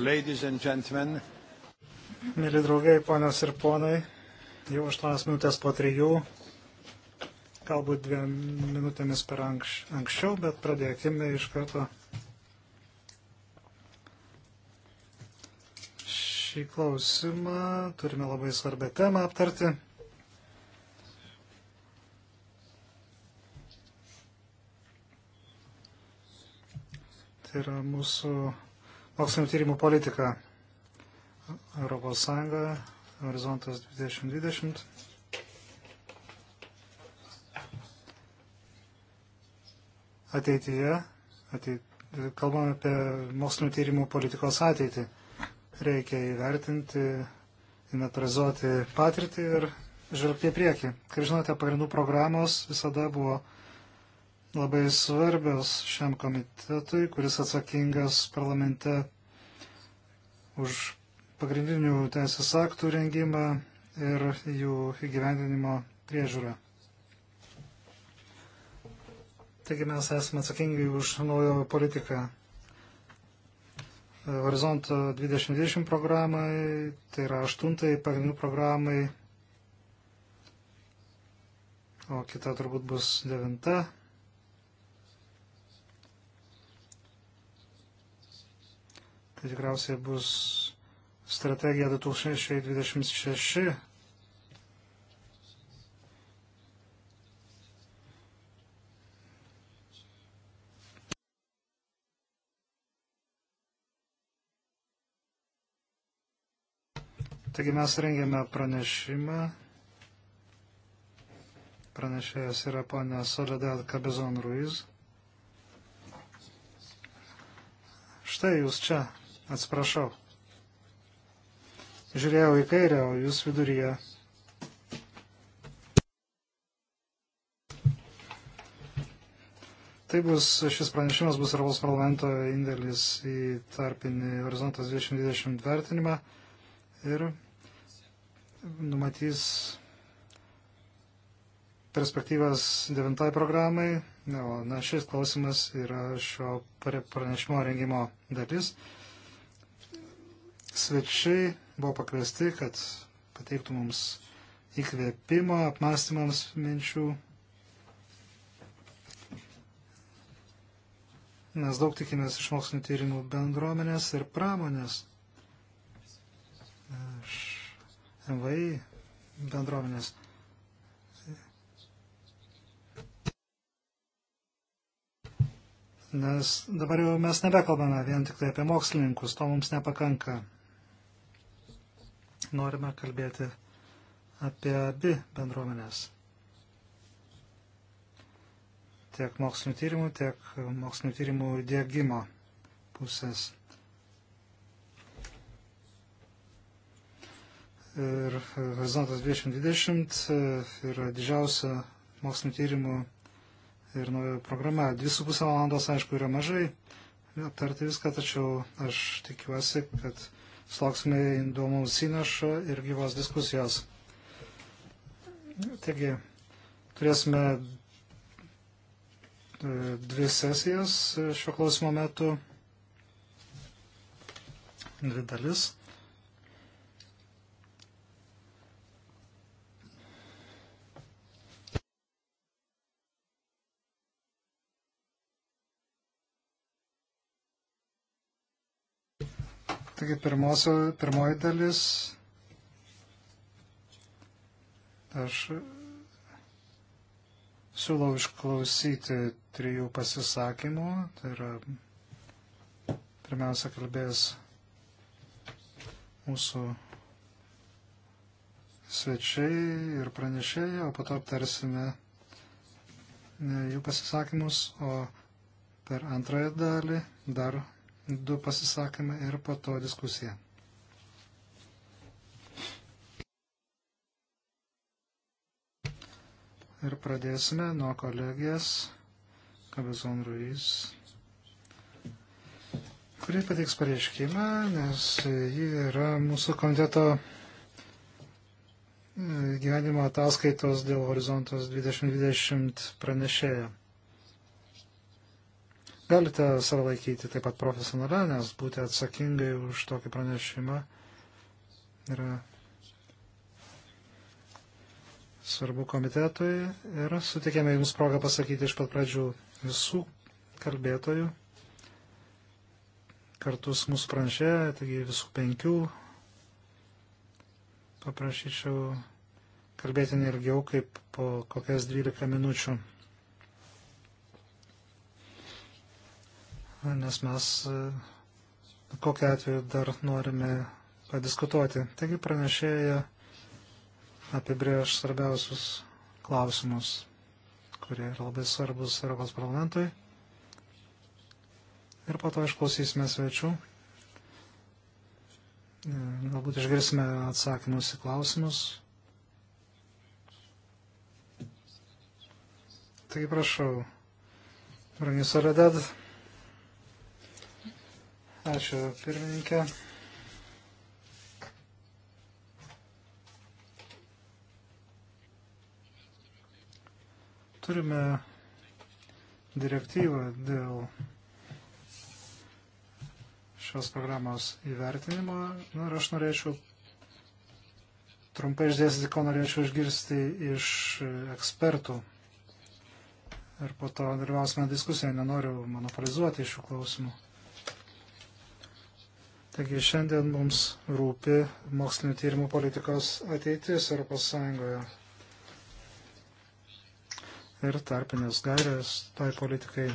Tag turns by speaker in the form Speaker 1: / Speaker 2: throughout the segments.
Speaker 1: ladies and gentlemen.
Speaker 2: Mėly draugai, ponios ir ponai, jau 8 minutės po 3, galbūt 2 minutėmis per anks, anksčiau, bet pradėkime iš karto šį klausimą. Turime labai svarbę temą aptarti. Tai yra mūsų mokslinio tyrimų politiką. Europos Sąjunga, Horizontas 2020. Ateityje, ateit, kalbame apie mokslinio tyrimų politikos ateitį. Reikia įvertinti, inventorizuoti patirtį ir žvelgti į priekį. Kaip žinote, pagrindų programos visada buvo labai svarbios šiam komitetui, kuris atsakingas parlamente už pagrindinių teisės aktų rengimą ir jų įgyvendinimo priežiūrą. Taigi mes esame atsakingi už naują politiką. Horizonto 2020 programai, tai yra aštuntai pagrindinių programai, o kita turbūt bus devinta tai tikriausiai bus strategija 2026. Taigi mes rengėme pranešimą. Pranešėjas yra ponia Soledad Cabezon Ruiz. Štai jūs čia. Atsiprašau. Žiūrėjau į kairę, o jūs viduryje. Tai bus, šis pranešimas bus Europos parlamento indėlis į tarpinį horizontas 2020 vertinimą ir numatys perspektyvas devintai programai. Na, na šis klausimas yra šio pranešimo rengimo dalis svečiai buvo pakviesti, kad pateiktų mums įkvėpimo, apmąstymams minčių. Mes daug tikimės iš mokslinio tyrimų bendruomenės ir pramonės. Iš MVI bendruomenės. Nes dabar jau mes nebekalbame vien tik tai apie mokslininkus, to mums nepakanka norime kalbėti apie abi bendruomenės. Tiek mokslinių tyrimų, tiek mokslinių tyrimų dėgymo pusės. Ir Horizontas 2020 e, yra didžiausia mokslinių tyrimų ir nauja programa. 2,5 valandos, aišku, yra mažai aptarti viską, tačiau aš tikiuosi, kad sulauksime įdomaus įnašo ir gyvos diskusijos. Taigi, turėsime e, dvi sesijas e, šio klausimo metu, dvi dalis. Taigi pirmosio, pirmoji dalis. Aš siūlau išklausyti trijų pasisakymų. Tai yra pirmiausia kalbės mūsų svečiai ir pranešėjai, o po to aptarsime e, jų pasisakymus, o per antrąją dalį dar du pasisakymai ir po to diskusija. Ir pradėsime nuo kolegės Kabezon Ruiz, kuri pateiks pareiškimą, nes ji yra mūsų komiteto e, gyvenimo ataskaitos dėl horizontos 2020 pranešėja galite save laikyti taip pat profesionalę, nes būti atsakingai už tokį pranešimą yra svarbu komitetui ir sutikėme Jums progą pasakyti iš pat pradžių visų kalbėtojų kartu su mūsų pranšė, taigi visų penkių paprašyčiau kalbėti nelgiau kaip po kokias 12 minučių. nes mes e, kokią atveju dar norime padiskutuoti. Taigi pranešėja apibrėž svarbiausius klausimus, kurie yra labai svarbus Europos parlamentui. Ir po to išklausysime svečių. E, galbūt išgirsime atsakymus į klausimus. Taigi prašau, Ranis Aradad. Ačiū, pirmininkė. Turime direktyvą dėl šios programos įvertinimo. Na, ir aš norėčiau trumpai išdėstyti, ko norėčiau išgirsti iš ekspertų. Ir po to dalyvausime diskusiją, nenoriu monopolizuoti šių klausimų. Taigi šiandien mums rūpi mokslinio tyrimų politikos ateitis Europos Sąjungoje. Ir tarpinės gairės tai politikai.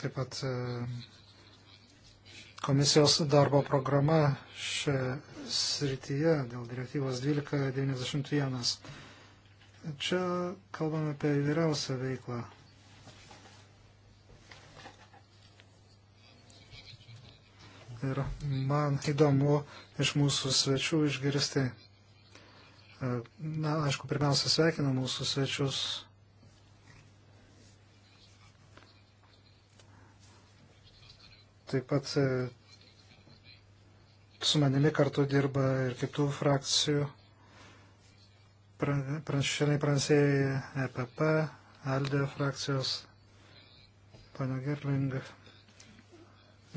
Speaker 2: Taip pat e, komisijos darbo programa šioje srityje dėl direktyvos 1291. Čia kalbame apie įvairiausią veiklą. Ir man įdomu iš mūsų svečių išgirsti. E, na, aišku, pirmiausia, sveikinu mūsų svečius. Taip pat e, su manimi kartu dirba ir kitų frakcijų pranešimai prancėjai EPP, ALDE frakcijos, pana Gerling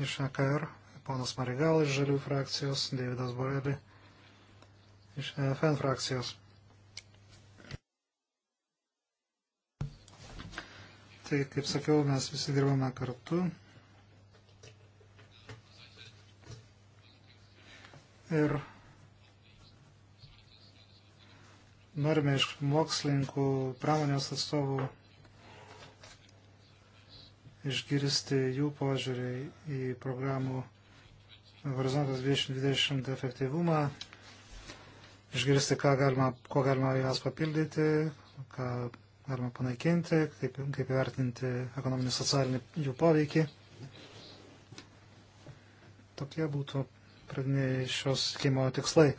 Speaker 2: iš AKR ponas Marigal iš Žalių frakcijos, Davidas Borelį iš e FN frakcijos. Tai, kaip sakiau, mes visi dirbame kartu. Ir norime iš mokslininkų, pramonės atstovų išgirsti jų požiūrį į programų horizontas 2020 efektyvumą, išgirsti, ką galima, ko galima jas papildyti, ką galima panaikinti, kaip, kaip vertinti ekonominį socialinį jų poveikį. Tokie būtų pradiniai šios skimo tikslai.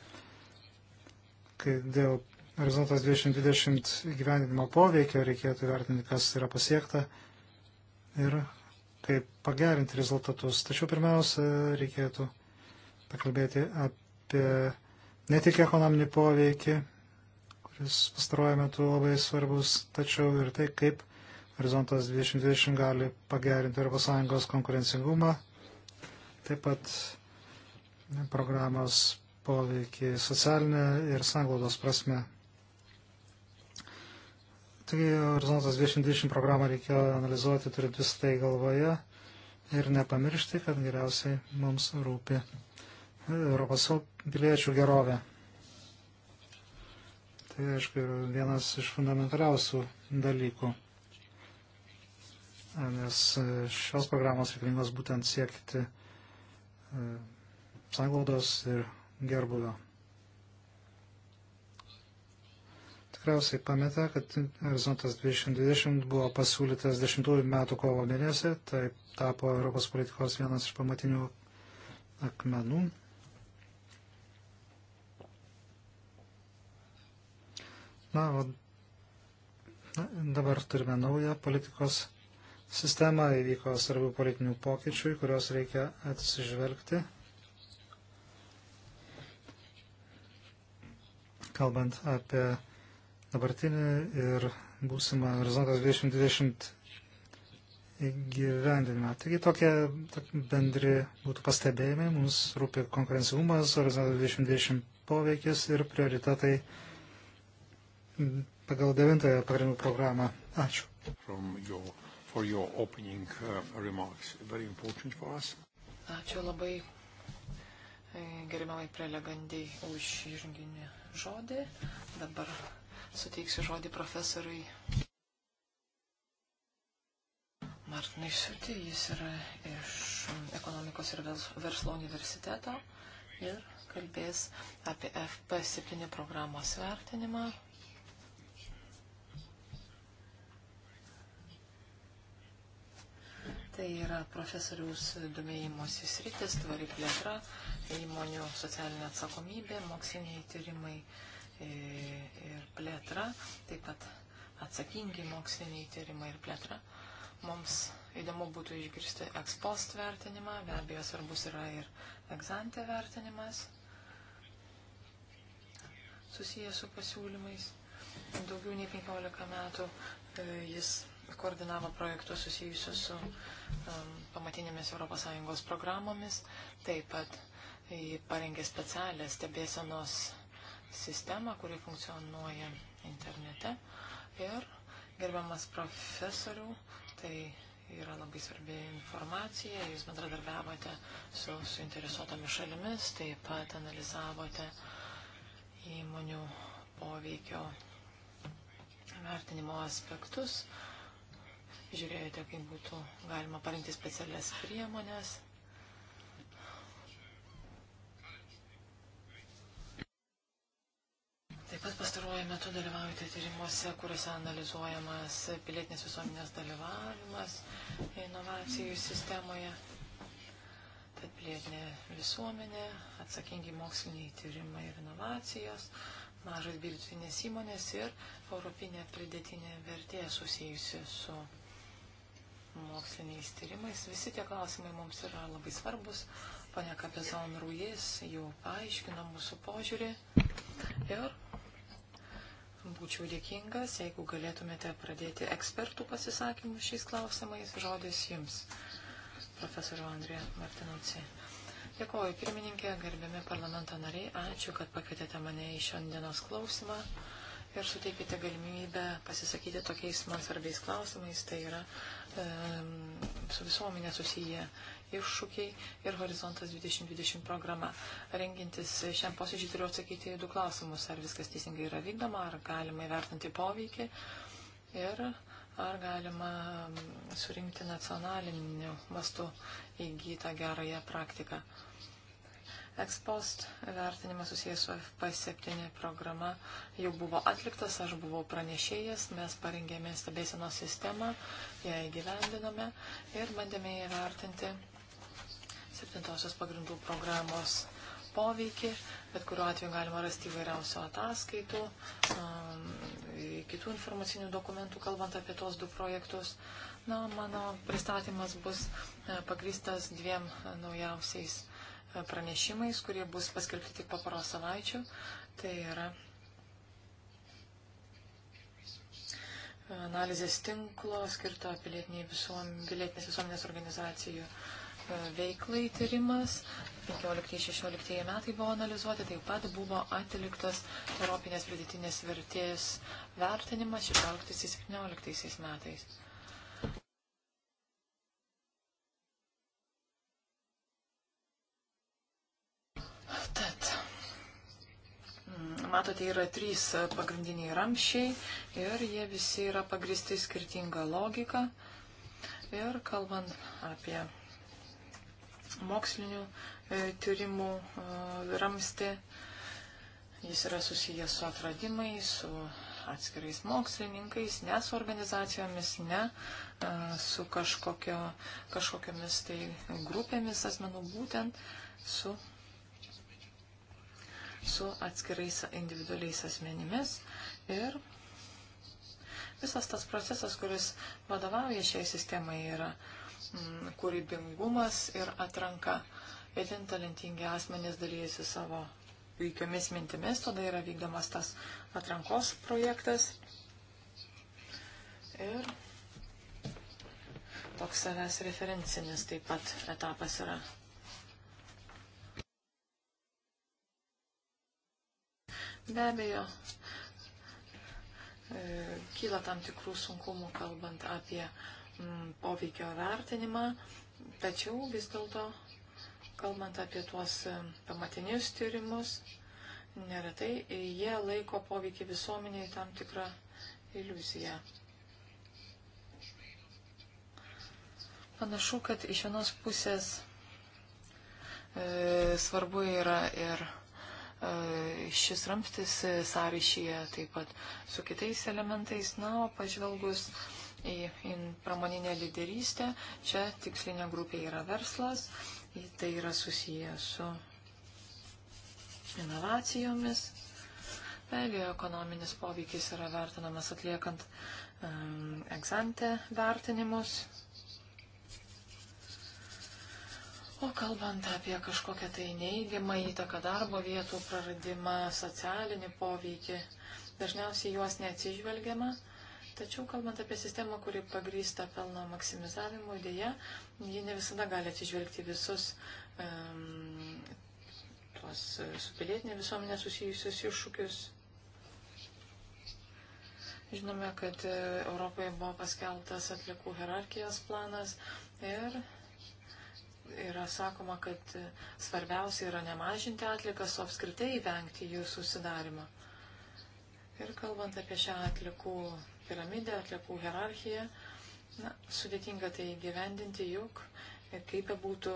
Speaker 2: Kai dėl horizontas 2020 gyvenimo poveikio reikėtų vertinti, kas yra pasiekta ir kaip pagerinti rezultatus. Tačiau pirmiausia, reikėtų pakalbėti apie ne tik ekonominį poveikį, kuris pastaruoju metu labai svarbus, tačiau ir tai, kaip Horizontas 2020 gali pagerinti ES konkurencingumą, taip pat programos poveikį socialinę ir sanglaudos prasme. Taigi Horizontas 2020 programą reikėjo analizuoti, turint visą tai galvoje ir nepamiršti, kad geriausiai mums rūpi Europos piliečių gerovė. Tai, aišku, yra vienas iš fundamentaliausių dalykų, nes šios programos reikalingos būtent siekti e, sąglaudos ir gerbuvio. tikriausiai pameta, kad Horizontas 2020 buvo pasiūlytas 10 metų kovo mėnesį, tai tapo Europos politikos vienas iš pamatinių akmenų. Na, o na, dabar turime naują politikos sistemą, įvyko svarbių politinių pokyčių, į kuriuos reikia atsižvelgti. kalbant apie dabartinį ir būsimą horizontas 2020 įgyvendinimą. Taigi tokie tok, bendri būtų pastebėjimai, mums rūpi konkurencingumas, horizontas 2020 poveikis ir prioritetai pagal devintąją pagrindų programą. Ačiū. Your, for your opening uh, remarks, very important for us.
Speaker 3: Ačiū labai e, gerbiamai prelegandai už įžanginį žodį. Dabar suteiksiu žodį profesoriui Martinai Šiutį. Jis yra iš ekonomikos ir verslo universiteto ir kalbės apie FP7 programos vertinimą. Tai yra profesoriaus domėjimos įsritis, tvari plėtra, įmonių socialinė atsakomybė, moksliniai tyrimai E, ir plėtra, taip pat atsakingi moksliniai tyrimai ir plėtra. Mums įdomu būtų išgirsti ekspost vertinimą, be abejo svarbus yra ir egzantė vertinimas susijęs su pasiūlymais. Daugiau nei 15 metų e, jis koordinavo projektus susijusius su um, pamatinėmis ES programomis, taip pat e, parengė specialią stebėsenos sistemą, kuri funkcionuoja internete. Ir, gerbiamas profesorių, tai yra labai svarbi informacija, jūs bendradarbiavote su suinteresuotomis šalimis, taip pat analizavote įmonių poveikio vertinimo aspektus, žiūrėjote, kaip būtų galima parinkti specialias priemonės Taip pat pastaruoju metu dalyvaujate tyrimuose, kuriuose analizuojamas pilietinės visuomenės dalyvavimas inovacijų sistemoje. Tad pilietinė visuomenė, atsakingi moksliniai tyrimai ir inovacijos, mažas vidutinės įmonės ir europinė pridėtinė vertė susijusi su moksliniais tyrimais. Visi tie klausimai mums yra labai svarbus. Pane Kapizon Ruiz jau paaiškino mūsų požiūrį. Ir Būčiau dėkingas, jeigu galėtumėte pradėti ekspertų pasisakymus šiais klausimais. Žodis jums, profesoriu Andrė Martinuci. Dėkuoju, pirmininkė, gerbiami parlamento nariai, ačiū, kad pakvietėte mane į šiandienos klausimą ir suteikite galimybę pasisakyti tokiais man svarbiais klausimais, tai yra e, su visuomenė susiję iššūkiai ir Horizontas 2020 programa. Rengintis šiam posėdžiui turiu atsakyti į du klausimus, ar viskas teisingai yra vykdoma, ar galima įvertinti poveikį ir ar galima mm, surinkti nacionaliniu mastu įgytą gerąją praktiką. Ekspost vertinimas susijęs su FP7 programa jau buvo atliktas, aš buvau pranešėjas, mes parengėme stebėsenos sistemą, ją įgyvendinome ir bandėme įvertinti septintosios pagrindų programos poveikį, bet kuriuo atveju galima rasti įvairiausių ataskaitų, um, kitų informacinių dokumentų, kalbant apie tos du projektus. Na, mano pristatymas bus e, pagristas dviem e, naujausiais e, pranešimais, kurie bus paskelbti tik po poros savaičių. Tai yra analizės tinklo skirto pilietinės visuomenės organizacijų uh, veiklai tyrimas. 15-16 metai buvo analizuoti, taip pat buvo atliktas Europinės pridėtinės vertės vertinimas 16-17 metais. Tad, mm, matote, yra trys pagrindiniai ramšiai ir jie visi yra pagristi skirtingą logiką. Ir kalbant apie mokslinių e, tyrimų e, ramsti. Jis yra susijęs su atradimais, su atskirais mokslininkais, ne su organizacijomis, ne e, su kažkokio, kažkokiamis tai grupėmis asmenų, būtent su, su atskirais individualiais asmenimis. Ir visas tas procesas, kuris vadovauja šiai sistemai, yra uh, Mm, kūrybingumas ir atranka. Itin talentingi asmenys dalyjasi savo puikiomis mintimis, tada yra vykdomas tas atrankos projektas. Ir toks savęs referencinis taip pat etapas yra. Be abejo, e, kyla tam tikrų sunkumų, kalbant apie Mm, poveikio vertinimą, tačiau vis dėlto, kalbant apie tuos mm, pamatinius tyrimus, neretai jie laiko poveikį visuomeniai tam tikrą iliuziją. Panašu, kad iš vienos pusės e, svarbu yra ir e, šis ramstis e, sąryšyje taip pat su kitais elementais, na, o pažvelgus e, į, į pramoninę lyderystę. Čia tikslinė grupė yra verslas, tai yra susiję su inovacijomis. Be abejo, ekonominis poveikis yra vertinamas atliekant um, egzante vertinimus. O kalbant apie kažkokią tai neįgimą įtaką darbo vietų praradimą, socialinį poveikį, dažniausiai juos neatsižvelgiama. Uh, Tačiau, kalbant apie sistemą, kuri pagrįsta pelno maksimizavimu, dėja, ji ne visada gali atsižvelgti visus um, tuos su pilietinė visuomenė susijusius iššūkius. Žinome, kad e, Europoje buvo paskeltas atlikų hierarchijos planas ir yra sakoma, kad e, svarbiausia yra nemažinti atlikas, o apskritai vengti jų susidarimą. Ir kalbant apie šią atlikų piramidę, atliekų hierarchiją. Na, sudėtinga tai gyvendinti juk, e, kaip bebūtų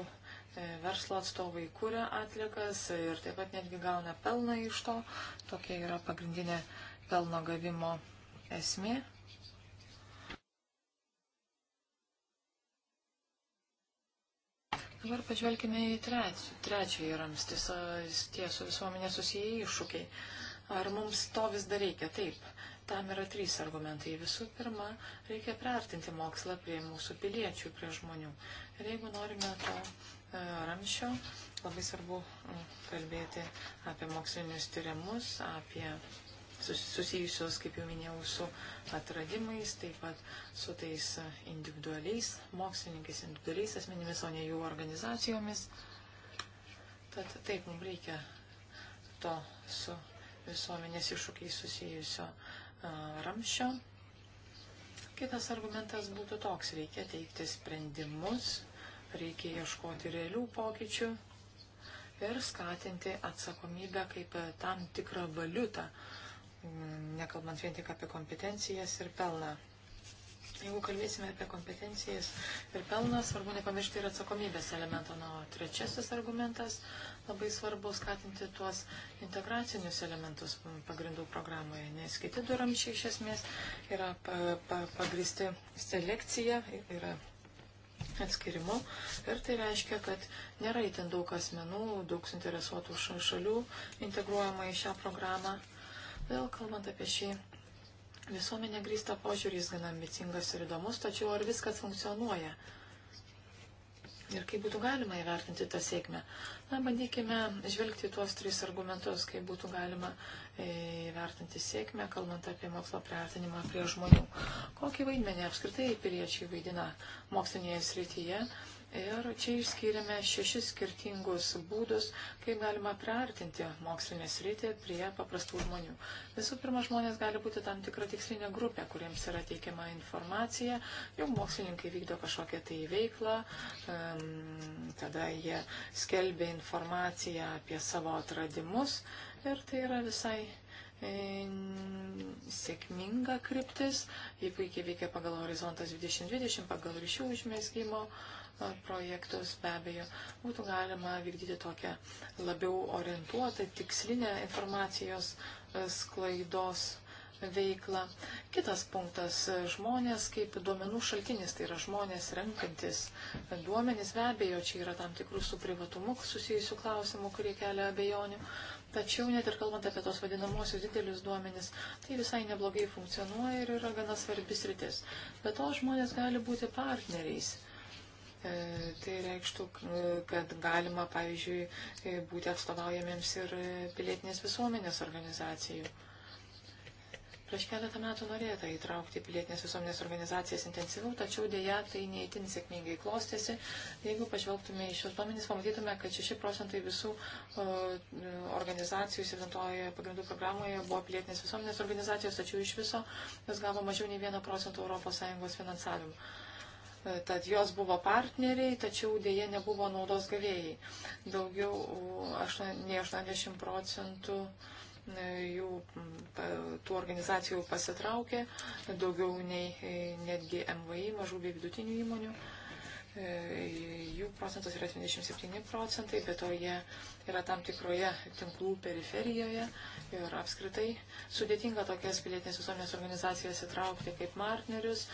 Speaker 3: e, verslo atstovai kūrė atlikas ir taip pat netgi gauna pelną iš to. Tokia yra pagrindinė pelno gavimo esmė. Dabar pažvelkime į trečią, trečiąjį ramstį, tie su visuomenė susiję iššūkiai. Ar mums to vis dar reikia? Taip. Tam yra trys argumentai. Visų pirma, reikia priartinti mokslą prie mūsų piliečių, prie žmonių. Ir jeigu norime to e, ramšio, labai svarbu kalbėti apie mokslinius tyrimus, apie susijusios, kaip jau minėjau, su atradimais, taip pat su tais individualiais mokslininkais, individualiais asmenimis, o ne jų organizacijomis. Tad taip, mums reikia to su visuomenės iššūkiai susijusio uh, ramšio. Kitas argumentas būtų toks, reikia teikti sprendimus, reikia ieškoti realių pokyčių ir skatinti atsakomybę kaip tam tikrą valiutą, mm, nekalbant vien tik apie kompetencijas ir pelną. Jeigu kalbėsime apie kompetencijas ir pelną, svarbu nepamiršti ir atsakomybės elemento. Na, o trečiasis argumentas - labai svarbu skatinti tuos integracinius elementus pagrindų programoje, nes kiti du ramšiai iš esmės yra pa, pa, pagristi selekcija, yra atskirimu. Ir tai reiškia, kad nėra įtin daug asmenų, daug suinteresuotų šalių integruojama į šią programą. Vėl kalbant apie šį Visuomenė grįsta požiūrį, gana ambicingas ir įdomus, tačiau ar viskas funkcionuoja? ir kaip būtų galima įvertinti tą sėkmę. Na, bandykime žvelgti tuos tris argumentus, kaip būtų galima e, įvertinti sėkmę, kalbant apie mokslo priartinimą prie žmonių. Kokį vaidmenį apskritai piliečiai vaidina mokslinėje srityje Ir čia išskyrėme šešis skirtingus būdus, kaip galima priartinti mokslinę sritį prie paprastų žmonių. Visų pirma, žmonės gali būti tam tikra tikslinė grupė, kuriems yra teikiama informacija, jog mokslininkai vykdo kažkokią tai veiklą, tada jie skelbia informaciją apie savo atradimus ir tai yra visai e, sėkminga kryptis, jie puikiai veikia pagal horizontas 2020, pagal ryšių užmėsgymo uh, projektus be abejo būtų galima vykdyti tokią labiau orientuotą, tikslinę informacijos sklaidos veiklą. Kitas punktas - žmonės kaip duomenų šaltinis, tai yra žmonės renkantis duomenys. Be abejo, čia yra tam tikrų su privatumu susijusių klausimų, kurie kelia abejonių. Tačiau net ir kalbant apie tos vadinamosius didelius duomenys, tai visai neblogai funkcionuoja ir yra gana svarbis rytis. Be to žmonės gali būti partneriais E, tai reikštų, e, kad galima, pavyzdžiui, e, būti atstovaujamiems ir pilietinės visuomenės organizacijų. Prieš keletą metų norėta įtraukti pilietinės visuomenės organizacijas intensyviau, tačiau dėja tai neįtin sėkmingai klostėsi. Jeigu pažvelgtume į šios duomenys, pamatytume, kad 6 procentai visų organizacijų 7 pagrindų programoje buvo pilietinės visuomenės organizacijos, tačiau iš viso jos gavo mažiau nei 1 procentų ES finansavimo. Tad jos buvo partneriai, tačiau dėje nebuvo naudos gavėjai. Daugiau nei 80 procentų e, jų tų organizacijų pasitraukė, daugiau nei e, netgi MVI, mažų bei vidutinių įmonių E, jų procentas yra 27 procentai, bet to jie yra tam tikroje tinklų periferijoje ir apskritai sudėtinga tokias pilietinės visuomenės organizacijas įtraukti kaip partnerius,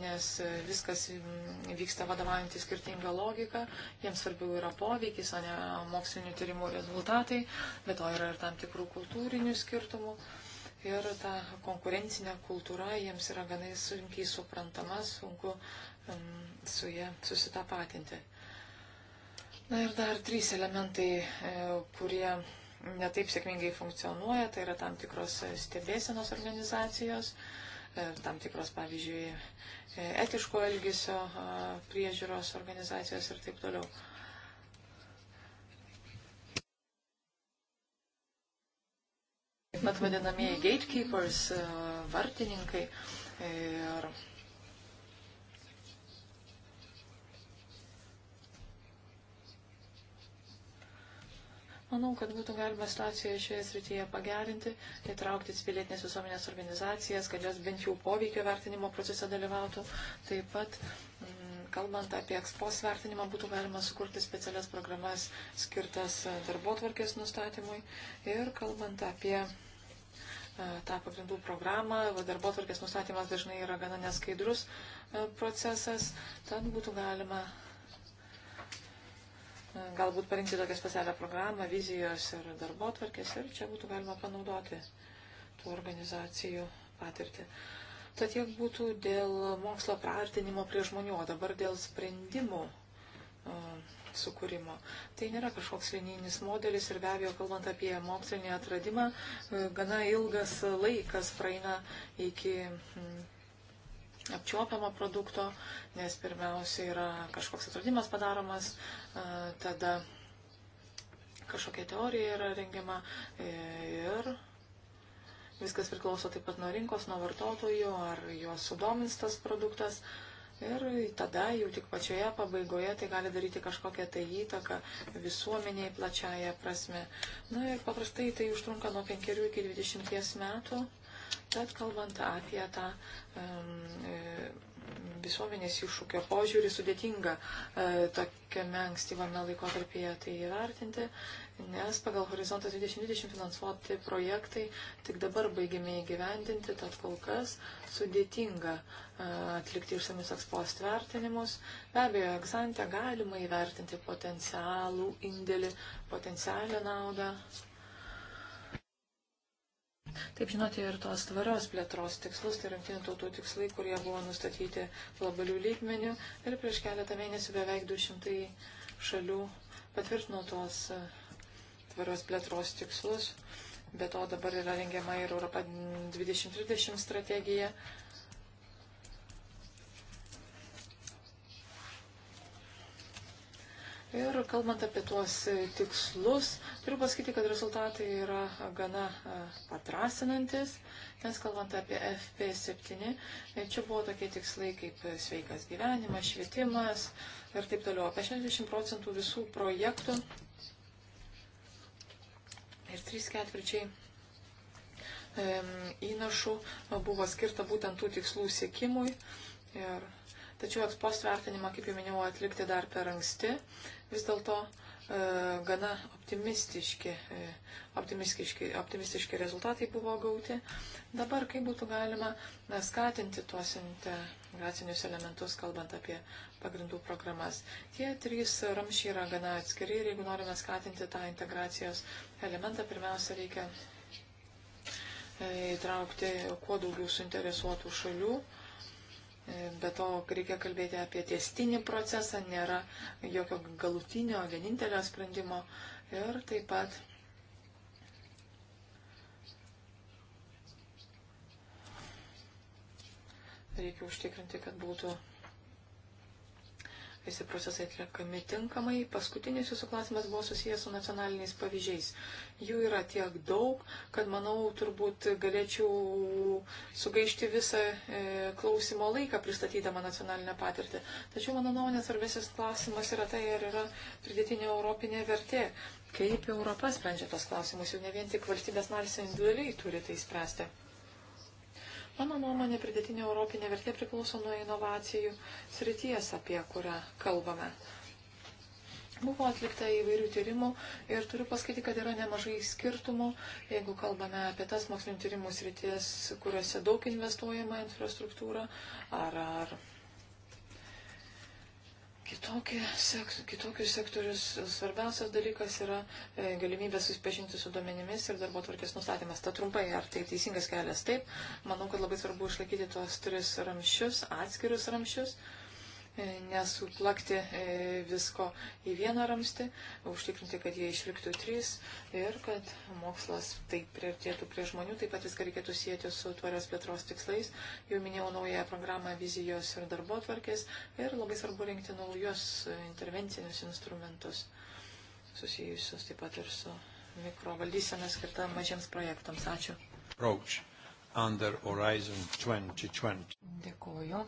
Speaker 3: nes viskas mm, vyksta vadovaujantį skirtingą logiką, jiems svarbiau yra poveikis, o ne mokslinių tyrimų rezultatai, bet to yra ir tam tikrų kultūrinių skirtumų ir ta konkurencinė kultūra jiems yra ganai sunkiai suprantama, sunku Um, su jie susitapatinti. Na ir dar trys elementai, e, kurie netaip sėkmingai funkcionuoja, tai yra tam tikros e, stebėsenos organizacijos, e, tam tikros, pavyzdžiui, etiško elgesio priežiūros organizacijos ir taip toliau. Bet vadinamieji gatekeepers, vartininkai ir Manau, kad būtų galima situaciją šioje srityje pagerinti, įtraukti tai pilietinės visuomenės organizacijas, kad jos bent jau poveikio vertinimo procese dalyvautų. Taip pat, mm, kalbant apie ekspos vertinimą, būtų galima sukurti specialias programas skirtas e, darbotvarkės nustatymui. Ir kalbant apie e, tą pagrindų programą, darbotvarkės nustatymas dažnai yra gana neskaidrus e, procesas, tad būtų galima galbūt parinkti tokią specialią programą, vizijos ir darbo tvarkės ir čia būtų galima panaudoti tų organizacijų patirtį. Tad tiek būtų dėl mokslo praartinimo prie žmonių, o dabar dėl sprendimų uh, sukūrimo. Tai nėra kažkoks linijinis modelis ir be abejo, kalbant apie mokslinį atradimą, uh, gana ilgas laikas praeina iki. Um, apčiuopiamo produkto, nes pirmiausia yra kažkoks atradimas padaromas, tada kažkokia teorija yra rengiama e, ir viskas priklauso taip pat nuo rinkos, nuo vartotojų, ar juos sudomins tas produktas. Ir tada jau tik pačioje pabaigoje tai gali daryti kažkokią tai įtaką visuomeniai plačiaja prasme. Na ir paprastai tai užtrunka nuo 5 iki 20 metų. Bet kalbant apie tą e, visuomenės iššūkio požiūrį sudėtinga e, tokiame ankstyvame laikotarpyje tai įvertinti, nes pagal Horizontą 2020 finansuoti projektai tik dabar baigiami įgyvendinti, tad kol kas sudėtinga e, atlikti išsamius ekspost vertinimus. Be abejo, egzantę galima įvertinti potencialų indėlį, potencialią naudą Taip žinote ir tos tvarios plėtros tikslus, tai rinktinių tautų tikslai, kurie buvo nustatyti globalių lygmenių ir prieš keletą mėnesių beveik 200 šalių patvirtino tuos e, tvarios plėtros tikslus. Be to dabar yra rengiama ir Europa 2030 strategija, Ir kalbant apie tuos e, tikslus, turiu pasakyti, kad rezultatai yra e, gana e, patrasinantis, nes kalbant apie FP7, čia buvo tokie tikslai kaip sveikas gyvenimas, švietimas ir taip toliau. Apie 60 procentų visų projektų ir 3 ketvirčiai įnašų buvo skirta būtent tų tikslų siekimui. Ir Tačiau ekspost vertinimą, kaip jau minėjau, atlikti dar per anksti vis dėlto e, gana optimistiški, e, optimistiški, optimistiški rezultatai buvo gauti. Dabar kaip būtų galima na, skatinti tuos integracinius elementus, kalbant apie pagrindų programas. Tie trys ramšiai yra gana atskiri ir jeigu norime skatinti tą integracijos elementą, pirmiausia reikia e, įtraukti kuo daugiau suinteresuotų šalių Be to, reikia kalbėti apie tiestinį procesą, nėra jokio galutinio, vienintelio sprendimo. Ir taip pat reikia užtikrinti, kad būtų visi procesai atliekami tinkamai. Paskutinis jūsų klausimas buvo susijęs su nacionaliniais pavyzdžiais. Jų yra tiek daug, kad manau, turbūt galėčiau sugaišti visą e, klausimo laiką pristatydama nacionalinę patirtį. Tačiau mano nuomonė svarbesnis klausimas yra tai, ar yra pridėtinė europinė vertė. Kaip Europa sprendžia tos klausimus, jau ne vien tik valstybės narys individualiai turi tai spręsti. Mano nuomonė, pridėtinė europinė vertė priklauso nuo inovacijų srities, apie kurią kalbame. Buvo atlikta įvairių tyrimų ir turiu pasakyti, kad yra nemažai skirtumų, jeigu kalbame apie tas mokslinio tyrimų sritis, kuriuose daug investuojama infrastruktūra ar, ar Sekt, kitokius sektorius svarbiausias dalykas yra e, galimybė susipažinti su duomenimis ir darbo tvarkės nustatymas. Ta trumpai, ar tai teisingas kelias? Taip, manau, kad labai svarbu išlaikyti tuos tris ramščius, atskirius ramščius. Uh, E, nesuplakti e, visko į vieną ramstį, užtikrinti, kad jie išliktų trys ir kad mokslas taip priartėtų prie žmonių, taip pat viską reikėtų sieti su tvarios plėtros tikslais. Jau minėjau naują programą vizijos ir darbo tvarkės ir labai svarbu rinkti naujus intervencinius instrumentus susijusius taip pat ir su mikrovaldysena skirta mažiems projektams. Ačiū.
Speaker 1: Approach under Horizon 2020.
Speaker 3: Dėkuoju.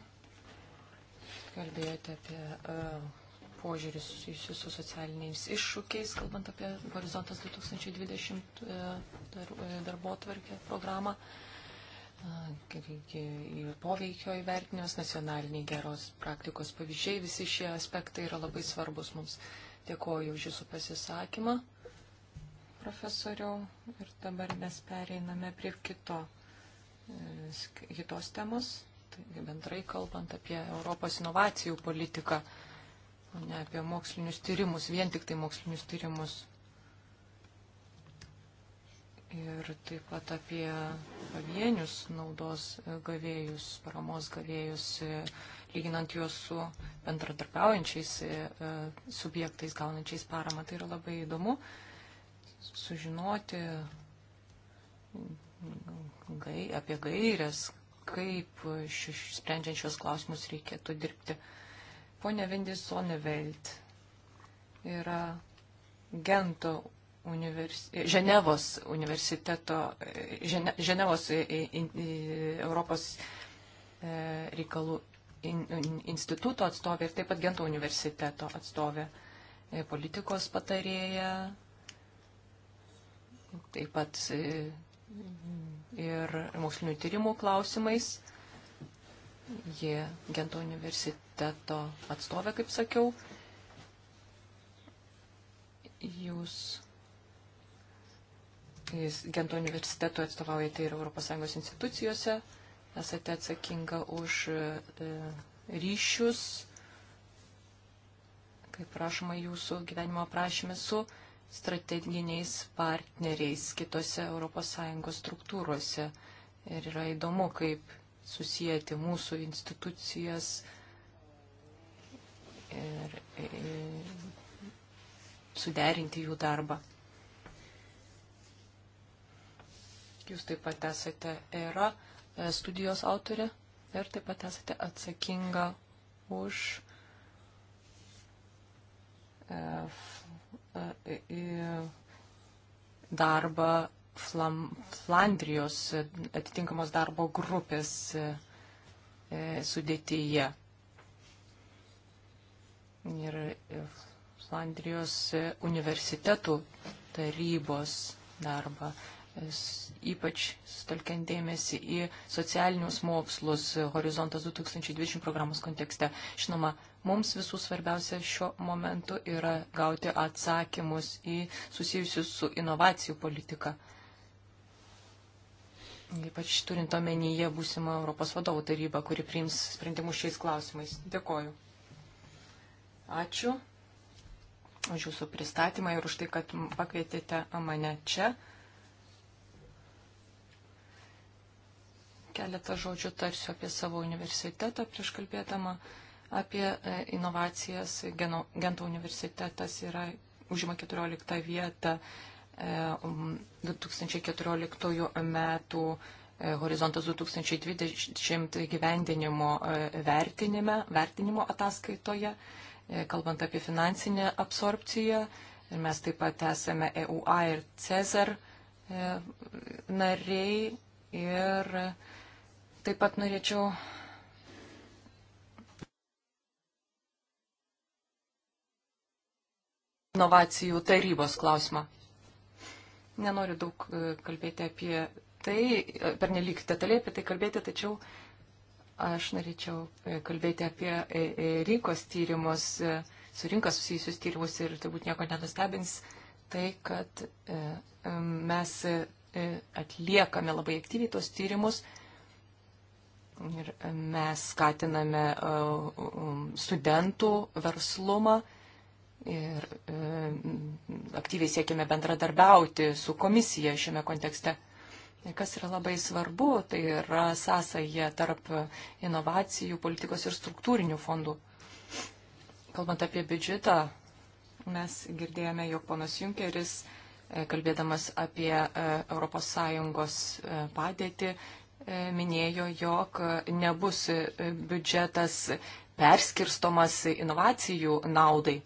Speaker 3: Kalbėjote apie uh, požiūrį susijusiu su socialiniais iššūkiais, kalbant apie Horizontas 2020 uh, e, dar, uh, e, darbo tvarkę programą. Uh, poveikio įvertinimas, nacionaliniai geros praktikos pavyzdžiai, visi šie aspektai yra labai svarbus mums. Dėkuoju už Jūsų pasisakymą, profesoriau. Ir dabar mes pereiname prie kito, kitos temos tai bendrai kalbant apie Europos inovacijų politiką, o ne apie mokslinius tyrimus, vien tik tai mokslinius tyrimus. Ir taip pat apie pavienius naudos gavėjus, paramos gavėjus, lyginant juos su bendradarbiaujančiais e, subjektais gaunančiais paramą. Tai yra labai įdomu sužinoti gai, apie gairias, kaip sprendžiant šios klausimus reikėtų dirbti. Pone Vindis Sonevelt yra Gento univers... Ženevos universiteto, Žene... Ženevos Europos e, reikalų instituto atstovė ir taip pat Gento universiteto atstovė, e, politikos patarėja, taip pat e, ir mokslinių tyrimų klausimais. Ji Gento universiteto atstovė, kaip sakiau. Jūs Jis Gento universiteto atstovaujate ir ES institucijose, esate atsakinga už e, ryšius, kaip prašoma jūsų gyvenimo aprašymė su strateginiais partneriais kitose ES struktūrose. Ir yra įdomu, kaip susijęti mūsų institucijas ir, ir suderinti jų darbą. Jūs taip pat esate ERA e, studijos autorė ir taip pat esate atsakinga už e, E, darbą Flam, Flandrijos atitinkamos darbo grupės e, e, sudėtyje. Ir Flandrijos universitetų tarybos darbą ypač stalkiant dėmesį į socialinius mokslus Horizontas 2020 programos kontekste. Žinoma, mums visų svarbiausia šiuo momentu yra gauti atsakymus į susijusius su inovacijų politika. Ypač turint omenyje būsimą Europos vadovų tarybą, kuri priims sprendimus šiais klausimais. Dėkoju. Ačiū už jūsų pristatymą ir už tai, kad pakvietėte mane čia. keletą žodžių tarsiu apie savo universitetą prieš kalbėdama apie e, inovacijas. Geno, Gento universitetas yra, užima 14 vietą 2014 e, um, metų e, Horizontas 2020 gyvendinimo vertinime, vertinimo ataskaitoje, kalbant apie finansinę absorpciją. Ir mes taip pat esame EUA ir CESAR nariai ir Taip pat norėčiau inovacijų tarybos klausimą. Nenoriu daug e, kalbėti apie tai, e, per nelik detaliai apie tai kalbėti, tačiau aš norėčiau e, kalbėti apie rinkos tyrimus, su rinka susijusius tyrimus ir turbūt nieko nenustebins tai, kad mes atliekame labai aktyviai tos tyrimus Ir mes skatiname e, studentų verslumą ir e, aktyviai siekime bendradarbiauti su komisija šiame kontekste. Ir kas yra labai svarbu, tai yra sąsaja tarp inovacijų, politikos ir struktūrinių fondų. Kalbant apie biudžetą, mes girdėjome, jog ponas Junkeris e, kalbėdamas apie ES padėtį, E, minėjo, jog nebus e, biudžetas perskirstomas inovacijų naudai.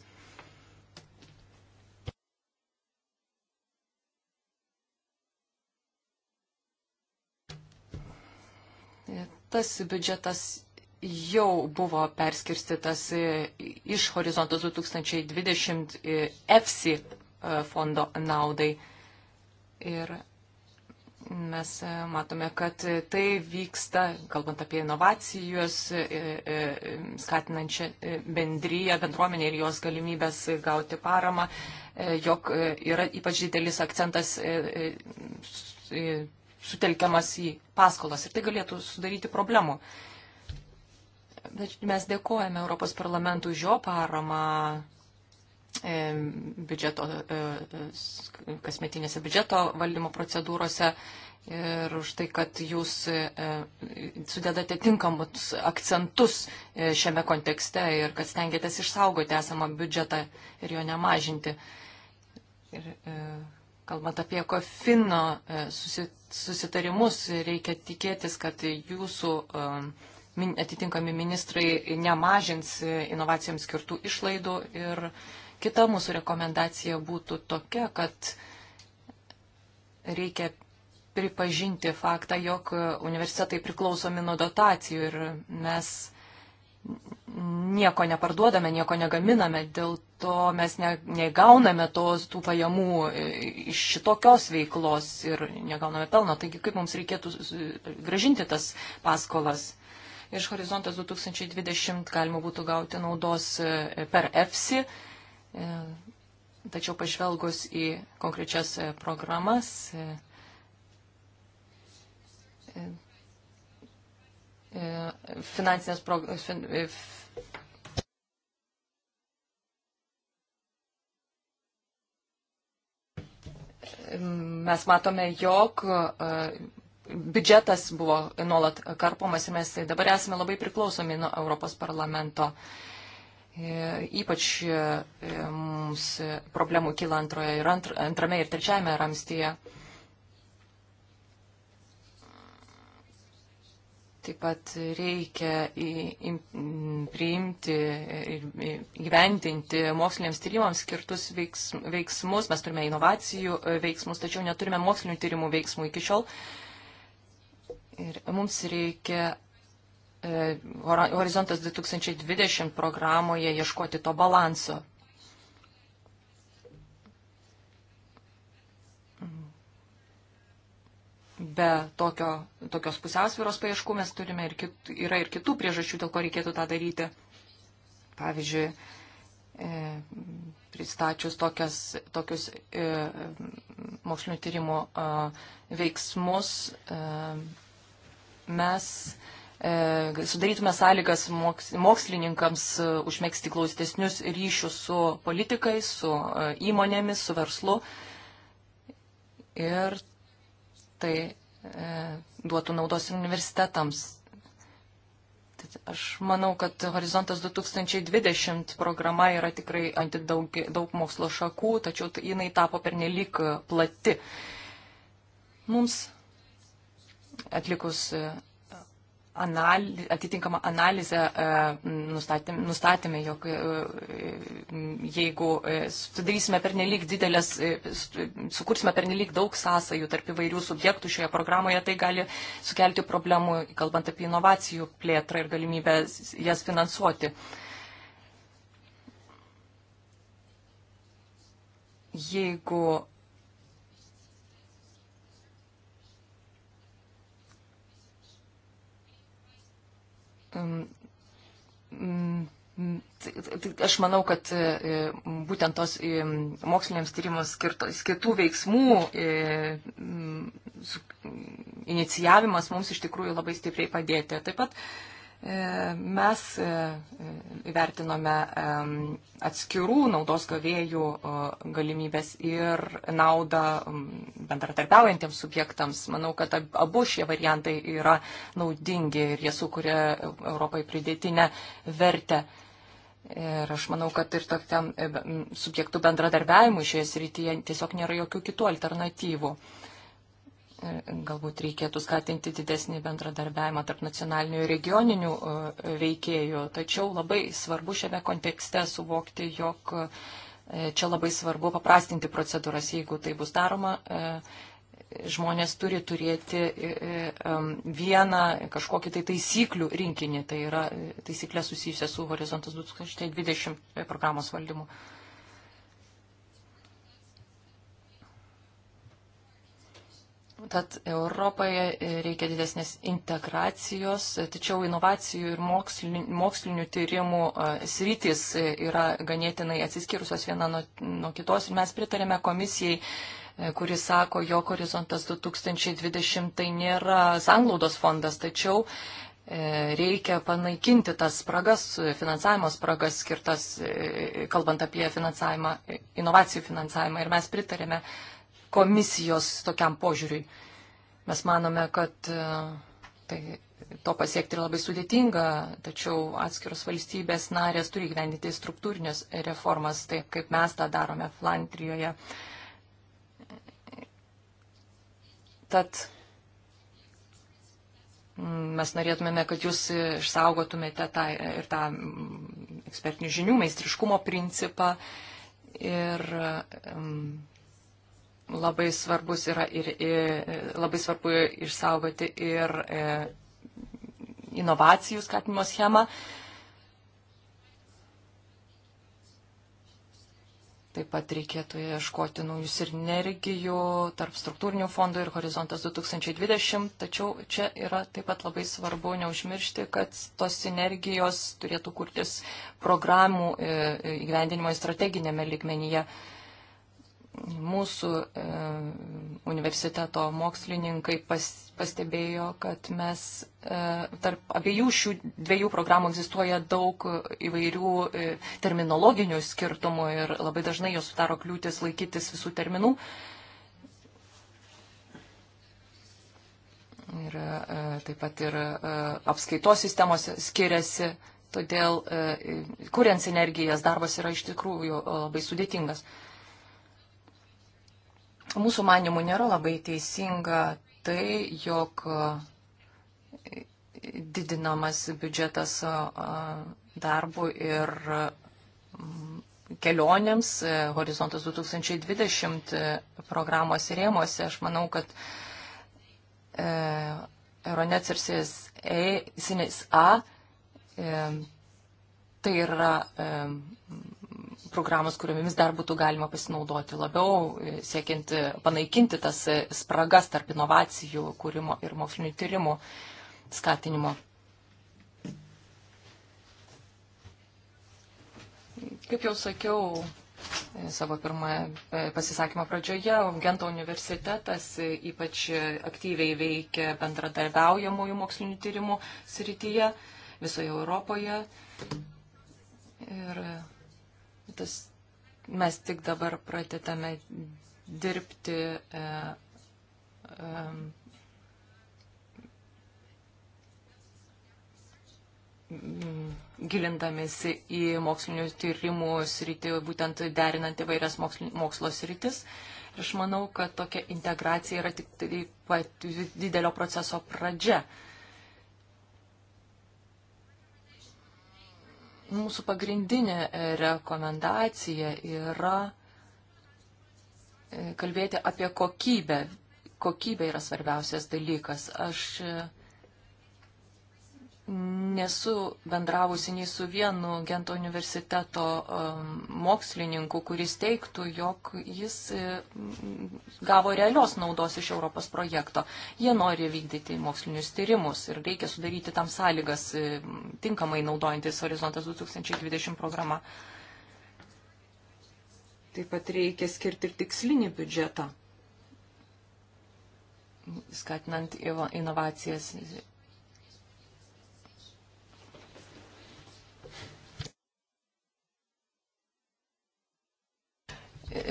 Speaker 3: E, tas biudžetas jau buvo perskirstytas iš horizontos 2020 EFSI fondo naudai. Ir Mes e, matome, kad tai vyksta, kalbant apie inovacijos, e, e, skatinančią bendryją, bendruomenę ir jos galimybės gauti paramą, jog yra ypač didelis akcentas sutelkiamas į paskolas ir tai galėtų sudaryti problemų. Bet mes dėkojame Europos parlamentui už jo paramą E, biudžeto, e, e, kasmetinėse biudžeto valdymo procedūrose ir už tai, kad jūs sudedate tinkamus akcentus šiame kontekste ir kad stengiatės išsaugoti esamą biudžetą ir jo nemažinti. Ir kalbant apie kofino susitarimus, reikia tikėtis, kad jūsų atitinkami ministrai nemažins inovacijoms skirtų išlaidų ir uh, Kita mūsų rekomendacija būtų tokia, kad reikia pripažinti faktą, jog universitetai priklausomi nuo dotacijų ir mes nieko neparduodame, nieko negaminame, dėl to mes ne, negauname tos, tų pajamų iš šitokios veiklos ir negauname pelno. Taigi kaip mums reikėtų gražinti tas paskolas? Iš horizontas 2020 galima būtų gauti naudos e, per EFSI E, tačiau pažvelgus į konkrečias e, programas, e,
Speaker 1: finansinės pro, fin,
Speaker 3: mes matome, jog biudžetas buvo nuolat karpomas ir mes dabar esame labai priklausomi nuo Europos parlamento. Uh, E, ypač e, e, mums problemų kyla antroje ir antr, antrame ir trečiajame ramstyje. Taip pat reikia į, į, priimti ir gyventinti moksliniams tyrimams skirtus veiks, veiksmus. Mes turime inovacijų veiksmus, tačiau neturime mokslinių tyrimų veiksmų iki šiol. Ir mums reikia E, horizontas 2020 programoje ieškoti to balanso. Be tokio, tokios pusiausvėros paieškų mes turime ir kit, yra ir kitų priežasčių, dėl ko reikėtų tą daryti. Pavyzdžiui, e, pristačius tokias, tokius e, mokslinio tyrimo e, veiksmus, e, mes e, E, sudarytume sąlygas mokslininkams e, užmėgsti glaustesnius ryšius su politikais, su e, įmonėmis, su verslu. Ir tai duotų naudos ir universitetams. Aš manau, kad Horizontas 2020 programa yra tikrai ant daug, daug mokslo šakų, tačiau jinai tapo pernelyg plati. Mums atlikus anal, atitinkamą analizę e, nustatėme, nustatėme jog e, e, jeigu sudarysime pernelyg didelės, sukursime pernelyg daug sąsajų tarp įvairių subjektų šioje programoje, tai gali sukelti problemų, kalbant apie inovacijų plėtrą ir galimybę jas finansuoti. Jeigu Aš manau, kad e, būtent tos e, moksliniams tyrimus skirtų veiksmų e, inicijavimas mums iš tikrųjų labai stipriai padėti. Taip pat E, mes e, vertinome atskirų naudos gavėjų galimybės ir naudą bendratarpiaujantiems subjektams. Manau, kad abu šie variantai yra naudingi ir jie sukuria Europai pridėtinę vertę. Ir aš manau, kad ir tokiam e, subjektų bendradarbiavimui šioje srityje tiesiog nėra jokių kitų alternatyvų. Uh, galbūt reikėtų skatinti didesnį bendradarbiavimą tarp nacionalinių ir regioninių e, veikėjų. Tačiau labai svarbu šiame kontekste suvokti, jog e, čia labai svarbu paprastinti procedūras, jeigu tai bus daroma. E, žmonės turi turėti vieną kažkokį tai taisyklių rinkinį, tai yra taisyklė susijusia su Horizontas 2020 programos valdymu. Tad Europoje e, reikia didesnės integracijos, e, tačiau inovacijų ir mokslinių, mokslinių tyrimų e, sritis yra ganėtinai atsiskyrusios viena nuo, nuo kitos ir mes pritarėme komisijai kuris sako, jo horizontas 2020 tai nėra sanglaudos fondas, tačiau reikia panaikinti tas spragas, finansavimo spragas skirtas, kalbant apie finansavimą, inovacijų finansavimą. Ir mes pritarėme uh, komisijos tokiam požiūriui. Mes manome, kad e, tai, to pasiekti yra labai sudėtinga, tačiau atskiros valstybės narės turi gyvendyti struktūrinės reformas, taip kaip mes tą darome Flandrijoje. Tad mes norėtumėme, kad jūs išsaugotumėte tą, ir tą ekspertinių žinių, meistriškumo principą ir um, labai, svarbus yra ir, ir, labai svarbu išsaugoti ir e, inovacijų skatinimo schemą. Taip pat reikėtų ieškoti naujų sinergijų tarp struktūrinių fondų ir horizontas 2020, tačiau čia yra taip pat labai svarbu neužmiršti, kad tos sinergijos turėtų kurtis programų e, e, įgyvendinimo strateginėme ligmenyje. E, mūsų e, universiteto mokslininkai pas, pastebėjo, kad mes e, tarp abiejų šių dviejų programų egzistuoja daug įvairių e, terminologinių skirtumų ir labai dažnai jos sudaro kliūtis laikytis visų terminų. Ir e, taip pat ir e, apskaitos sistemos skiriasi, todėl e, kuriant sinergijas darbas yra iš tikrųjų e, labai sudėtingas. E, Mūsų manimų nėra labai teisinga tai, jog e, didinamas biudžetas e, e, darbų ir kelionėms Horizontas 2020 programos rėmose. Aš manau, kad Euronets ir CSA tai yra programos, kuriomis dar būtų galima pasinaudoti labiau, e, siekiant e, panaikinti tas e, spragas tarp inovacijų kūrimo ir mokslinių tyrimų skatinimo. Kaip jau sakiau savo pirmą pasisakymą pradžioje, Gento universitetas ypač aktyviai veikia bendradarbiaujamųjų mokslinių tyrimų srityje visoje Europoje. Ir tas, mes tik dabar pradedame dirbti e, e, mm, gilindamėsi į mokslinių tyrimų sritį, būtent derinant įvairias mokslo sritis. Ir aš manau, kad tokia integracija yra tik tai pat didelio proceso pradžia. E, mūsų pagrindinė e, rekomendacija yra e, kalbėti apie kokybę. Kokybė yra svarbiausias dalykas. Aš e, nesu bendravusi nei su vienu Gento universiteto um, mokslininku, kuris teiktų, jog jis e, gavo realios naudos iš Europos projekto. Jie nori vykdyti mokslinius tyrimus ir reikia sudaryti tam sąlygas e, tinkamai naudojantis Horizontas 2020 programą. Taip pat reikia skirti ir tikslinį biudžetą, skatinant inovacijas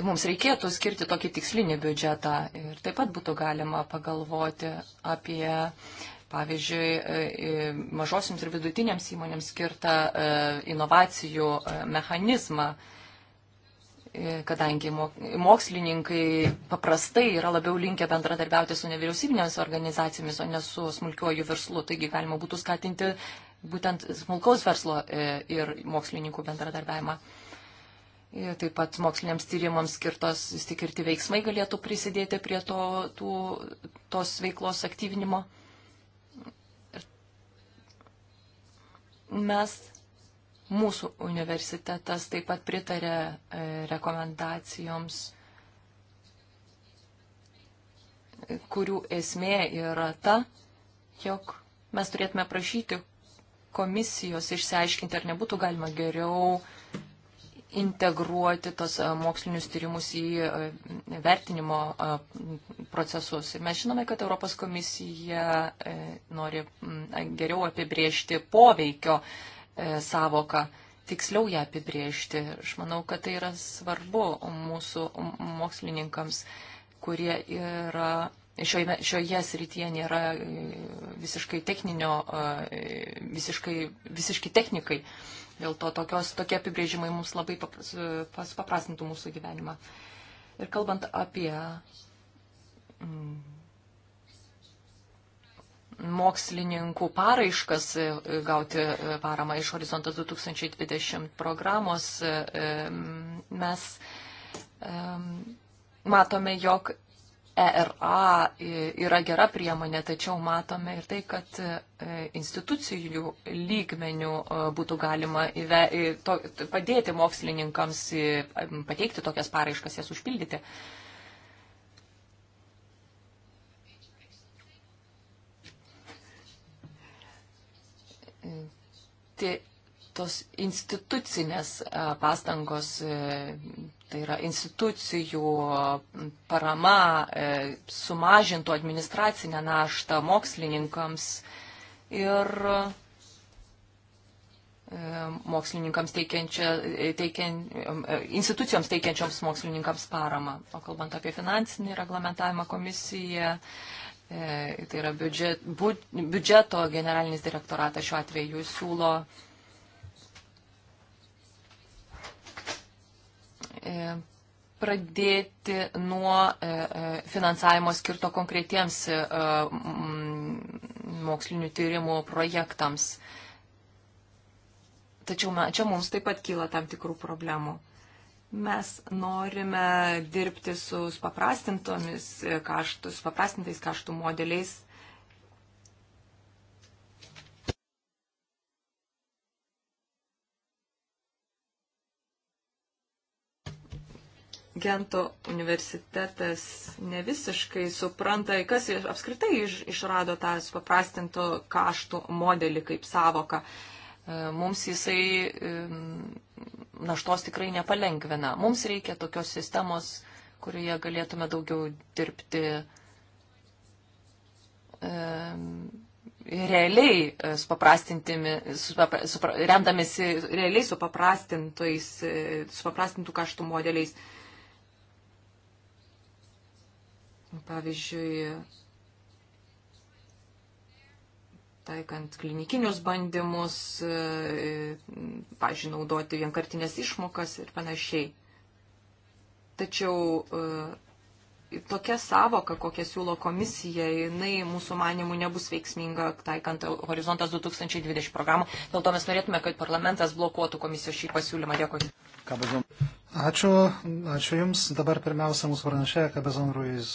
Speaker 3: mums reikėtų skirti tokį tikslinį biudžetą ir taip pat būtų galima pagalvoti apie, pavyzdžiui, e, e, mažosiams ir vidutiniams įmonėms skirtą e, inovacijų mechanizmą, kadangi mokslininkai paprastai yra labiau linkę bendradarbiauti su nevyriausybinėmis organizacijomis, o ne su smulkiuoju verslu, taigi galima būtų skatinti būtent smulkaus verslo ir mokslininkų bendradarbiavimą. Taip pat moksliniams tyrimams skirtos įstikirti veiksmai galėtų prisidėti prie to, tų, tos veiklos aktyvinimo. Mes, mūsų universitetas taip pat pritarė e, rekomendacijoms, kurių esmė yra ta, jog mes turėtume prašyti komisijos išsiaiškinti, ar nebūtų galima geriau uh, integruoti tos e, mokslinius tyrimus į e, vertinimo e, procesus. Ir mes žinome, kad Europos komisija nori geriau apibriežti poveikio savoką, tiksliau ją apibriežti. Aš manau, kad tai yra svarbu mūsų mokslininkams, kurie yra. Šioje, šioje srityje nėra visiškai techninio, visiškai, visiškai technikai. Uh, Dėl to tokios, tokie apibrėžimai mums labai paprastintų mūsų gyvenimą. Ir kalbant apie mm, mokslininkų paraiškas e, gauti e, paramą iš Horizontas 2020 programos, e, mes matome, jog ERA yra gera priemonė, tačiau matome ir tai, kad e, institucijų lygmenių e, būtų galima įve, to, padėti mokslininkams pateikti tokias paraiškas, jas užpildyti. Tie, tos institucinės e, pastangos tai yra institucijų parama e, sumažintų administracinę naštą mokslininkams ir e, mokslininkams teikiančia, e, teikian, institucijoms teikiančioms mokslininkams paramą. O kalbant apie finansinį reglamentavimą komisiją, tai yra biudžet, bu, biudžeto generalinis direktoratas šiuo atveju siūlo E, pradėti nuo e, e, finansavimo skirto konkretiems mokslinių tyrimų projektams. Tačiau čia mums taip pat kyla tam tikrų problemų. Mes norime dirbti su paprastintomis kaštus, paprastintais kaštų modeliais Gento universitetas ne visiškai supranta, kas apskritai iš, išrado tą supaprastinto kaštų modelį kaip savoką. E, mums jisai naštos tikrai nepalengvina. Mums reikia tokios sistemos, kurioje galėtume daugiau dirbti realiai e, supra, remdamėsi realiai e, supaprastintų kaštų modeliais. Pavyzdžiui, taikant klinikinius bandymus, e, pažiūrėjau, naudoti vienkartinės išmokas ir panašiai. Tačiau e, tokia savoka, kokią siūlo komisija, jinai mūsų manimų nebus veiksminga taikant Horizontas 2020 programą. Dėl to mes norėtume, kad parlamentas blokuotų komisijos šį pasiūlymą. Dėkui.
Speaker 2: Ačiū, ačiū Jums. Dabar pirmiausia mūsų pranešėja Kabezon Ruiz.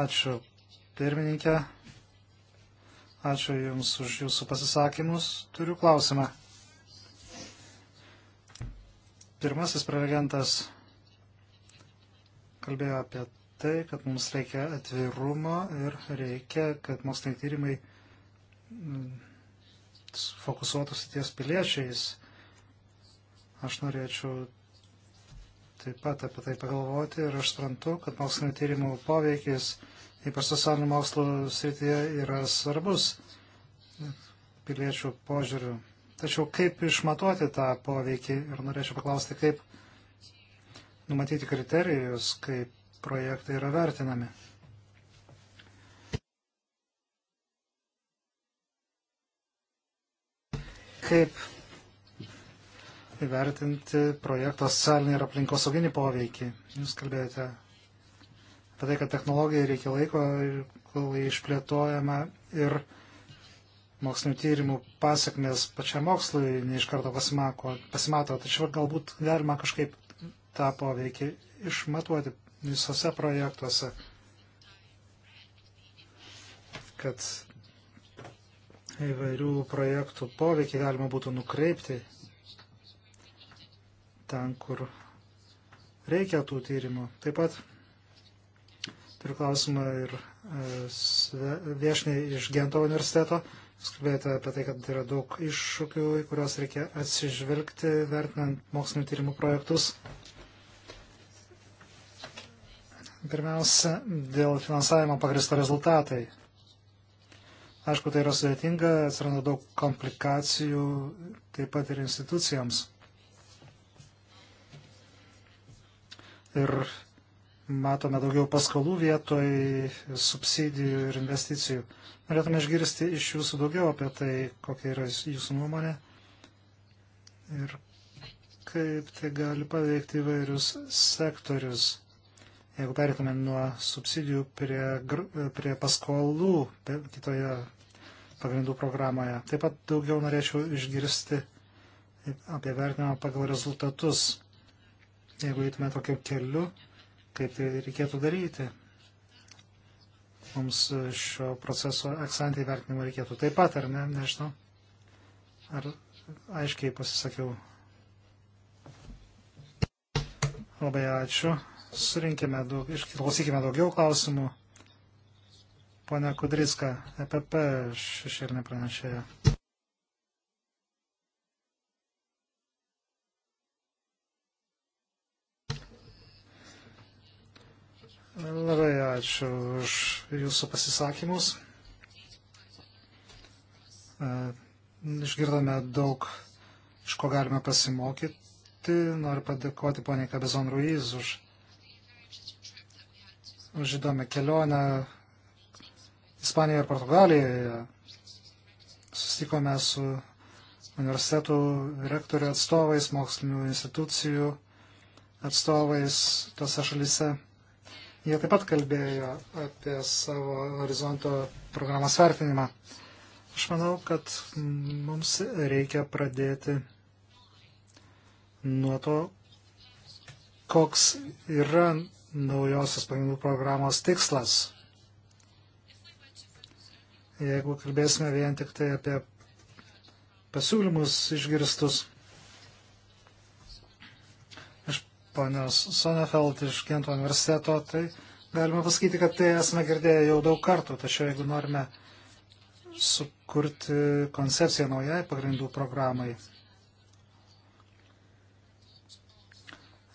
Speaker 2: Ačiū pirmininkė. Ačiū Jums už Jūsų pasisakymus. Turiu klausimą. Pirmasis prelegentas kalbėjo apie tai, kad mums reikia atvirumo ir reikia, kad moksliniai tyrimai mm, fokusuotųsi ties piliečiais. Aš norėčiau taip pat apie tai pagalvoti ir aš suprantu, kad mokslinio tyrimų poveikis, ypač socialinių mokslų srityje, yra svarbus piliečių požiūrių. Tačiau kaip išmatuoti tą poveikį ir norėčiau paklausti, kaip numatyti kriterijus, kaip projektai yra vertinami. Kaip įvertinti projekto socialinį ir aplinkosauginį poveikį. Jūs kalbėjote apie tai, kad technologijai reikia laiko, kol jį išplėtojama ir mokslinių tyrimų pasiekmes pačiam mokslui neiš karto pasimako, pasimato. Tačiau galbūt galima kažkaip tą poveikį išmatuoti visose projektuose, kad įvairių projektų poveikį galima būtų nukreipti ten, kur reikia tų tyrimų. Taip pat turiu klausimą ir e, viešniai iš Gento universiteto. Jūs kalbėjote apie tai, kad yra daug iššūkių, į kuriuos reikia atsižvelgti, vertinant mokslinio tyrimų projektus. Pirmiausia, dėl finansavimo pagrįsta rezultatai. Aišku, tai yra sudėtinga, atsiranda daug komplikacijų taip pat ir institucijoms. ir matome daugiau paskolų vietoj subsidijų ir investicijų. Norėtume išgirsti iš jūsų daugiau apie tai, kokia yra jūsų nuomonė ir kaip tai gali paveikti įvairius sektorius. Jeigu perėtume nuo subsidijų prie, prie paskolų prie kitoje pagrindų programoje. Taip pat daugiau norėčiau išgirsti apie vertinimą pagal rezultatus jeigu eitume tokiu keliu, kaip tai reikėtų daryti. Mums šio proceso eksantį vertinimo reikėtų taip pat, ar ne, nežinau. Ar aiškiai pasisakiau. Labai ačiū. Surinkime daug, išklausykime daugiau klausimų. Pone Kudriska, EPP šešėlinė pranešėja. Labai ačiū už jūsų pasisakymus. E, išgirdome daug, iš ko galime pasimokyti. Noriu padėkoti poniai Kabezon Ruiz už, už įdomią kelionę Ispanijoje ir Portugalijoje. Susitikome su universitetų rektorių atstovais, mokslinių institucijų atstovais tose šalise. Jie taip pat kalbėjo apie savo horizonto programos vertinimą. Aš manau, kad mums reikia pradėti nuo to, koks yra naujosios pagrindų programos tikslas. Jeigu kalbėsime vien tik tai apie pasiūlymus išgirstus, ponios Sonefeld iš Gento universiteto, tai galima pasakyti, kad tai esame girdėję jau daug kartų, tačiau jeigu norime sukurti koncepciją naujai pagrindų programai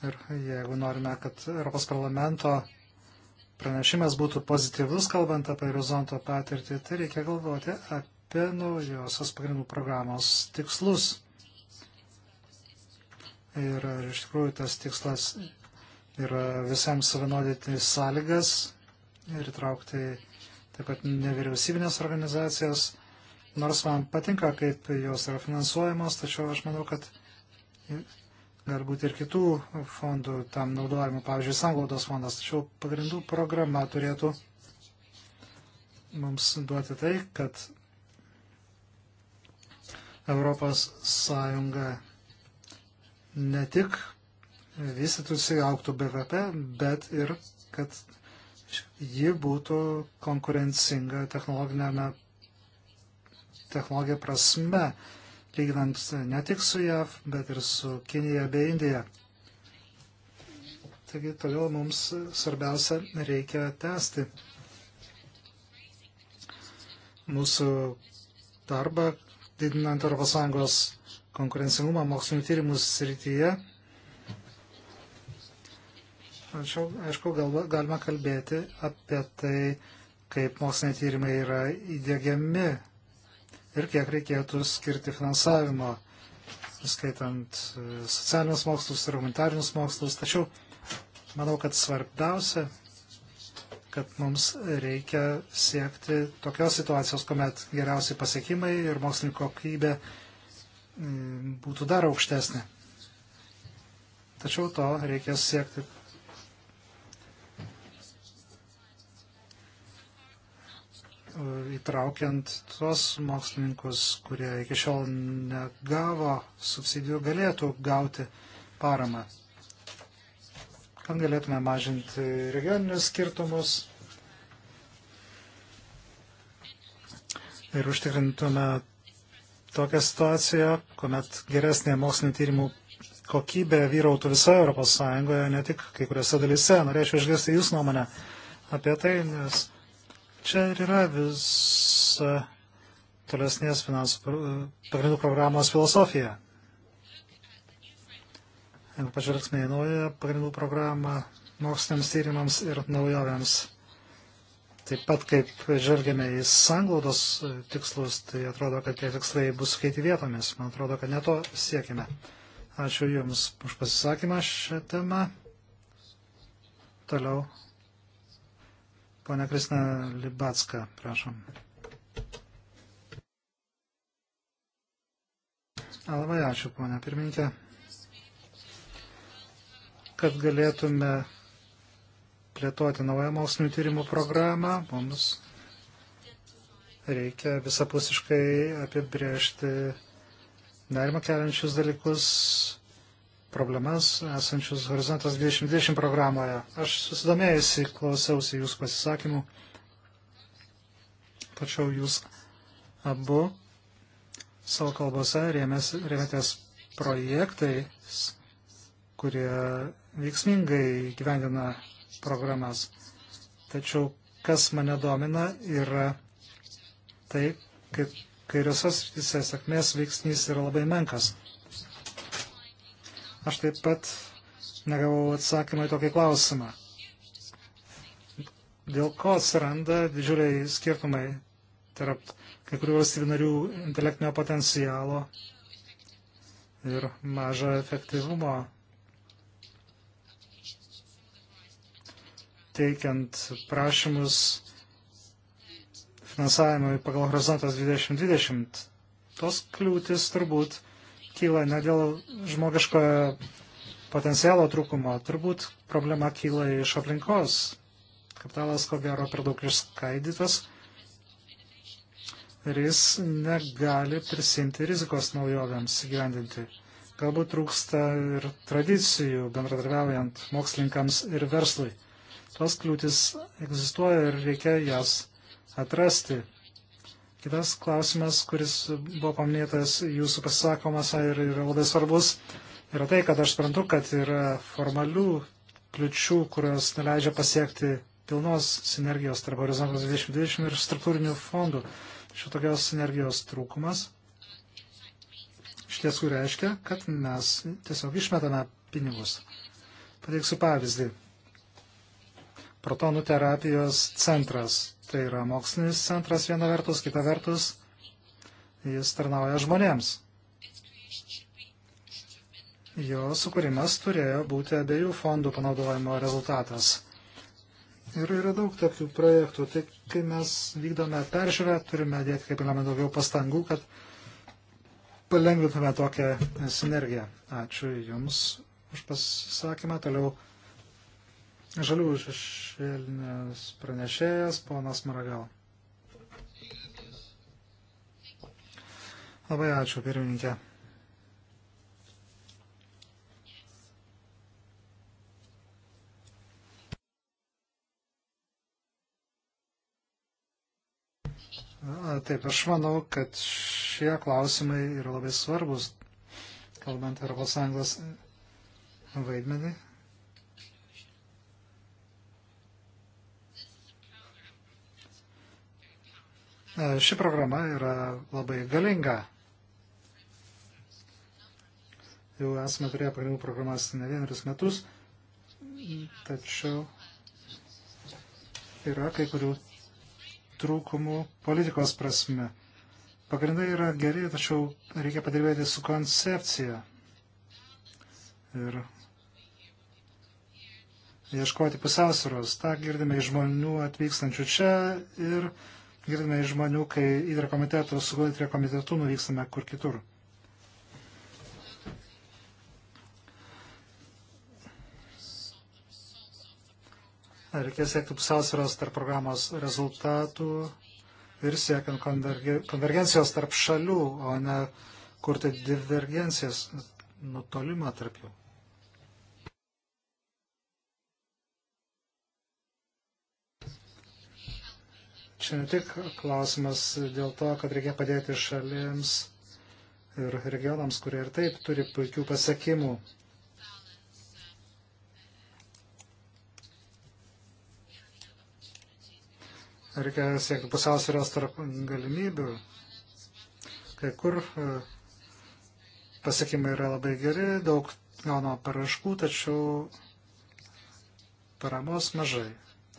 Speaker 2: ir jeigu norime, kad Europos parlamento pranešimas būtų pozityvus, kalbant apie horizonto patirtį, tai reikia galvoti apie naujosios pagrindų programos tikslus ir ar iš tikrųjų tas tikslas yra visiems vienodyti sąlygas ir įtraukti taip pat nevyriausybinės organizacijas. Nors man patinka, kaip jos yra finansuojamos, tačiau aš manau, kad galbūt ir kitų fondų tam naudojimų, pavyzdžiui, sanglaudos fondas, tačiau pagrindų programa turėtų mums duoti tai, kad Europos Sąjunga ne tik vystytųsi auktų BVP, bet ir kad ji būtų konkurencinga technologinėme technologija prasme, lyginant ne tik su JAV, bet ir su Kinija bei Indija. Taigi todėl mums svarbiausia reikia tęsti mūsų darbą, didinant ES konkurencingumą mokslinių tyrimų srityje. Tačiau, aišku, galva, galima kalbėti apie tai, kaip moksliniai tyrimai yra įdėgiami ir kiek reikėtų skirti finansavimo, skaitant e, socialinius mokslus ir humanitarinius mokslus. Tačiau manau, kad svarbiausia, kad mums reikia siekti tokios situacijos, kuomet geriausi pasiekimai ir mokslinio kokybė Mm, būtų dar aukštesnė. Tačiau to reikės siekti. įtraukiant tuos mokslininkus, kurie iki šiol negavo subsidijų, galėtų gauti paramą. Kad galėtume mažinti regioninius skirtumus ir užtikrintume tokią situaciją, kuomet geresnė mokslinio tyrimų kokybė vyrautų visoje Europos Sąjungoje, ne tik kai kuriuose dalyse. Norėčiau išgirsti Jūsų nuomonę apie tai, nes čia ir yra visa e, tolesnės finansų pagrindų programos filosofija. Jeigu pažvelgsime į naują pagrindų programą moksliniams tyrimams ir naujovėms Taip pat, kaip žvelgiame į sanglaudos e, tikslus, tai atrodo, kad tie tikslai bus keiti vietomis. Man atrodo, kad neto siekime. Ačiū Jums už pasisakymą šią temą. Toliau. Pone Kristina Libacka, prašom. Labai ačiū, ponia pirmininkė, kad galėtume plėtoti naują mokslinių tyrimų programą, mums reikia visapusiškai apibriežti nerimą keliančius dalykus, problemas esančius Horizontas 2020 programoje. Aš susidomėjusi, klausiausi jūsų pasisakymų, tačiau jūs abu savo kalbose rėmėtės projektais, kurie veiksmingai gyvendina programas. Tačiau kas mane domina yra tai, kaip kairiose srityse sėkmės veiksnys yra labai menkas. Aš taip pat negavau atsakymą į tokį klausimą. Dėl ko atsiranda didžiuliai skirtumai tarp kai kurių valstybių narių intelektinio potencialo ir mažo efektyvumo teikiant prašymus finansavimui pagal horizontas 2020. Tos kliūtis turbūt kyla ne dėl žmogiškojo potencialo trūkumo, turbūt problema kyla iš aplinkos. Kapitalas, ko gero, per daug išskaidytas ir jis negali prisimti rizikos naujovėms įgyvendinti. Galbūt trūksta ir tradicijų bendradarbiaujant mokslininkams ir verslui. Tos kliūtis egzistuoja ir reikia jas atrasti. Kitas klausimas, kuris buvo paminėtas jūsų pasisakomas ir yra labai svarbus, yra tai, kad aš suprantu, kad yra formalių kliučių, kurios neleidžia pasiekti pilnos sinergijos tarp Horizontas 2020 ir struktūrinių fondų. Šitokios sinergijos trūkumas iš tiesų reiškia, kad mes tiesiog išmetame pinigus. Pateiksiu pavyzdį protonų terapijos centras. Tai yra mokslinis centras viena vertus, kita vertus jis tarnauja žmonėms. Jo sukūrimas turėjo būti abiejų fondų panaudojimo rezultatas. Ir yra daug tokių projektų. Tai kai mes vykdome peržiūrę, turime dėti kaip įmanoma daugiau pastangų, kad palengvintume tokią sinergiją. Ačiū Jums už pasisakymą. Toliau Žaliųjų šešėlinės pranešėjas, ponas Maragal. Labai ačiū, pirmininkė. Taip, aš manau, kad šie klausimai yra labai svarbus, kalbant Europos Sąjungos vaidmenį E, ši programa yra labai galinga. Jau esame turėję pagrindų programas ne vienerius metus, tačiau yra kai kurių trūkumų politikos prasme. Pagrindai yra geri, tačiau reikia padirbėti su koncepcija ir ieškoti pusiausvėros. Ta girdime iš žmonių atvykstančių čia ir girdime iš žmonių, kai įdra komitetų su įdra komitetu nuvykstame kur kitur. Reikia siekti pusiausvėros tarp programos rezultatų ir siekiant konvergencijos tarp šalių, o ne kurti divergencijas, nutolimą tarp jų. Čia ne tik klausimas dėl to, kad reikia padėti šalims ir regionams, kurie ir taip turi puikių pasiekimų. Reikia siekti pusiausvėros tarp galimybių. Kai kur e, pasiekimai yra labai geri, daug gaunama paraškų, tačiau paramos mažai.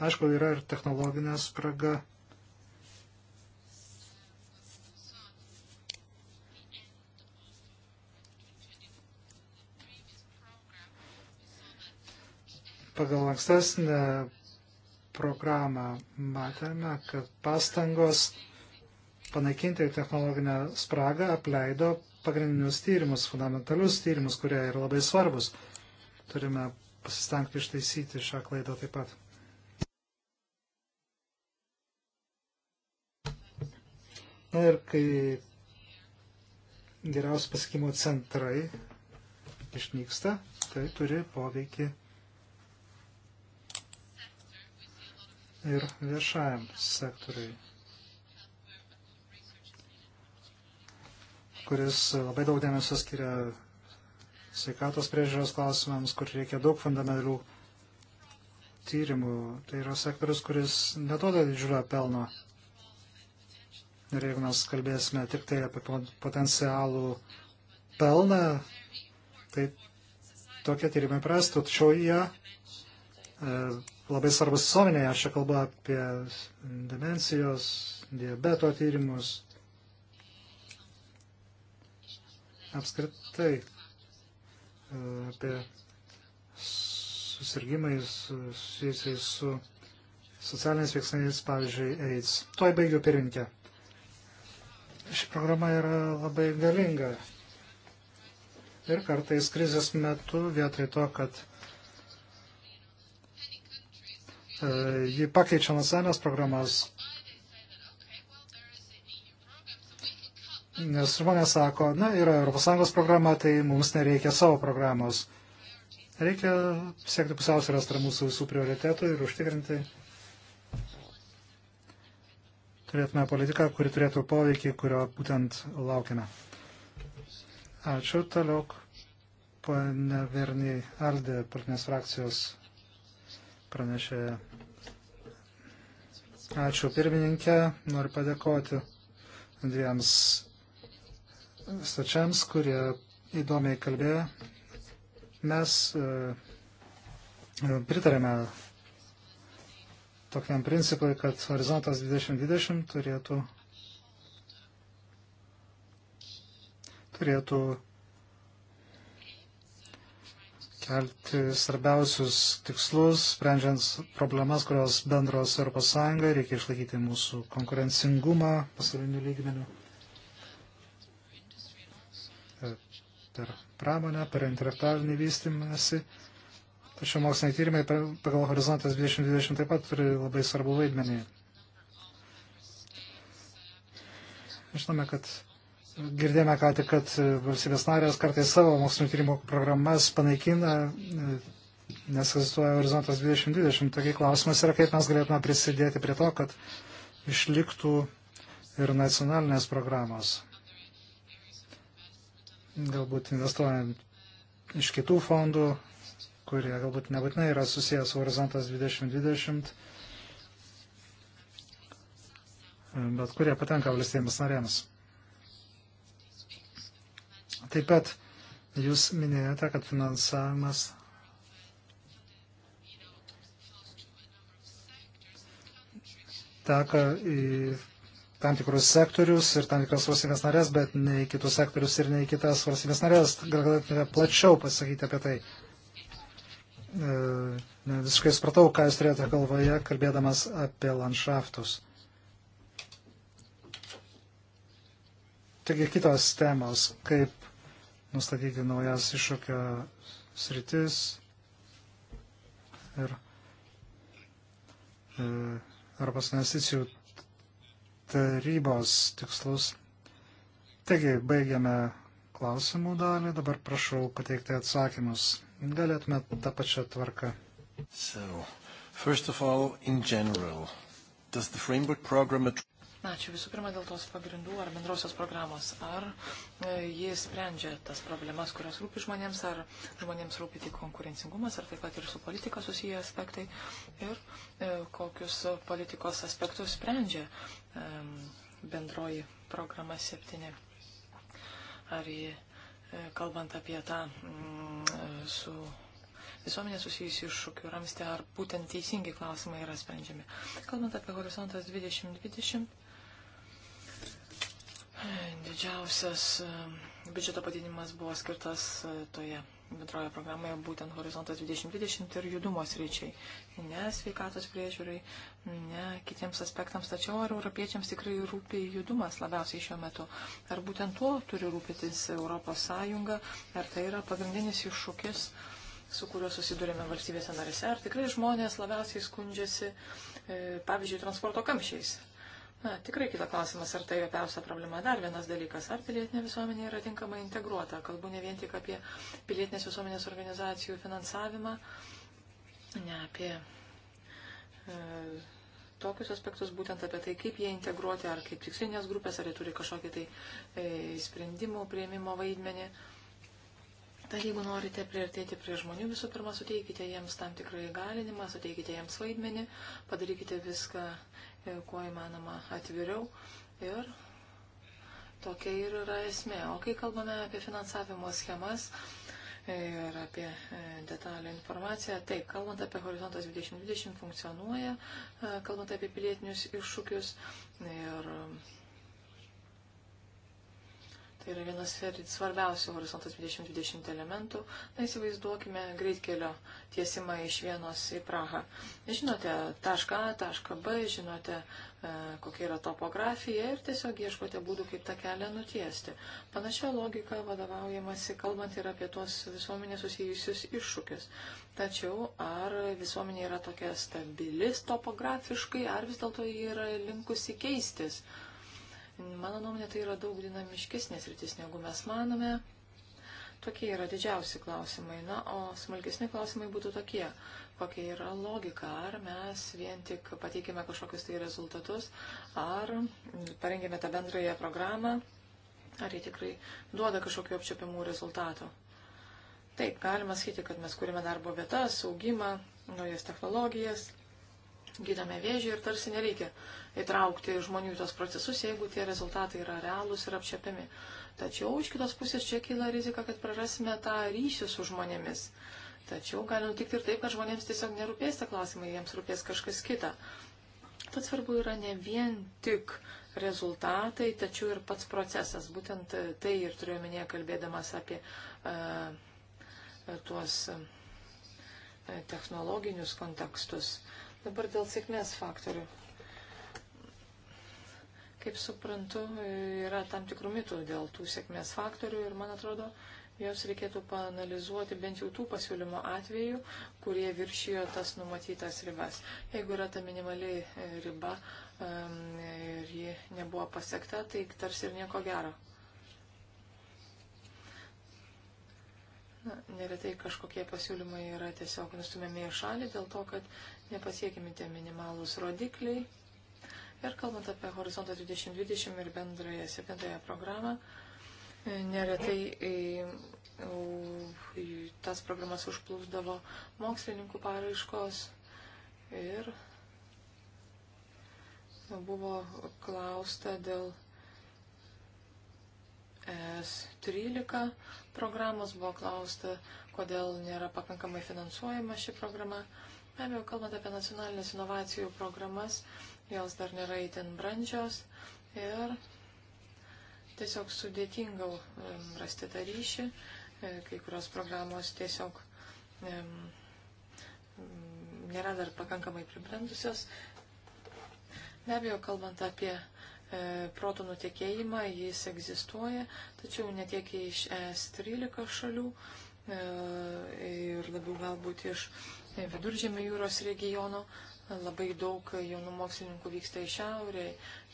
Speaker 2: Aišku, yra ir technologinė spraga. Pagal ankstesnę programą matėme, kad pastangos panaikinti technologinę spragą apleido pagrindinius tyrimus, fundamentalius tyrimus, kurie yra labai svarbus. Turime pasistengti ištaisyti šią klaidą taip pat. Na ir kai geriausių pasiekimų centrai išnyksta, tai turi poveikį ir viešajam sektoriui, kuris labai daug dėmesio skiria sveikatos priežiūros klausimams, kur reikia daug fundamentalių tyrimų. Tai yra sektorius, kuris neduoda didžiulio pelno. Ir jeigu mes kalbėsime tik tai apie potencialų pelną, tai tokie tyrimai prastų. Tačiau jie e, labai svarbus visuomenėje. Aš čia kalbu apie demencijos, diabeto tyrimus. Apskritai apie susirgymais susijusiais su socialiniais veiksniais, pavyzdžiui, AIDS. Tuoj baigiu pirminkę. Ši programa yra labai galinga. Ir kartais krizės metu vietoj to, kad E, ji pakeičia nacionalinės programas. Nes žmonės sako, na, yra ES programa, tai mums nereikia savo programos. Reikia siekti pusiausvėros tarp mūsų visų prioritetų ir užtikrinti. Turėtume politiką, kuri turėtų poveikį, kurio būtent laukime. Ačiū. Toliau, pane Verniai Aldė, partinės frakcijos pranešė Ačiū pirmininkė, noriu padėkoti dviems stačiams, kurie įdomiai kalbėjo. Mes e, pritarėme tokiam principui, kad horizontas 2020 turėtų, turėtų kelti svarbiausius tikslus, sprendžiant problemas, kurios bendros Europos Sąjungai, reikia išlaikyti mūsų konkurencingumą pasaulinių lygmenių e, per pramonę, per intelektualinį vystymąsi. Tačiau moksliniai tyrimai pagal Horizontas 2020 taip pat turi labai svarbu vaidmenį. Žinome, kad Girdėjome ką tik, kad valstybės narės kartais savo mokslinio tyrimų programas panaikina, nes egzistuoja horizontas 2020. Tokiai klausimas yra, kaip mes galėtume prisidėti prie to, kad išliktų ir nacionalinės programos. Galbūt investuojant iš kitų fondų, kurie galbūt nebūtinai yra susijęs su horizontas 2020, bet kurie patenka valstybėms narėms. Taip pat jūs minėjote, kad finansavimas teka į tam tikrus sektorius ir tam tikras valstybės narės, bet ne į kitus sektorius ir ne į kitas valstybės narės. Gal galėtumėte plačiau pasakyti apie tai? E, ne visiškai supratau, ką jūs turėjote galvoje, kalbėdamas apie landšaftus. Taigi kitos temos, kaip nustatyti naujas iššūkio sritis ir e, Europos investicijų tarybos tikslus. Taigi, baigiame klausimų dalį, dabar prašau pateikti atsakymus. Galėtume tą pačią tvarką.
Speaker 1: So, first of all, in general, does the framework program...
Speaker 3: Ačiū visų pirma dėl tos pagrindų ar bendrosios programos. Ar e, jis sprendžia tas problemas, kurios rūpi žmonėms, ar žmonėms rūpi tik konkurencingumas, ar taip pat ir su politika susiję aspektai, ir e, kokius politikos aspektus sprendžia e, bendroji programa 7. Ar jį, e, kalbant apie tą mm, e, su visuomenė susijusi iššūkių ramstė, ar būtent teisingi klausimai yra sprendžiami. Kalbant apie horizontas 2020, Didžiausias e, biudžeto padidinimas buvo skirtas e, toje bendroje programoje būtent Horizontas 2020 ir judumos ryčiai. Ne sveikatos priežiūrai, ne kitiems aspektams, tačiau ar europiečiams tikrai rūpi judumas labiausiai šiuo metu. Ar būtent tuo turi rūpytis Europos Sąjunga, ar tai yra pagrindinis iššūkis, su kuriuo susidurėme valstybėse narėse, ar tikrai žmonės labiausiai skundžiasi, e, pavyzdžiui, transporto kamščiais. Na, tikrai kita klausimas, ar tai opiausia problema. Dar vienas dalykas, ar pilietinė visuomenė yra tinkamai integruota. Kalbu ne vien tik apie pilietinės visuomenės organizacijų finansavimą, ne apie e, tokius aspektus, būtent apie tai, kaip jie integruoti, ar kaip tikslinės grupės, ar jie turi kažkokį tai e, sprendimų prieimimo vaidmenį. Tad jeigu norite priartėti prie žmonių, visų pirma, suteikite jiems tam tikrą įgalinimą, suteikite jiems vaidmenį, padarykite viską E, kuo įmanoma atviriau. Ir tokia ir yra esmė. O kai kalbame apie finansavimo schemas ir apie e, detalę informaciją, taip, kalbant apie Horizontas 2020 funkcionuoja, e, kalbant apie pilietinius iššūkius ir Tai yra vienas svarbiausių horizontas 2020 elementų. Na, įsivaizduokime greitkelio tiesimą iš vienos į Prahą. Žinote tašką A, tašką B, žinote, e, kokia yra topografija ir tiesiog ieškote būdų, kaip tą kelią nutiesti. Panašia logika vadovaujamasi, kalbant ir apie tuos visuomenės susijusius iššūkius. Tačiau ar visuomenė yra tokia stabilis topografiškai, ar vis dėlto ji yra linkusi keistis? E, Mano nuomonė, tai yra daug dinamiškesnės rytis, negu mes manome. Tokie yra didžiausi klausimai. Na, o smulkesni klausimai būtų tokie. Kokia yra logika? Ar mes vien tik pateikėme kažkokius tai rezultatus, ar parengėme tą bendrąją programą, ar jie tikrai duoda kažkokiu apčiopiamų rezultatų? Taip, galima sakyti, kad mes kūrėme darbo vietas, augimą, naujas technologijas, gydame vėžį ir tarsi nereikia įtraukti žmonių į tos procesus, jeigu tie rezultatai yra realūs ir apčiapiami. Tačiau iš kitos pusės čia kyla rizika, kad prarasime tą ryšį su žmonėmis. Tačiau gali nutikti ir taip, kad žmonėms tiesiog nerūpės tie klausimai, jiems rūpės kažkas kita. Tad svarbu yra ne vien tik rezultatai, tačiau ir pats procesas. Būtent tai ir turiu minėję kalbėdamas apie uh, tuos e, technologinius kontekstus. Uh, Dabar dėl sėkmės faktorių. Kaip suprantu, yra tam tikrų mitų dėl tų sėkmės faktorių ir man atrodo, jos reikėtų panalizuoti bent jau tų pasiūlymo atvejų, kurie viršijo tas numatytas ribas. Jeigu yra ta minimali e, riba ir ji nebuvo pasiekta, tai tarsi ir nieko gero. Na, neretai kažkokie pasiūlymai yra tiesiog nustumėmi į šalį dėl to, kad nepasiekimi tie minimalūs rodikliai. Ir kalbant apie Horizontą 2020 ir bendrąją septintąją programą, neretai tas programas užplūsdavo mokslininkų paraiškos ir buvo klausta dėl E S13 programos buvo klausta, kodėl nėra pakankamai finansuojama ši programa. Be abejo, kalbant apie nacionalinės inovacijų programas, jos dar nėra įtin brandžios ir tiesiog sudėtinga rasti tą ryšį. E, kai kurios programos tiesiog nėra dar pakankamai pribrendusios. Be abejo, kalbant apie E, protų nutekėjimą, jis egzistuoja, tačiau netiek iš ES 13 šalių e, ir labiau galbūt iš viduržėmio jūros regiono. Labai daug jaunų mokslininkų vyksta į šiaurę,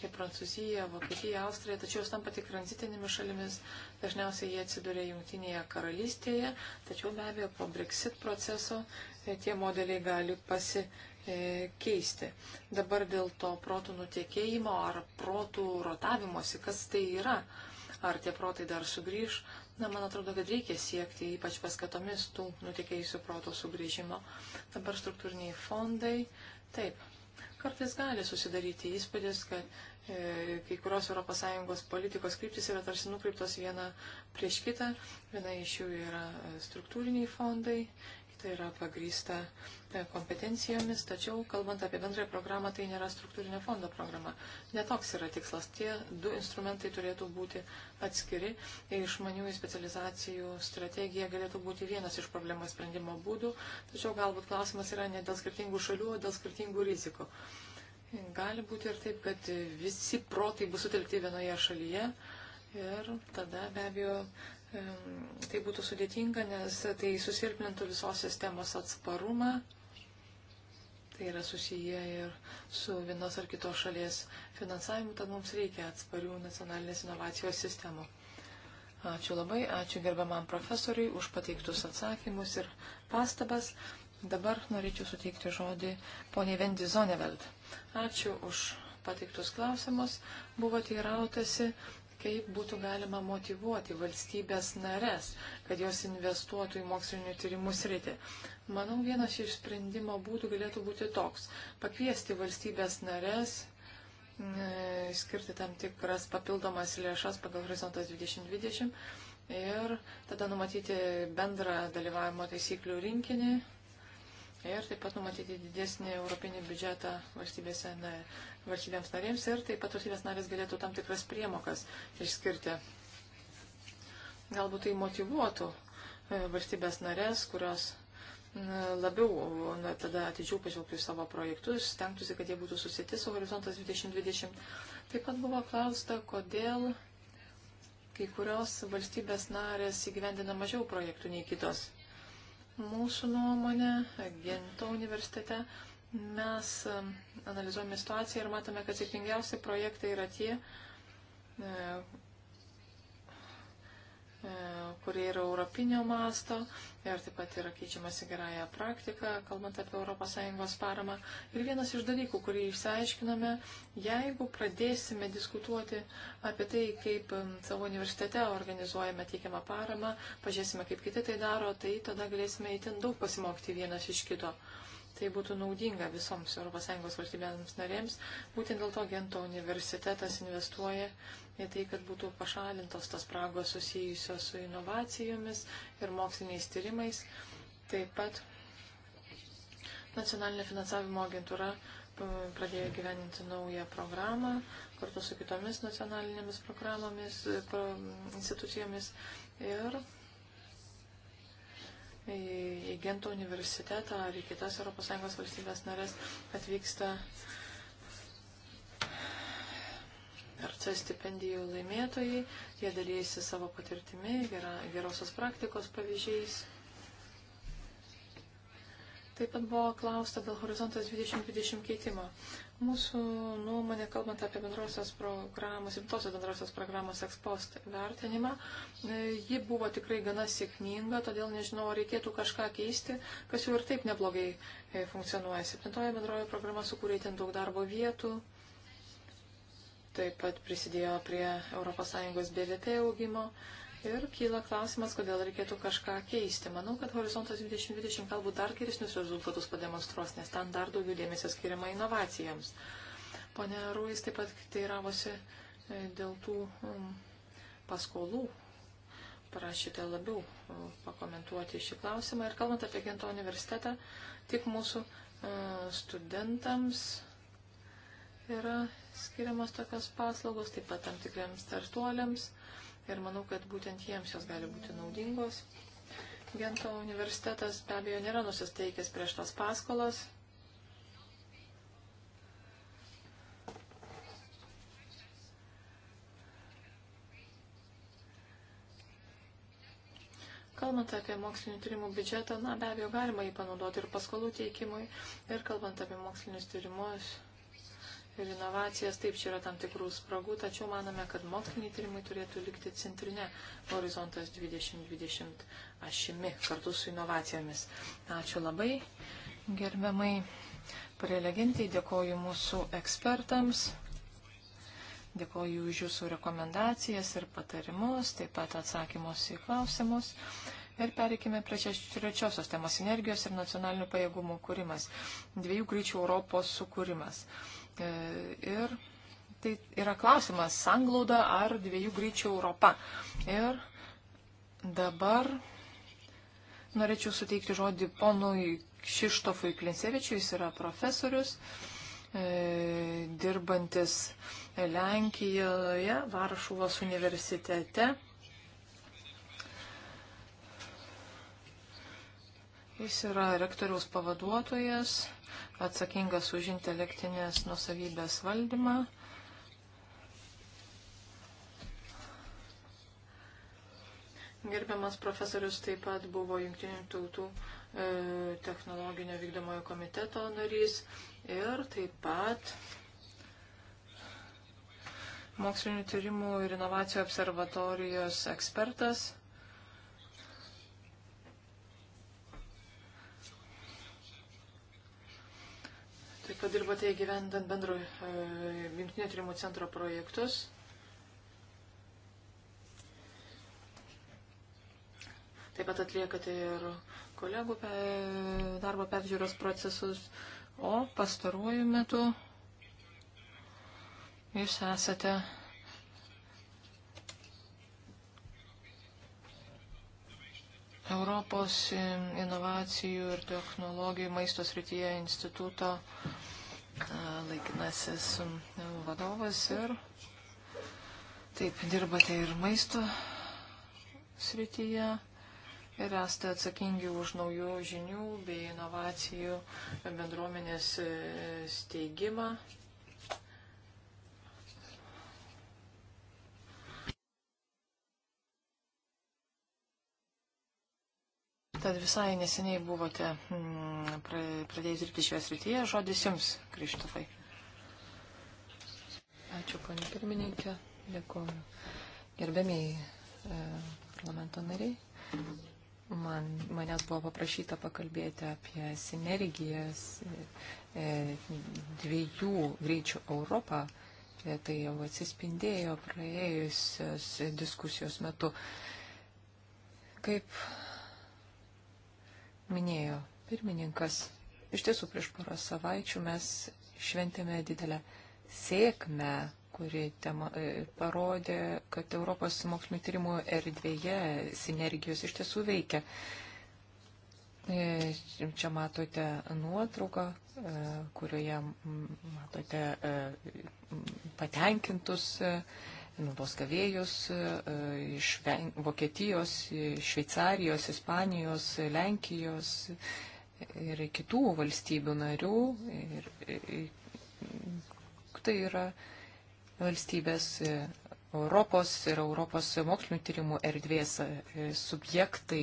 Speaker 3: į Prancūziją, Vokietiją, Austriją, tačiau jos tampa tik tranzitinėmis šalimis, dažniausiai jie atsiduria Junktinėje karalystėje, tačiau be abejo po Brexit proceso e, tie modeliai gali pasi, E, keisti. Dabar dėl to protų nutiekėjimo ar protų rotavimosi, kas tai yra, ar tie protai dar sugrįž, na, man atrodo, kad reikia siekti ypač paskatomis tų nutiekėjusių protų sugrįžimo. Dabar struktūriniai fondai, taip, kartais gali susidaryti įspūdis, kad e, kai kurios ES politikos kryptis yra tarsi nukreiptos viena prieš kitą. Viena iš jų yra e, struktūriniai fondai tai yra pagrįsta e, kompetencijomis, tačiau kalbant apie bendrąją programą, tai nėra struktūrinio fondo programa. Netoks yra tikslas. Tie du instrumentai turėtų būti atskiri. Išmaniųjų specializacijų strategija galėtų būti vienas iš problemos sprendimo būdų, tačiau galbūt klausimas yra ne dėl skirtingų šalių, o dėl skirtingų rizikų. Gali būti ir taip, kad visi protai bus sutelkti vienoje šalyje. Ir tada be abejo Tai būtų sudėtinga, nes tai susilpnintų visos sistemos atsparumą. Tai yra susiję ir su vienos ar kitos šalies finansavimu, tad mums reikia atsparių nacionalinės inovacijos sistemų. Ačiū labai, ačiū gerbiamam profesoriui už pateiktus atsakymus ir pastabas. Dabar norėčiau suteikti žodį poniai Vendi Zoneveld. Ačiū už pateiktus klausimus. Buvo teirautasi, kaip būtų galima motivuoti valstybės nares, kad jos investuotų į mokslinio tyrimų sritį. Manau, vienas iš sprendimo būtų galėtų būti toks - pakviesti valstybės nares, e, skirti tam tikras papildomas lėšas pagal horizontas 2020 ir tada numatyti bendrą dalyvavimo taisyklių rinkinį ir taip pat numatyti didesnį europinį biudžetą valstybėse valstybėms narėms ir taip pat valstybės narės galėtų tam tikras priemokas išskirti. Galbūt tai motivuotų e, valstybės narės, kurios labiau na, tada atidžiau pažvelgtų į savo projektus, stengtųsi, kad jie būtų susiti su horizontas 2020. Taip pat buvo klausta, kodėl kai kurios valstybės narės įgyvendina mažiau projektų nei kitos. Mūsų nuomonė, Gento universitete, Mes analizuojame situaciją ir matome, kad sėkmingiausi projektai yra tie, e, e, kurie yra europinio masto ir taip pat yra keičiamasi gerąją praktiką, kalbant apie ES paramą. Ir vienas iš dalykų, kurį išsiaiškiname, jeigu pradėsime diskutuoti apie tai, kaip savo universitete organizuojame teikiamą paramą, pažiūrėsime, kaip kiti tai daro, tai tada galėsime įtin daug pasimokti vienas iš kito. Uh, Tai būtų naudinga visoms ES valstybėms narėms. Būtent dėl to Gento universitetas investuoja į tai, kad būtų pašalintos tas spragos susijusios su inovacijomis ir moksliniais tyrimais. Taip pat nacionalinė finansavimo agentūra e, pradėjo gyveninti naują programą kartu su kitomis nacionalinėmis programomis, e, pro, institucijomis ir į Gento universitetą ar į kitas ES valstybės narės atvyksta RC stipendijų laimėtojai, jie dalyjasi savo patirtimi, gera, gerosios praktikos pavyzdžiais. Taip pat buvo klausta dėl horizontas 2020 keitimo. Mūsų nuomonė, kalbant apie bendrosios programos, rimtosios bendrosios programos ekspost vertinimą, e, ji buvo tikrai gana sėkminga, todėl nežinau, ar reikėtų kažką keisti, kas jau ir taip neblogai e, funkcionuoja. Septintoji bendroji programa sukūrė ten daug darbo vietų, taip pat prisidėjo prie ES BVP augimo. Ir kyla klausimas, kodėl reikėtų kažką keisti. Manau, kad Horizontas 2020 galbūt dar geresnius rezultatus pademonstruos, nes ten dar daugiau dėmesio skiriama inovacijams. Pone Ruiz taip pat teiravosi e, dėl tų paskolų. Prašyte labiau e, pakomentuoti šį klausimą. Ir kalbant apie Gento universitetą, tik mūsų e, studentams yra skiriamas tokios paslaugos, taip pat tam tikriams startuoliams ir manau, kad būtent jiems jos gali būti naudingos. Gento universitetas be abejo nėra nusisteikęs prieš tas paskolas. Kalbant apie mokslinių tyrimų biudžetą, na, be abejo, galima jį panaudoti ir paskolų teikimui, ir kalbant apie mokslinius tyrimus, ir inovacijas. Taip, čia yra tam tikrų spragų, tačiau manome, kad moksliniai tyrimai turėtų likti centrinė horizontas 2020 ašimi kartu su inovacijomis. Ačiū labai, gerbiamai prelegentai, dėkoju mūsų ekspertams. Dėkoju už jūsų rekomendacijas ir patarimus, taip pat atsakymus į klausimus. Ir pereikime prie trečiosios temos - energijos ir nacionalinių pajėgumų kūrimas. Dviejų greičių Europos sukūrimas. Uh, E, ir tai yra klausimas, sanglauda ar dviejų greičių Europa. Ir dabar norėčiau suteikti žodį ponui Kšištofui Klinsevičiui, jis yra profesorius, e, dirbantis Lenkijoje, Varšuvos universitete. Jis yra rektoriaus pavaduotojas atsakingas už intelektinės nusavybės valdymą. Gerbiamas profesorius taip pat buvo Junktinių tautų e, technologinio vykdomojo komiteto narys ir taip pat mokslinių tyrimų ir inovacijų observatorijos ekspertas. Taip pat dirbate įgyvendant bendro e, jungtinio e, tyrimų centro projektus. Taip pat atliekate ir kolegų pe, darbo peržiūros procesus, o pastaruoju metu jūs esate Europos inovacijų ir technologijų maisto srityje instituto laikinasis vadovas ir taip dirbate ir maisto srityje ir esate atsakingi už naujų žinių bei inovacijų bendruomenės e, steigimą Tad visai neseniai buvote mm, pradėjus dirbti šioje srityje. Žodis jums, Krištofai. Ačiū, ponė pirmininkė. Dėkuoju. Gerbėmiai e, parlamento nariai. Man, manęs buvo paprašyta pakalbėti apie sinergijas e, dviejų greičių Europą. E, tai jau atsispindėjo praėjusios diskusijos metu. Kaip minėjo pirmininkas, iš tiesų prieš porą savaičių mes šventėme didelę sėkmę, kuri tema, e, parodė, kad Europos mokslinio tyrimų erdvėje sinergijos iš tiesų veikia. E, čia matote nuotrauką, e, kurioje matote patenkintus naudos gavėjus e, iš Vokietijos, Šveicarijos, Ispanijos, Lenkijos ir kitų valstybių narių. Ir, ir tai yra valstybės e, Europos ir Europos mokslinių tyrimų erdvės e, subjektai,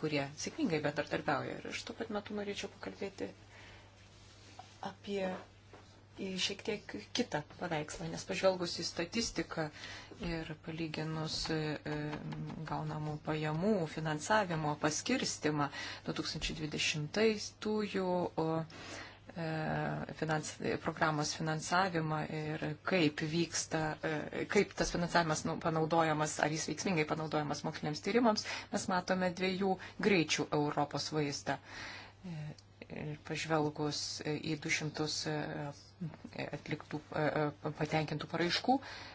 Speaker 3: kurie sėkmingai bendradarbiauja. Ir aš tuo pat metu norėčiau pakalbėti apie į šiek tiek kitą paveikslą, nes pažvelgus į statistiką ir palyginus e, e, gaunamų pajamų finansavimo paskirstimą 2020-ųjų e, finans, programos finansavimą ir kaip vyksta, kaip tas finansavimas nu, panaudojamas, ar jis veiksmingai panaudojamas moksliniams tyrimams, mes matome dviejų greičių Europos vaizdą. Ir pažvelgus į 200 E, atliktų e, e, patenkintų paraiškų,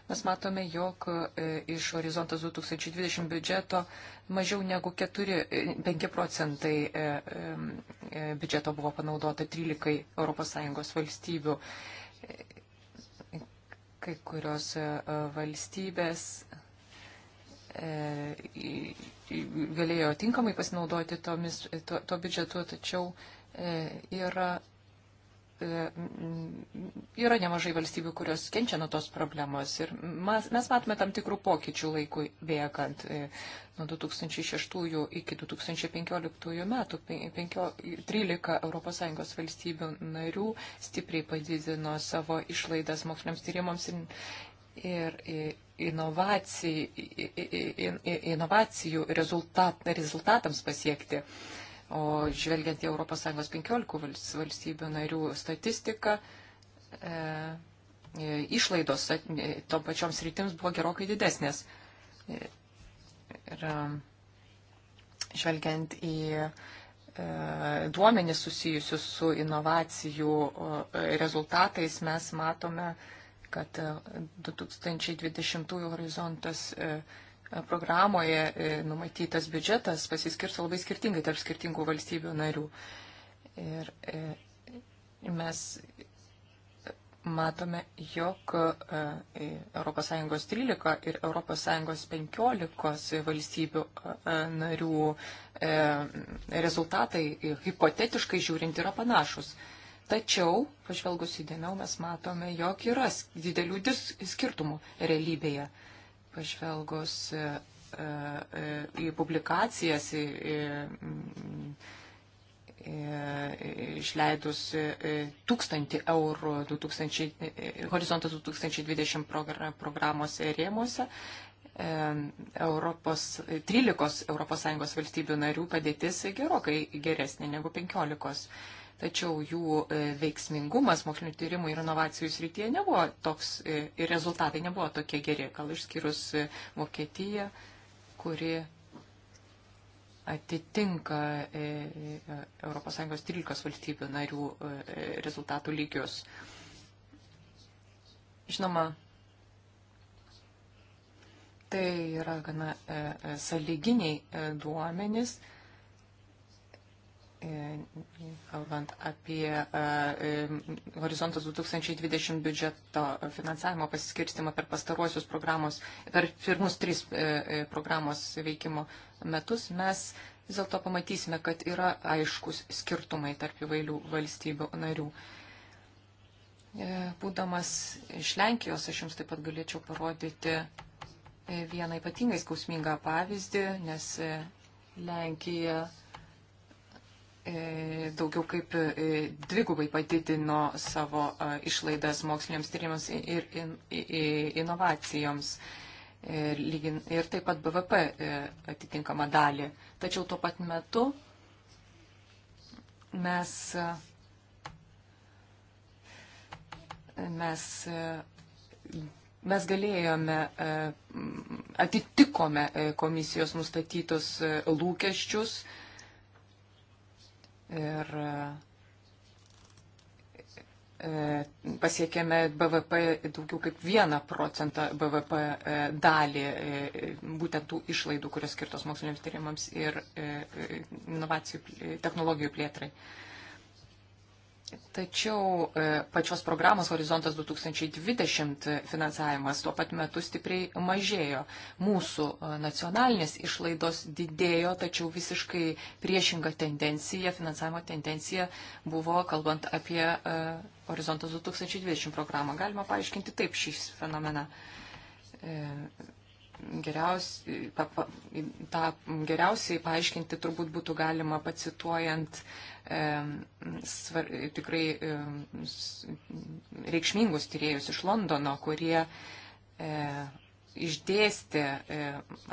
Speaker 3: mes matome, jog iš horizontas 2020 biudžeto mažiau negu 4, 5 procentai biudžeto buvo panaudota 13 ES valstybių. Kai kurios valstybės galėjo tinkamai pasinaudoti tomis, to, to biudžetu, tačiau yra E, yra nemažai valstybių, kurios kenčia nuo tos problemos. Ir mes, mes matome tam tikrų pokyčių laikui bėgant e, nuo 2006 iki 2015 metų. 13 ES valstybių narių stipriai padidino savo išlaidas moksliniams tyrimams ir, ir, inovacijų, inovacijų rezultat, rezultatams pasiekti. O žvelgiant į ES 15 valstybių narių statistiką, e, e išlaidos e, tom pačioms rytims buvo gerokai didesnės. E, ir žvelgiant į duomenis susijusius su inovacijų rezultatais, mes matome, kad 2020 horizontas programoje e, numatytas biudžetas pasiskirsto labai skirtingai tarp skirtingų valstybių narių. Ir e, mes matome, jog ES e, 13 ir ES 15 valstybių narių rezultatai hipotetiškai žiūrint yra panašus. Tačiau, pažvelgus įdėmiau, mes matome, jog yra didelių skirtumų realybėje pažvelgus e, e, į publikacijas, į, į, į, išleidus e, tūkstantį eurų 2000, horizontas 2020 programos rėmuose. Europos, 13 ES valstybių narių padėtis gerokai geresnė negu 15 tačiau jų e, veiksmingumas mokslinio tyrimų ir inovacijų srityje nebuvo toks e, ir rezultatai nebuvo tokie geri, gal išskyrus e, Vokietiją, kuri atitinka ES 13 valstybių narių rezultatų lygius. Žinoma, tai yra gana e, e, saliginiai e, duomenys, e, E, kalbant apie e, e, Horizontas 2020 biudžeto finansavimo pasiskirstimą per pastaruosius programos, per pirmus tris programos veikimo metus, mes vis dėlto pamatysime, kad yra aiškus skirtumai tarp įvairių valstybių narių. Būdamas iš Lenkijos, aš jums taip pat galėčiau parodyti vieną ypatingai skausmingą pavyzdį, nes Lenkija E, daugiau kaip e, dvigubai padidino savo e, išlaidas moksliniams tyrimams ir inovacijoms ir taip pat BVP atitinkamą dalį. Tačiau tuo pat metu mes, mes, mes galėjome, atitikome komisijos nustatytus lūkesčius ir e, pasiekėme BVP daugiau kaip 1 procentą BVP e, dalį e, būtent tų išlaidų, kurios skirtos moksliniams tyrimams ir inovacijų technologijų plėtrai. Tačiau e, pačios programos Horizontas 2020 finansavimas tuo pat metu stipriai mažėjo. Mūsų e, nacionalinės išlaidos didėjo, tačiau visiškai priešinga tendencija, finansavimo tendencija buvo, kalbant apie e, Horizontas 2020 programą. Galima paaiškinti taip šį fenomeną geriausiai, pa, pa, tą geriausiai paaiškinti turbūt būtų galima pacituojant e, svar, tikrai e, reikšmingus tyriejus iš Londono, kurie e, išdėstė, e,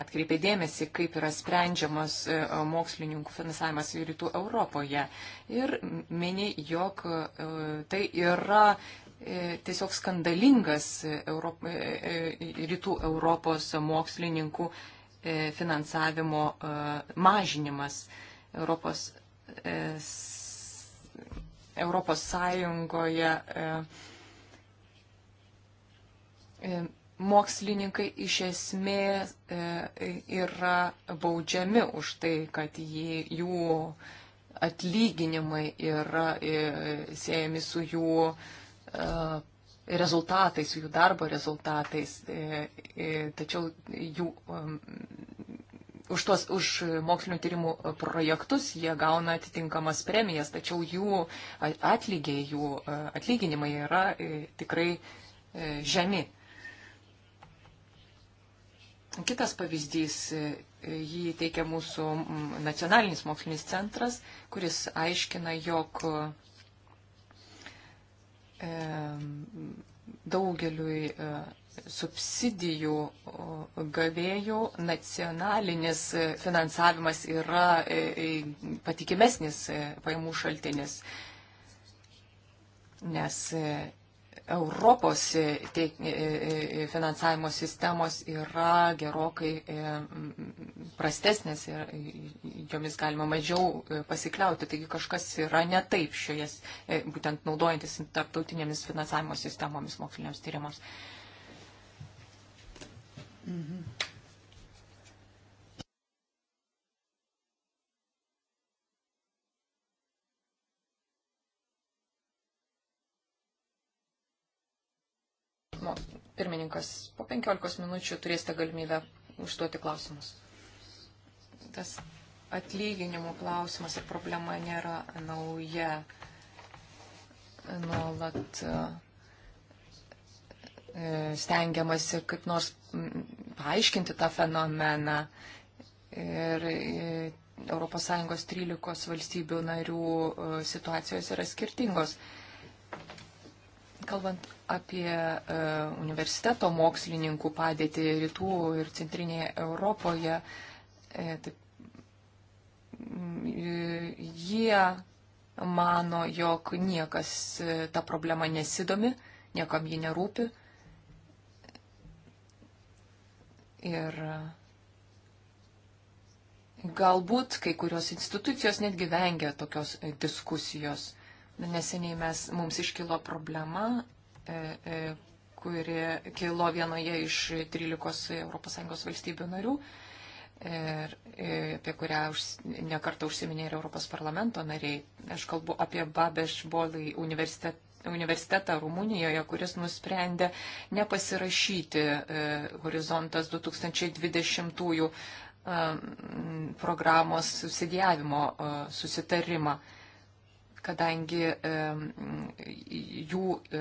Speaker 3: atkreipė dėmesį, kaip yra sprendžiamas e, mokslininkų finansavimas rytų Europoje. Ir mini, jog e, tai yra E, tiesiog skandalingas e, Europ, e, rytų Europos mokslininkų finansavimo mažinimas. Europos, Europos Sąjungoje mokslininkai iš esmės yra baudžiami už tai, kad jie, jų atlyginimai yra siejami su jų uh, E, rezultatais, jų darbo rezultatais, e, e, tačiau jų, um, už, tuos, už mokslinių tyrimų projektus jie gauna atitinkamas premijas, tačiau jų atlygiai, jų atlyginimai yra tikrai žemi. Kitas pavyzdys, jį teikia mūsų nacionalinis mokslinis centras, kuris aiškina, jog daugeliui e, subsidijų gavėjų nacionalinis e, finansavimas yra e, patikimesnis pajamų šaltinis, nes Europos e, e, e, finansavimo sistemos yra gerokai prastesnės ir jomis galima mažiau pasikliauti. Taigi kažkas yra ne taip šioje, būtent naudojantis tarptautinėmis finansavimo sistemomis moksliniams tyrimams. Mhm. Pirmininkas, po 15 minučių turėsite galimybę užduoti klausimus. Tas atlyginimų klausimas ir problema nėra nauja. Nuolat e, stengiamasi kaip nors paaiškinti tą fenomeną. Ir ES 13 valstybių narių e, situacijos yra skirtingos. Kalbant apie e, universiteto mokslininkų padėtį rytų ir centrinėje Europoje, e, taip, jie mano, jog niekas e, tą problemą nesidomi, niekam ji nerūpi. Ir galbūt kai kurios institucijos netgi vengia tokios diskusijos. Neseniai mes, mums iškilo problema, e, e, kuri kilo vienoje iš 13 ES valstybių narių ir e, apie kurią už, nekartą užsiminė ir Europos parlamento nariai. Aš kalbu apie Babeš Bolai universitetą universitetą Rumunijoje, kuris nusprendė nepasirašyti e, Horizontas 2020 e, programos subsidijavimo e, susitarimą. E, kadangi jų e,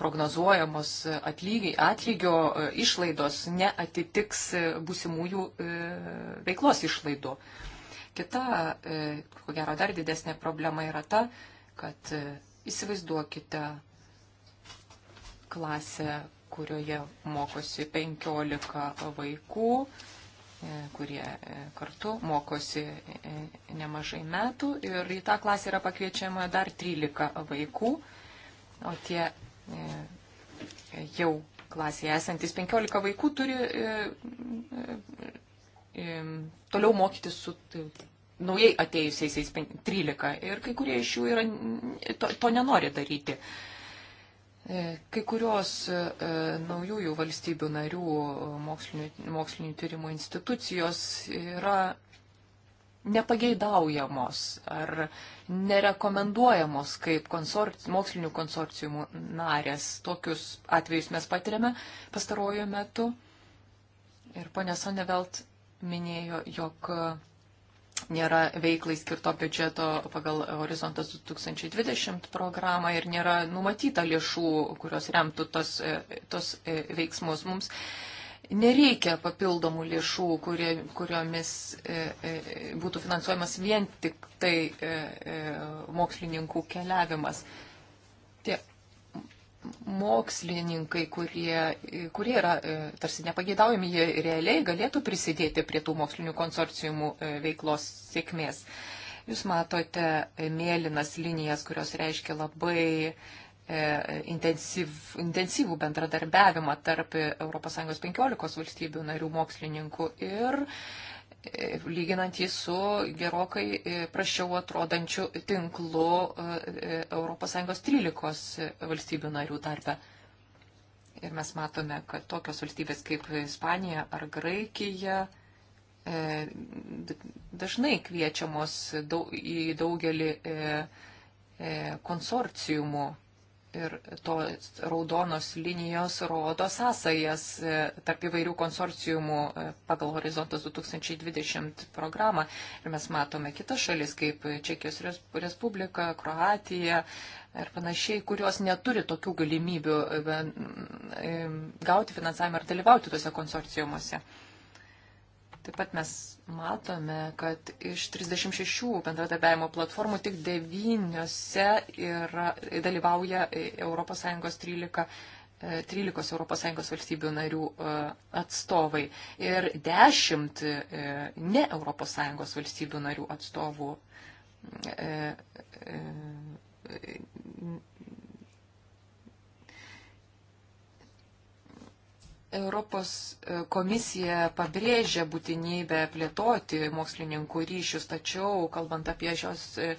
Speaker 3: prognozuojamos atlygi, atlygio e, išlaidos neatitiks e, būsimųjų veiklos išlaidų. Kita, ko gero, dar didesnė problema yra ta, kad įsivaizduokite klasę, kurioje mokosi 15 vaikų, E, kurie e, kartu mokosi e, nemažai metų ir į tą klasę yra pakviečiama dar 13 vaikų, o tie jau klasėje esantis 15 vaikų turi toliau mokytis su naujai atėjusiais 13 ir kai kurie iš jų yra, to, to nenori daryti. E, kai kurios e, e, naujųjų valstybių narių mokslinių, mokslinių tyrimų institucijos yra nepageidaujamos ar nerekomenduojamos kaip konsorci, mokslinių konsorciumų narės. Tokius atvejus mes patiriame pastaruoju metu. Ir ponė Sonevelt minėjo, jog nėra veiklai skirto biudžeto pagal Horizontas 2020 programą ir nėra numatyta lėšų, kurios remtų tos, e, tos e, veiksmus. Mums nereikia papildomų lėšų, kurie, kuriomis e, būtų finansuojamas vien tik tai mokslininkų keliavimas. Tie mokslininkai, kurie, kurie yra e, tarsi nepageidaujami, jie realiai galėtų prisidėti prie tų mokslinių konsorciumų e, veiklos sėkmės. Jūs matote e, mėlynas linijas, kurios reiškia labai intensyv, intensyvų bendradarbiavimą tarp ES 15 valstybių narių mokslininkų ir E, lyginant jį su gerokai e, prašiau atrodančiu tinklu ES e, 13 valstybių narių tarpe. Ir mes matome, kad tokios valstybės kaip Ispanija ar Graikija dažnai kviečiamos į daugelį konsorciumų Ir tos raudonos linijos rodo sąsajas e, tarp įvairių konsorciumų e, pagal Horizontas 2020 programą. Ir mes matome kitas šalis, kaip Čekijos Respublika, Kroatija ir panašiai, kurios neturi tokių galimybių e, gauti finansavimą ar dalyvauti tuose konsorciumuose. Taip pat mes matome, kad iš 36 bendradarbiavimo platformų tik 9 yra, dalyvauja ES 13. 13 ES valstybių narių e, atstovai ir 10 e, ne ES valstybių narių atstovų e, Europos e, komisija pabrėžia būtinybę plėtoti mokslininkų ryšius, tačiau, kalbant apie šios e,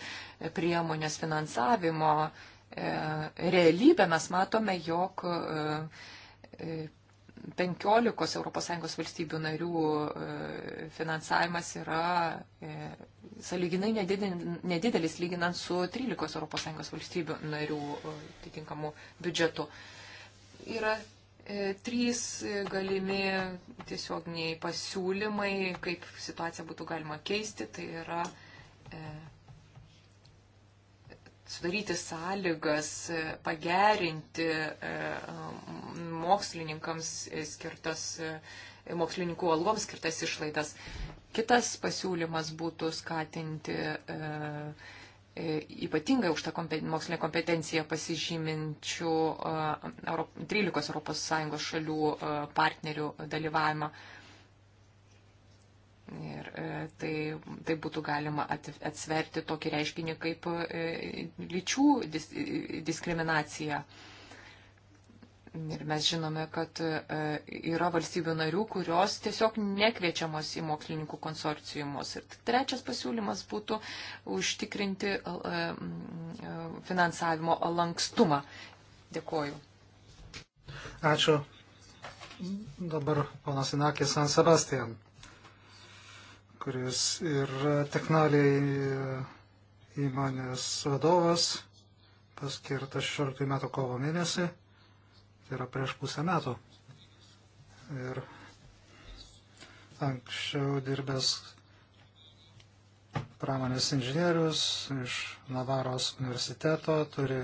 Speaker 3: priemonės finansavimo e, realybę, mes matome, jog 15 ES valstybių narių finansavimas yra saliginai nedidelis, lyginant su 13 ES valstybių narių atitinkamų biudžetu. Yra E, trys galimi tiesioginiai pasiūlymai, kaip situaciją būtų galima keisti, tai yra e, sudaryti sąlygas, e, pagerinti e, mokslininkams skirtas, e, mokslininkų algoms skirtas išlaidas. Kitas pasiūlymas būtų skatinti e, E, ypatingai už tą kompeten, mokslinę kompetenciją pasižyminčių 13 e, ES šalių e, partnerių dalyvavimą. Ir tai, tai būtų galima atsverti tokį reiškinį kaip lyčių dis, diskriminacija. Dis, Ir mes žinome, kad e, yra valstybių narių, kurios tiesiog nekviečiamos į mokslininkų konsorciumus. Ir trečias pasiūlymas būtų užtikrinti e, e, finansavimo lankstumą. Dėkoju.
Speaker 2: Ačiū. Dabar panas Inakis San Sebastian, kuris yra technaliai įmonės vadovas, paskirtas 16 metų kovo mėnesį tai yra prieš pusę metų. Ir anksčiau dirbęs pramonės inžinierius iš Navaros universiteto, turi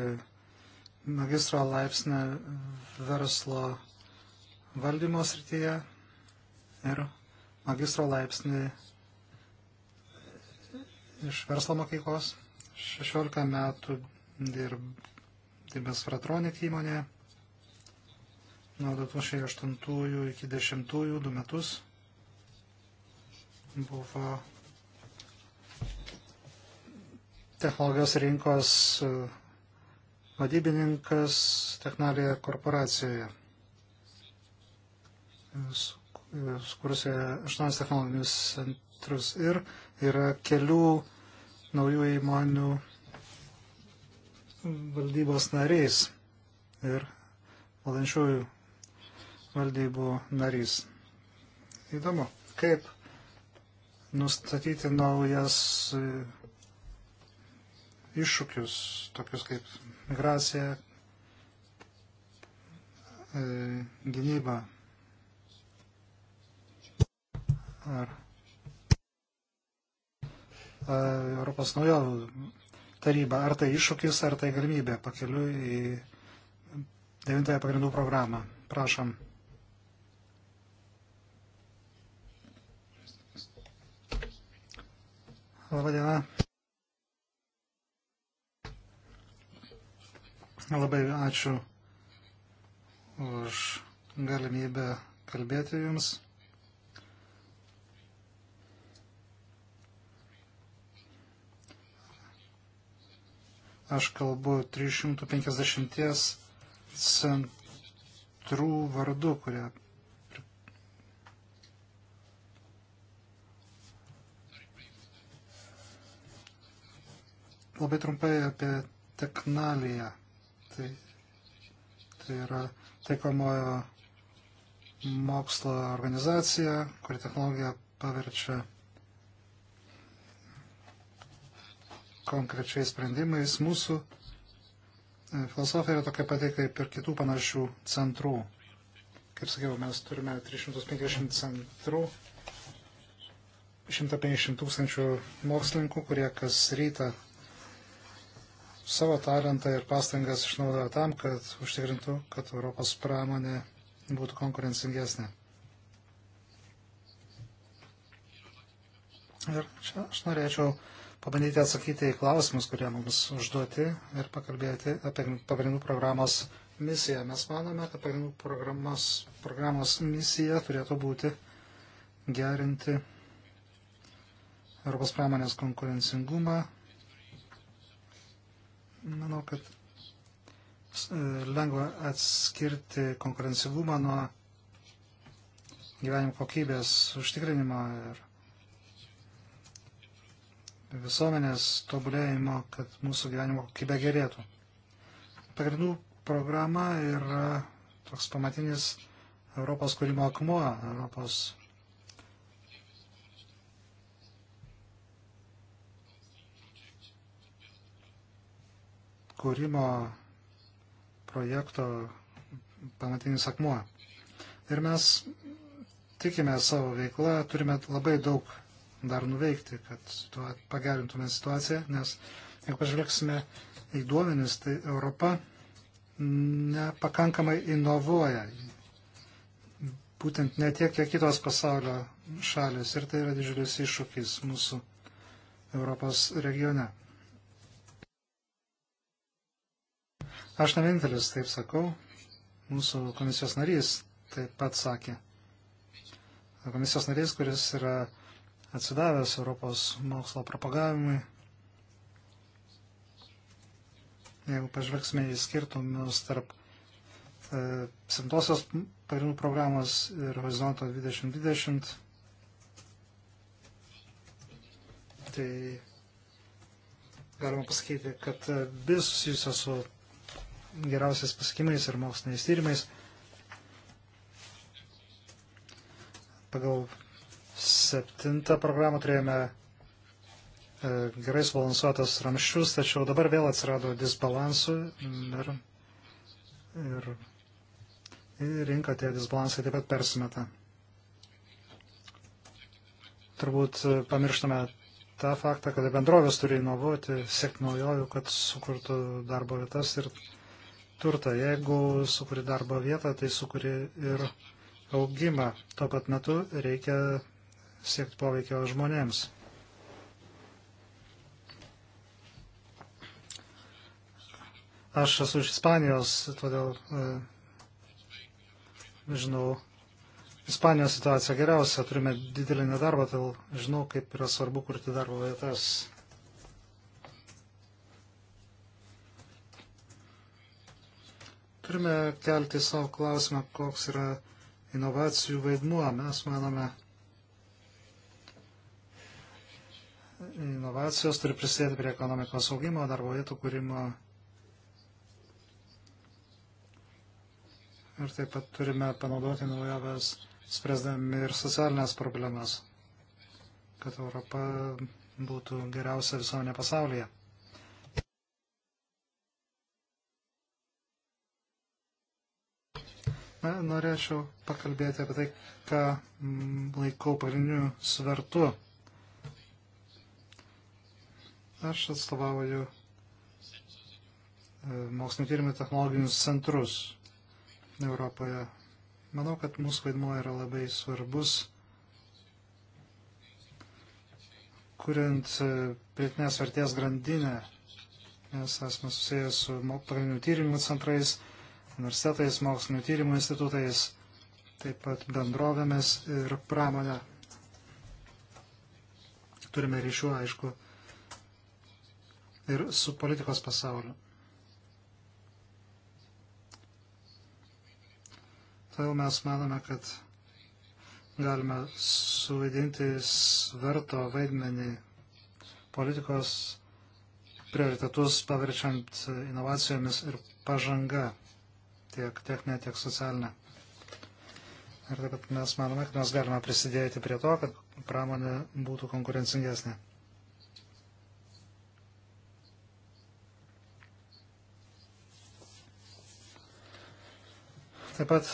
Speaker 2: magistro laipsnį verslo valdymo srityje ir magistro laipsnį iš verslo mokyklos. 16 metų dirb, dirbęs Fratronik įmonėje nuo 2008 iki 2010 du metus buvo technologijos rinkos e, vadybininkas technalėje korporacijoje, skurusioje aštuonis technologinius centrus ir yra kelių naujų įmonių valdybos nariais ir valdančiųjų valdybų narys. Įdomu, kaip nustatyti naujas e, iššūkius, tokius kaip migracija, e, gynyba. Ar e, Europos naujovių taryba, ar tai iššūkis, ar tai galimybė pakeliu į devintąją pagrindų programą. Prašom. Labadiena. Labai ačiū už galimybę kalbėti Jums. Aš kalbu 350 centrų vardu, kurie Labai trumpai apie teknaliją. Tai, tai yra taikomojo mokslo organizacija, kuri technologiją paverčia konkrečiais sprendimais. Mūsų e, filosofija yra tokia pati kaip ir kitų panašių centrų. Kaip sakiau, mes turime 350 centrų, 150 tūkstančių mokslininkų, kurie kas rytą savo talentą ir pastangas išnaudoja tam, kad užtikrintų, kad Europos pramonė būtų konkurencingesnė. Ir čia aš norėčiau pabandyti atsakyti į klausimus, kurie mums užduoti ir pakalbėti apie pagrindų programos misiją. Mes manome, kad pagrindų programos, programos misija turėtų būti gerinti Europos pramonės konkurencingumą, Manau, kad e, lengva atskirti konkurencivumą nuo gyvenimo kokybės užtikrinimo ir visuomenės tobulėjimo, kad mūsų gyvenimo kokybė gerėtų. Pagrindų programa yra toks pamatinis Europos kūrimo akmuo, Europos atkūrimo projekto pamatinis akmuo. Ir mes tikime savo veiklą, turime labai daug dar nuveikti, kad situa pagerintume situaciją, nes jeigu pažvelgsime į duomenis, tai Europa nepakankamai inovuoja, būtent ne tiek, kiek kitos pasaulio šalis. Ir tai yra didžiulis iššūkis mūsų Europos regione. Aš ne vienintelis taip sakau, mūsų komisijos narys taip pat sakė. Komisijos narys, kuris yra atsidavęs Europos mokslo propagavimui. Jeigu pažvelgsime į skirtumus tarp e, 7 pagrindų programos ir horizonto 2020, tai galima pasakyti, kad abi susijusios su geriausiais pasiekimais ir moksliniais tyrimais pagal septintą programą turėjome e, gerai subalansuotas ramščius, tačiau dabar vėl atsirado disbalansų ir, ir, ir rinka tie disbalansai taip pat persimeta. Turbūt pamirštame tą faktą, kad bendrovės turi inovuoti, siekti naujovių, kad sukurtų darbo vietas ir turtą. Jeigu sukuri darbo vietą, tai sukuri ir augimą. Tuo pat metu reikia siekti poveikio žmonėms. Aš esu iš Ispanijos, todėl e, žinau, Ispanijos situacija geriausia, turime didelį nedarbą, todėl žinau, kaip yra svarbu kurti darbo vietas. Turime kelti savo klausimą, koks yra inovacijų vaidmuo. Mes manome, inovacijos turi prisidėti prie ekonomikos augimo, darbo vietų kūrimo. Ir taip pat turime panaudoti naujoves, spręsdami ir socialinės problemas, kad Europa būtų geriausia visuomenė pasaulyje. Na, norėčiau pakalbėti apie tai, ką mm, laikau pagrindiniu svertu. Aš atstovauju e, mokslinio tyrimų technologinius centrus Europoje. Manau, kad mūsų vaidmuo yra labai svarbus, kuriant e, prietinės vertės grandinę, nes esame susijęs su pagrindinių tyrimų centrais universitetais, mokslinio tyrimų institutais, taip pat bendrovėmis ir pramonę. Turime ryšių, aišku, ir su politikos pasauliu. Todėl mes manome, kad galime suvaidinti sverto vaidmenį politikos prioritetus paverčiant inovacijomis ir pažanga tiek techninę, tiek socialinę. Ir taip pat mes manome, kad mes galime prisidėti prie to, kad pramonė būtų konkurencingesnė. Taip pat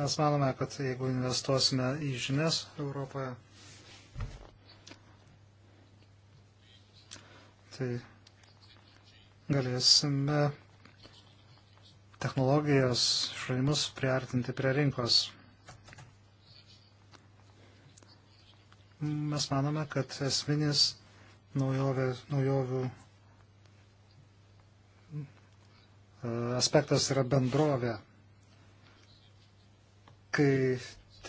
Speaker 2: mes manome, kad jeigu investuosime į žinias Europoje, tai galėsime technologijos šalimus priartinti prie rinkos. Mes manome, kad esminis naujovė, naujovių e, aspektas yra bendrovė. Kai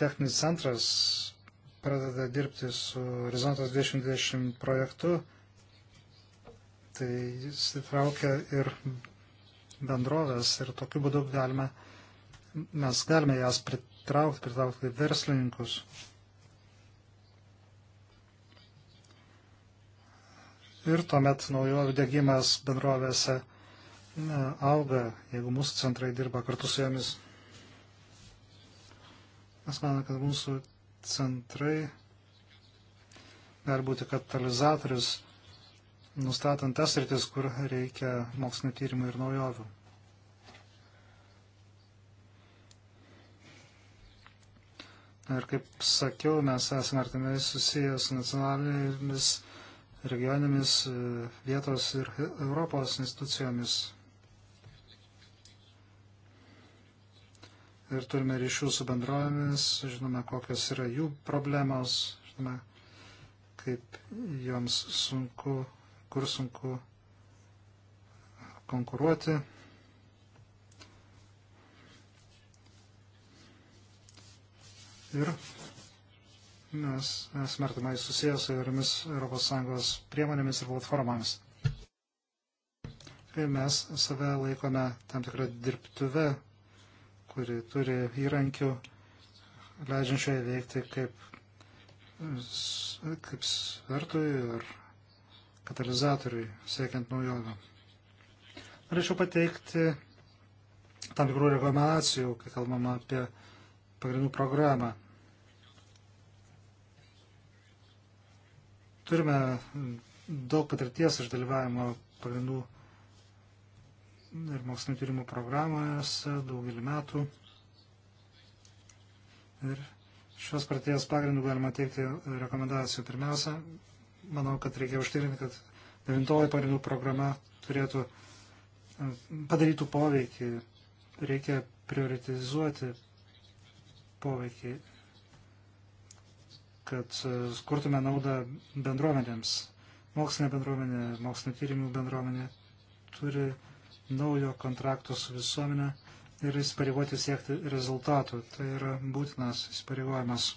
Speaker 2: techninis centras pradeda dirbti su Horizontas 2020 projektu, tai jis įtraukia ir bendrovės ir tokiu būdu galime, mes galime jas pritraukti, pritraukti kaip verslininkus. Ir tuomet naujovių dėgymas bendrovėse e, auga, jeigu mūsų centrai dirba kartu su jomis. Mes manome, kad mūsų centrai gali būti katalizatorius nustatant tas rytis, kur reikia mokslinio tyrimų ir naujovių. Ir kaip sakiau, mes esame artimai susiję su nacionalinėmis, regioninėmis, e, vietos ir Europos institucijomis. Ir turime ryšių su bendrovėmis, žinome, kokios yra jų problemos, žinome, kaip joms sunku kur sunku konkuruoti. Ir mes esame artimai susijęs su įvairiomis ES priemonėmis ir platformomis. Ir mes save laikome tam tikrą dirbtuvę, kuri turi įrankių leidžiančių įveikti kaip, kaip svertui ir katalizatoriui siekiant naujovių. Norėčiau pateikti tam tikrų rekomendacijų, kai kalbama apie pagrindų programą. Turime daug patirties iš dalyvavimo pagrindų ir mokslinio tyrimų programose daugelį metų. Ir šios praties pagrindų galima teikti rekomendacijų. Pirmiausia, manau, kad reikia užtikrinti, kad devintoji pagrindų programa turėtų e, padarytų poveikį. Reikia prioritizuoti poveikį, kad e, skurtume naudą bendruomenėms. Mokslinė bendruomenė, mokslinio tyrimų bendruomenė turi naujo kontrakto su visuomenė ir įsipareigoti siekti rezultatų. Tai yra būtinas įsipareigojimas.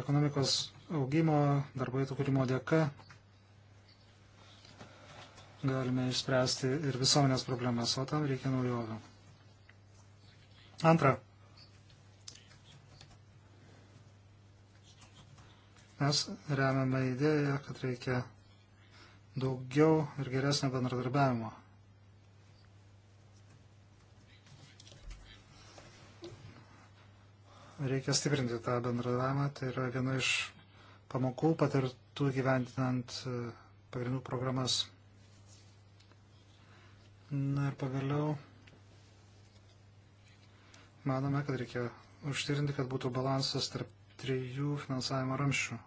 Speaker 2: Ekonomikos augimo, darbo vietų kūrimo dėka galime išspręsti ir visuomenės problemas, o tam reikia naujovių. Antra. Mes remiame idėją, kad reikia daugiau ir geresnio bendradarbiavimo. Reikia stiprinti tą bendradavimą, tai yra viena iš pamokų patirtų gyventinant e, pagrindų programas. Na ir pagaliau manome, kad reikia užtikrinti, kad būtų balansas tarp trijų finansavimo ramščių.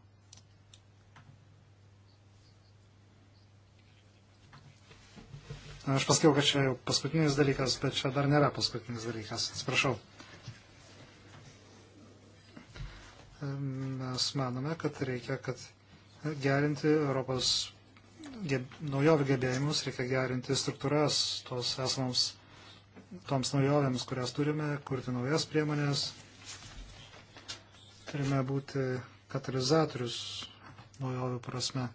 Speaker 2: Aš pasakiau, kad čia jau paskutinis dalykas, bet čia dar nėra paskutinis dalykas. Atsiprašau. mes manome, kad reikia, kad gerinti Europos geb, naujovių gebėjimus, reikia gerinti struktūras tos esamoms, toms naujovėms, kurias turime, kurti naujas priemonės. Turime būti katalizatorius naujovių prasme.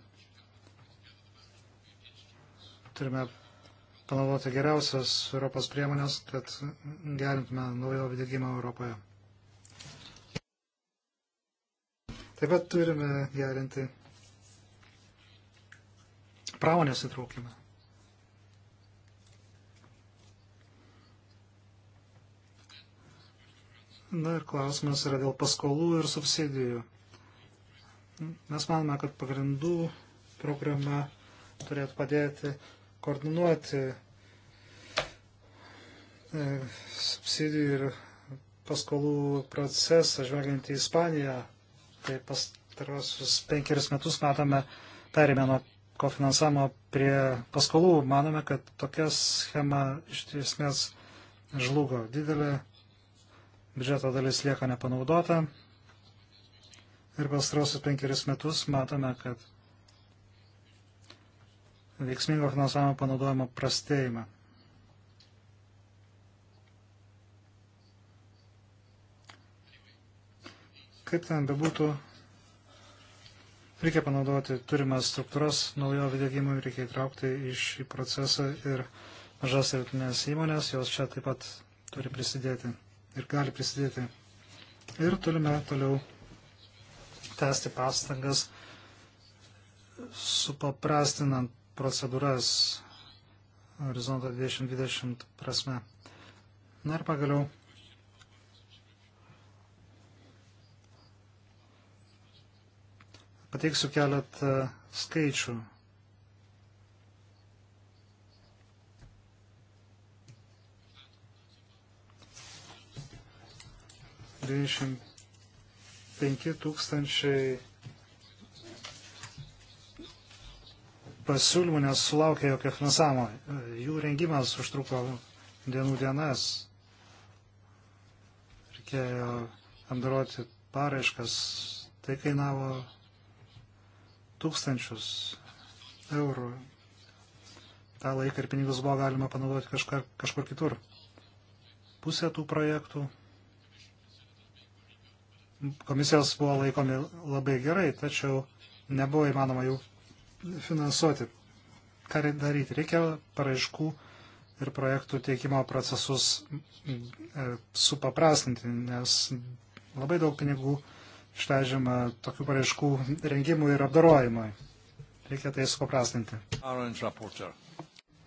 Speaker 2: Turime panaudoti geriausias Europos priemonės, kad gerintume naujovių dėgymą Europoje. Taip pat turime gerinti pramonės įtraukimą. Na ir klausimas yra dėl paskolų ir subsidijų. Mes manome, kad pagrindų programa turėtų padėti koordinuoti e, subsidijų ir paskolų procesą, žvelgiant į Ispaniją, tai pastarosius penkerius metus matome, perėmė nuo kofinansavimo prie paskolų. Manome, kad tokia schema iš esmės žlugo. Didelė biudžeto dalis lieka nepanaudota. Ir pastarosius penkerius metus matome, kad veiksmingo finansavimo panaudojimo prastėjimą. Kaip ten bebūtų, reikia panaudoti turimas struktūras, naujovių dėgymui reikia įtraukti iš į procesą ir mažas ir vidutinės įmonės, jos čia taip pat turi prisidėti ir gali prisidėti. Ir turime toliau tęsti pastangas, supaprastinant procedūras horizonto 2020 prasme. Na ir pagaliau Pateiksiu keletą skaičių. penki tūkstančiai pasiūlymų nesulaukė jokio finansavimo. Jų rengimas užtruko dienų dienas. Reikėjo apdaroti paraiškas. Tai kainavo tūkstančius eurų. Ta laiką ir pinigus buvo galima panaudoti kažkur, kažkur kitur. Pusė tų projektų komisijos buvo laikomi labai gerai, tačiau nebuvo įmanoma jų finansuoti. Ką daryti? Reikia paraiškų ir projektų teikimo procesus e, supaprastinti, nes labai daug pinigų išleidžiama tokių paraiškų rengimui ir apdarojimui. Reikia tai supaprastinti.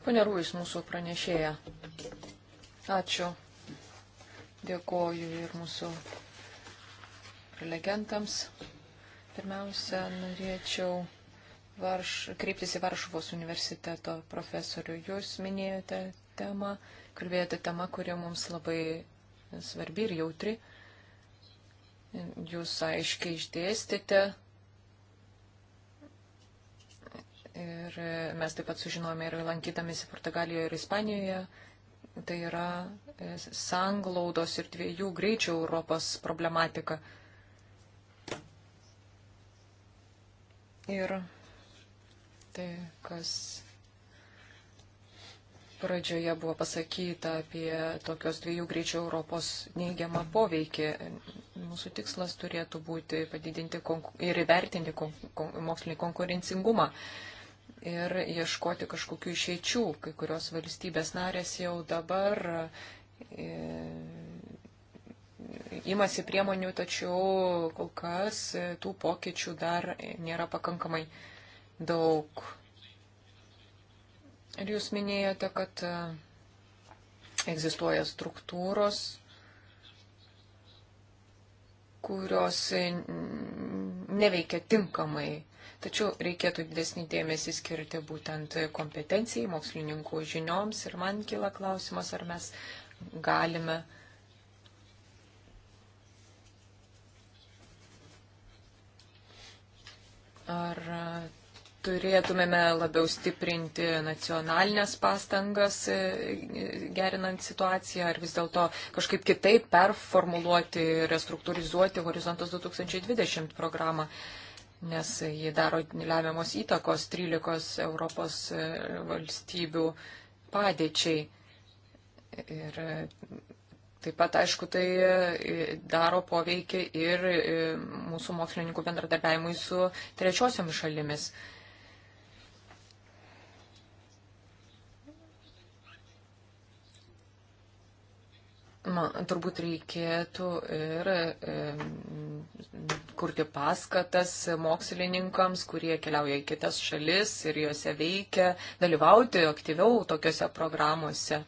Speaker 3: Pane Rūjus, mūsų pranešėja. Ačiū. Dėkoju ir mūsų prelegentams. Pirmiausia, norėčiau varš, kreiptis į Varšuvos universiteto profesorių. Jūs minėjote temą, kalbėjote temą, kuri mums labai svarbi ir jautri. Jūs aiškiai išdėstėte. Ir mes taip pat sužinojome ir lankytamėsi Portugalijoje ir Ispanijoje. Tai yra e, sanglaudos ir dviejų greičių Europos problematika. Ir tai, kas pradžioje buvo pasakyta apie tokios dviejų greičių Europos neigiamą poveikį. Mūsų tikslas turėtų būti padidinti ir įvertinti kon kon mokslinį konkurencingumą ir ieškoti kažkokių išeičių. Kai kurios valstybės narės jau dabar e, imasi priemonių, tačiau kol kas e, tų pokyčių dar nėra pakankamai daug Ir jūs minėjote, kad e, egzistuoja struktūros, kurios e, neveikia tinkamai Tačiau reikėtų didesnį dėmesį skirti būtent kompetencijai, mokslininkų žinioms. Ir man kyla klausimas, ar mes galime. Ar turėtumėme labiau stiprinti nacionalinės pastangas, e, gerinant situaciją, ar vis dėlto kažkaip kitaip performuluoti, restruktūrizuoti Horizontas 2020 programą, nes jie daro lemiamos įtakos 13 Europos e, valstybių padėčiai. Ir e, Taip pat, aišku, tai daro poveikį ir mūsų mokslininkų bendradarbiavimui su trečiosiomis šalimis. Man turbūt reikėtų ir e, kurti paskatas mokslininkams, kurie keliauja į kitas šalis ir juose veikia, dalyvauti aktyviau tokiuose programuose,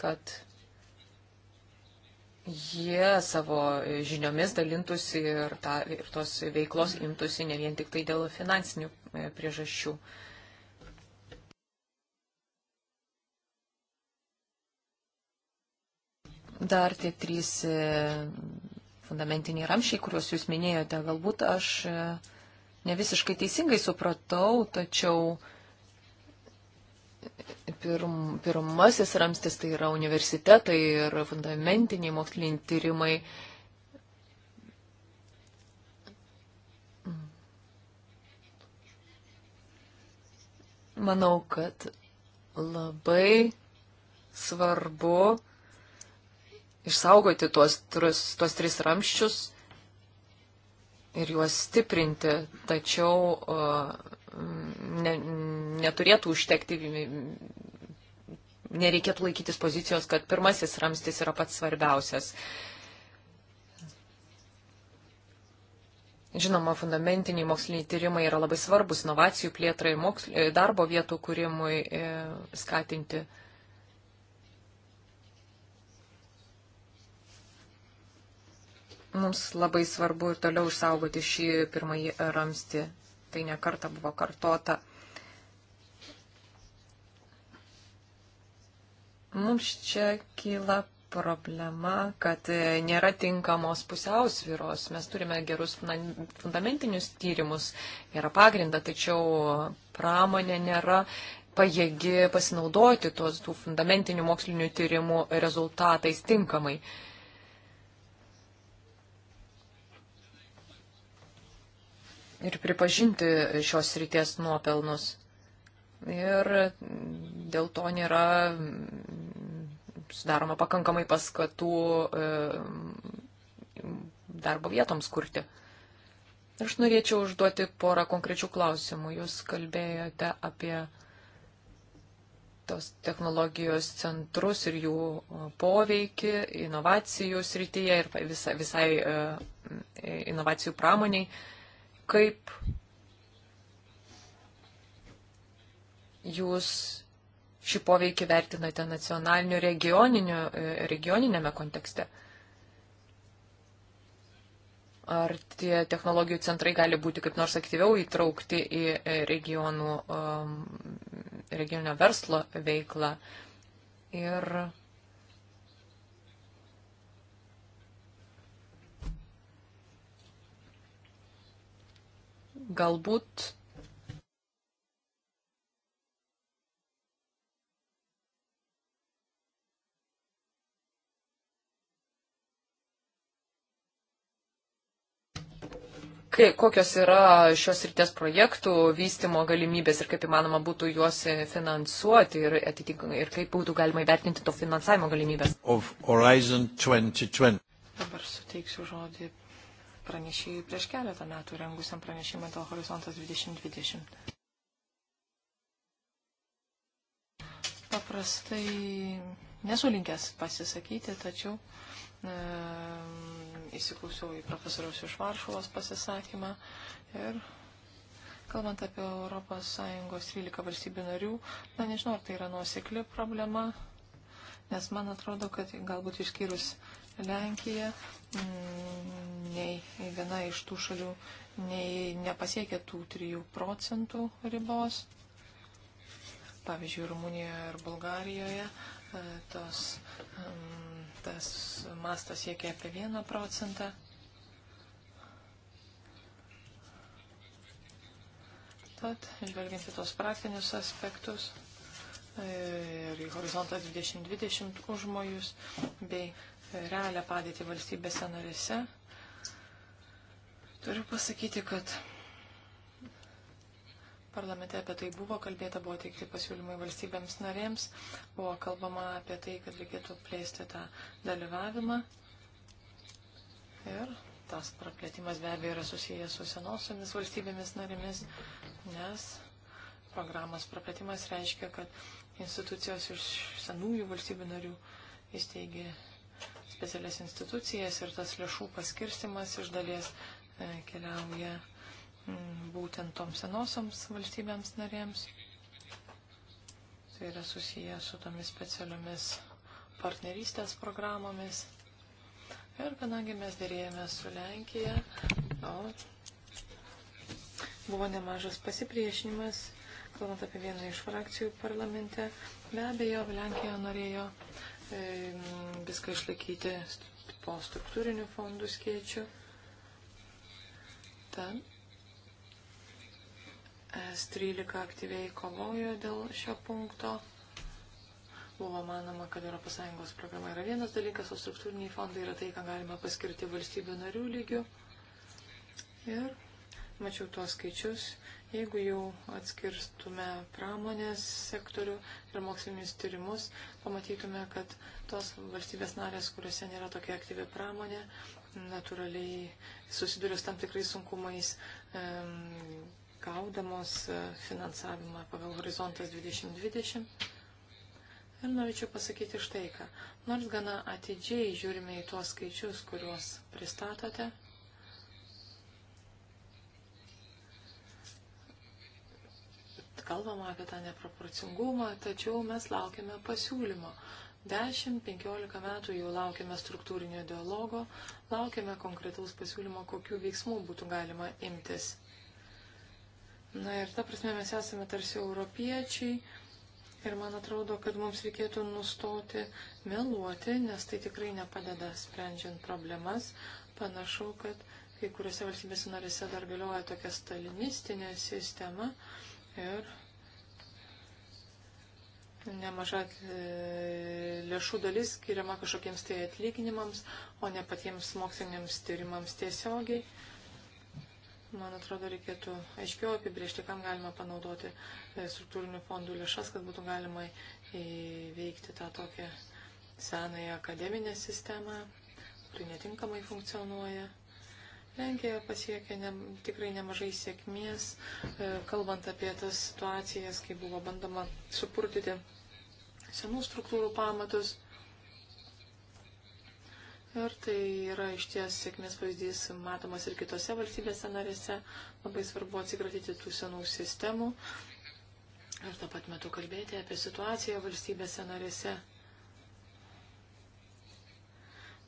Speaker 3: kad jie savo žiniomis dalintųsi ir, ta, ir tos veiklos imtųsi ne vien tik tai dėl finansinių e, priežasčių. E, Dar tie trys e, fundamentiniai ramšiai, kuriuos jūs minėjote, galbūt aš e, ne visiškai teisingai supratau, tačiau e, pirm, pirmasis ramstis tai yra universitetai ir fundamentiniai moksliniai tyrimai.
Speaker 1: Manau, kad labai
Speaker 3: svarbu išsaugoti tuos, tuos, tuos tris ramščius ir juos stiprinti, tačiau mm, ne, neturėtų užtekti, nereikėtų laikytis pozicijos, kad pirmasis ramstis yra pats svarbiausias. Žinoma, fundamentiniai moksliniai tyrimai yra labai svarbus inovacijų plėtrai, moksl... darbo vietų kūrimui e, skatinti. Mums labai svarbu ir toliau išsaugoti šį pirmąjį ramstį. Tai nekarta buvo kartota. Mums čia kyla problema, kad nėra tinkamos pusiausviros. Mes turime gerus fundamentinius tyrimus, yra pagrinda, tačiau pramonė nėra pajėgi pasinaudoti tos tų fundamentinių mokslinių tyrimų rezultatais tinkamai. Uh, ir pripažinti šios ryties nuopelnus. Ir dėl to nėra sudaroma pakankamai paskatų e, darbo vietoms kurti. Aš norėčiau užduoti porą konkrečių klausimų. Jūs kalbėjote apie tos technologijos centrus ir jų poveikį inovacijų srityje ir visai, visai e, inovacijų pramoniai kaip jūs šį poveikį vertinate nacionaliniu regioniniu, e, regioninėme kontekste? Ar tie technologijų centrai gali būti kaip nors aktyviau įtraukti į e, regionų, um, regioninio verslo veiklą? Ir galbūt kokios yra šios ryties projektų vystimo galimybės ir kaip įmanoma būtų juos finansuoti ir, atitink, ir kaip būtų galima įvertinti to finansavimo galimybės. Dabar suteiksiu žodį pranešėjai prieš keletą metų rengusiam pranešimą dėl Horizontas 2020. Paprastai nesulinkęs pasisakyti, tačiau e, įsiklausiau į profesoriaus iš Varšuvos pasisakymą ir kalbant apie ES 13 valstybių narių, na nežinau, ar tai yra nuosekli problema, nes man atrodo, kad galbūt išskyrus Lenkija mm, nei viena iš tų šalių nei nepasiekė tų 3 procentų ribos. Pavyzdžiui, Rumunijoje ir Bulgarijoje e, tos, mm, tas mastas siekia apie 1 procentą. Tad, žvelgiant į tos praktinius aspektus e, ir į horizontą 2020 užmojus bei realią padėtį valstybėse narėse, turiu pasakyti, kad parlamente apie tai buvo kalbėta, buvo teikti pasiūlymai valstybėms narėms, buvo kalbama apie tai, kad reikėtų plėsti tą dalyvavimą. Ir tas praplėtimas be abejo yra susijęs su senosiomis valstybėmis narėmis, nes programos praplėtimas reiškia, kad institucijos iš senųjų valstybių narių įsteigė specialias institucijas ir tas lėšų paskirstimas iš dalies e, keliauja mm, būtent toms senosioms valstybėms narėms. Tai yra susiję su tomis specialiomis partnerystės programomis. Ir kadangi mes dėrėjome su Lenkija, o buvo nemažas pasipriešinimas, kalbant apie vieną iš frakcijų parlamente, be abejo, Lenkija norėjo uh, viską išlaikyti po struktūrinių fondų skėčių. Tad S13 aktyviai kovojo dėl šio punkto. Buvo manoma, kad ES programa yra vienas dalykas, o struktūriniai fondai yra tai, ką galima paskirti valstybių narių lygių. Ir mačiau tuos skaičius Jeigu jau atskirstume pramonės sektorių ir mokslinius tyrimus, pamatytume, kad tos valstybės narės, kuriuose nėra tokia aktyvi pramonė, natūraliai susiduria su tam tikrais sunkumais e, gaudamos finansavimą pagal horizontas 2020. Ir norėčiau pasakyti štai ką. Nors gana atidžiai žiūrime į tuos skaičius, kuriuos pristatote, kalbama apie tą neproporcingumą, tačiau mes laukiame pasiūlymo. 10-15 metų jau laukiame struktūrinio dialogo, laukiame konkretaus pasiūlymo, kokiu veiksmu būtų galima imtis. Na ir ta prasme mes esame tarsi europiečiai ir man atrodo, kad mums reikėtų nustoti meluoti, nes tai tikrai nepadeda sprendžiant problemas. Panašu, kad kai kuriuose valstybėse narėse dar galioja tokia stalinistinė sistema ir nemaža e, lėšų dalis skiriama kažkokiems tai atlyginimams, o ne patiems moksliniams tyrimams tiesiogiai. Man atrodo, reikėtų aiškiau apibriežti, kam galima panaudoti e, struktūrinių fondų lėšas, kad būtų galima įveikti tą tokią senąją akademinę sistemą, kuri netinkamai funkcionuoja. Lenkija pasiekė ne, tikrai nemažai sėkmės, e, kalbant apie tas situacijas, kai buvo bandoma supurtyti senų struktūrų pamatus. Ir tai yra iš ties sėkmės pavyzdys, matomas ir kitose valstybėse narėse. Labai svarbu atsikratyti tų senų sistemų ir tą pat metu kalbėti apie situaciją valstybėse narėse.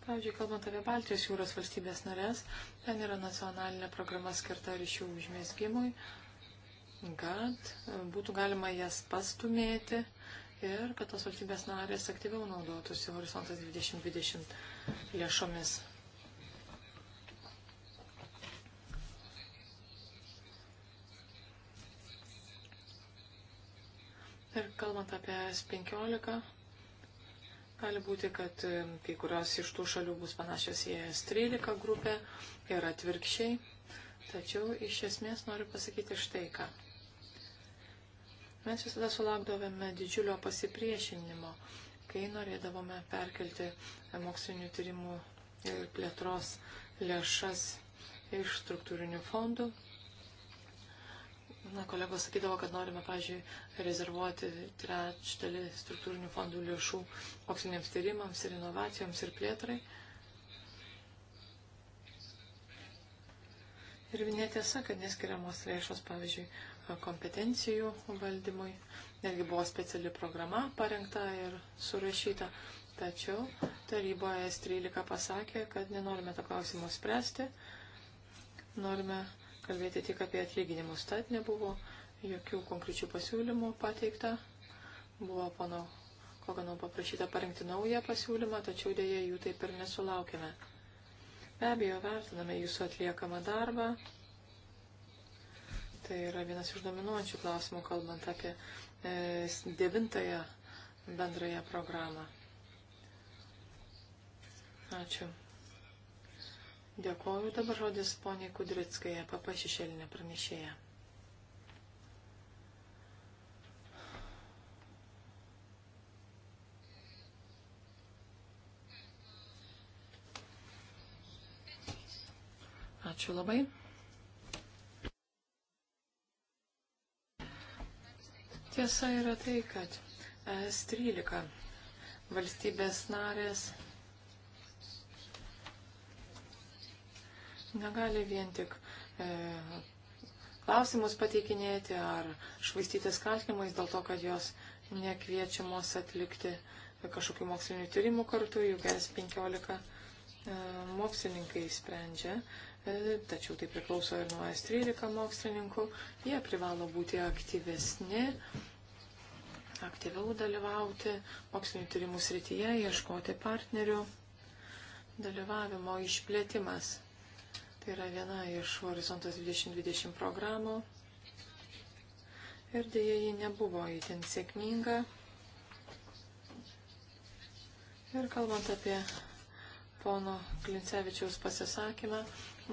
Speaker 3: Pavyzdžiui, kalbant apie Baltijos jūros valstybės narės, ten yra nacionalinė programa skirta ryšių užmėsgymui, kad e, būtų galima jas pastumėti ir kad tos valstybės narės aktyviau naudotųsi Horizontas 2020 lėšomis. Ir kalbant apie S15, Gali būti, kad e, kai kurios iš tų šalių bus panašios į S13 grupę ir atvirkščiai. Tačiau iš esmės noriu pasakyti štai ką. Mes visada sulaukdavome didžiulio pasipriešinimo, kai norėdavome perkelti mokslinių tyrimų ir plėtros lėšas iš struktūrinių fondų Na, kolegos sakydavo, kad norime, pažiūrėjau, rezervuoti trečdalį struktūrinių fondų lėšų moksliniams tyrimams ir inovacijoms ir plėtrai. Ir netiesa, kad neskiriamos lėšos, pavyzdžiui, kompetencijų valdymui. Netgi buvo speciali programa parengta ir surašyta. Tačiau taryboje S13 pasakė, kad nenorime to klausimo spręsti. Norime kalbėti tik apie atlyginimus. Tad nebuvo jokių konkrečių pasiūlymų pateikta. Buvo pono Kogano paprašyta parengti naują pasiūlymą, tačiau dėja jų taip ir nesulaukėme. Be abejo, vertiname jūsų atliekamą darbą. Tai yra vienas iš dominuojančių klausimų, kalbant apie e, devintąją bendrąją programą. Ačiū. Dėkoju dabar žodis poniai Kudrickai, e papa šešėlinė pranešėja. Ačiū labai. Tiesa yra tai, kad S13 valstybės narės negali vien tik e, klausimus pateikinėti ar švaistytis kaltinimais dėl to, kad jos nekviečiamos atlikti kažkokių mokslinių tyrimų kartu, juk S15 e, mokslininkai sprendžia, e, tačiau tai priklauso ir nuo S13 mokslininkų, jie privalo būti aktyvesni aktyviau dalyvauti mokslinių tyrimų srityje, ieškoti partnerių, dalyvavimo išplėtimas Tai yra viena iš Horizontas 2020 programų. Ir dėja, ji nebuvo įtin sėkminga. Ir kalbant apie pono Klincevičiaus pasisakymą,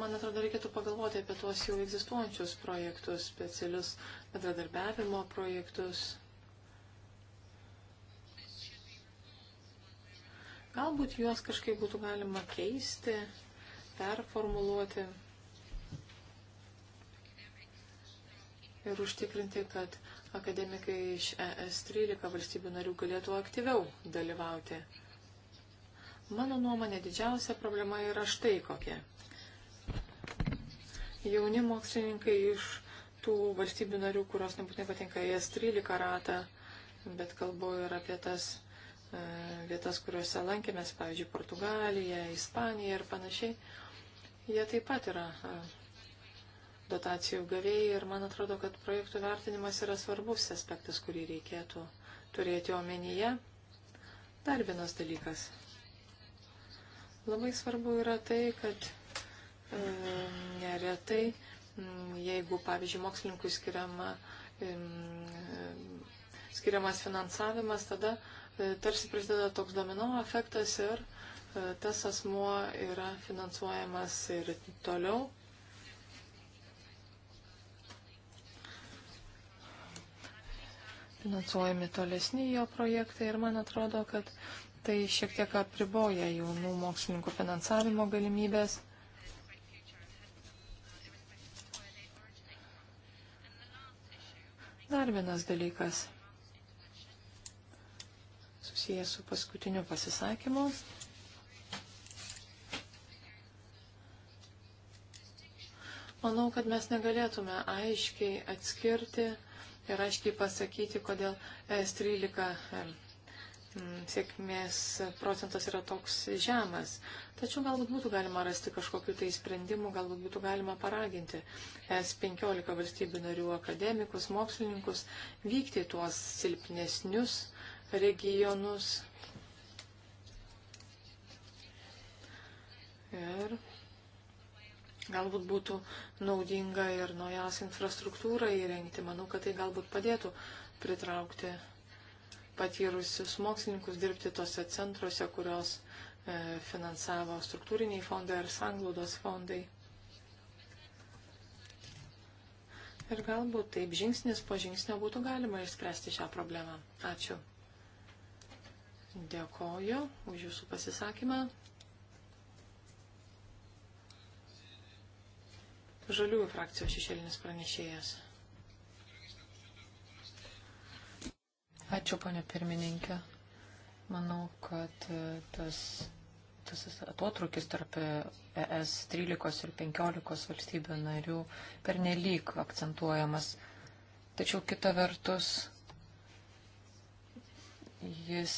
Speaker 3: man atrodo, reikėtų pagalvoti apie tuos jau egzistuojančius projektus, specialius bendradarbiavimo projektus. Galbūt juos kažkaip būtų galima keisti performuluoti ir užtikrinti, kad akademikai iš ES 13 valstybių narių galėtų aktyviau dalyvauti. Mano nuomonė didžiausia problema yra štai kokia. Jauni mokslininkai iš tų valstybių narių, kurios nebūtinai patinka ES 13 ratą, bet kalbu ir apie tas e, vietas, kuriuose lankėmės, pavyzdžiui, Portugalija, Ispanija ir panašiai. Jie taip pat yra dotacijų gavėjai ir man atrodo, kad projektų vertinimas yra svarbus aspektas, kurį reikėtų turėti omenyje. Dar vienas dalykas. Labai svarbu yra tai, kad e, neretai, jeigu, pavyzdžiui, mokslininkui skiriama, e, skiriamas finansavimas, tada e, tarsi prasideda toks domino efektas ir e, tas asmuo yra finansuojamas ir toliau. Finansuojami tolesni jo projektai ir man atrodo, kad tai šiek tiek apriboja jaunų mokslininkų finansavimo galimybės. Dar vienas dalykas susijęs su paskutiniu pasisakymu. Manau, kad mes negalėtume aiškiai atskirti ir aiškiai pasakyti, kodėl S13 sėkmės procentas yra toks žemas. Tačiau galbūt būtų galima rasti kažkokiu tai sprendimu, galbūt būtų galima paraginti S15 valstybių narių akademikus, mokslininkus vykti tuos silpnesnius regionus. Ir Galbūt būtų naudinga ir naujausią infrastruktūrą įrengti. Manau, kad tai galbūt padėtų pritraukti patyrusius mokslininkus dirbti tose centruose, kurios e, finansavo struktūriniai fondai ar sanglaudos fondai. Ir galbūt taip žingsnis po žingsnio būtų galima išspręsti šią problemą. Ačiū. Dėkoju už Jūsų pasisakymą. žaliųjų frakcijos šešėlinis pranešėjas. Ačiū, ponė pirmininkė. Manau, kad e, tas, tas atotrukis tarp ES e 13 ir 15 valstybių narių per nelyg akcentuojamas. Tačiau kita vertus, jis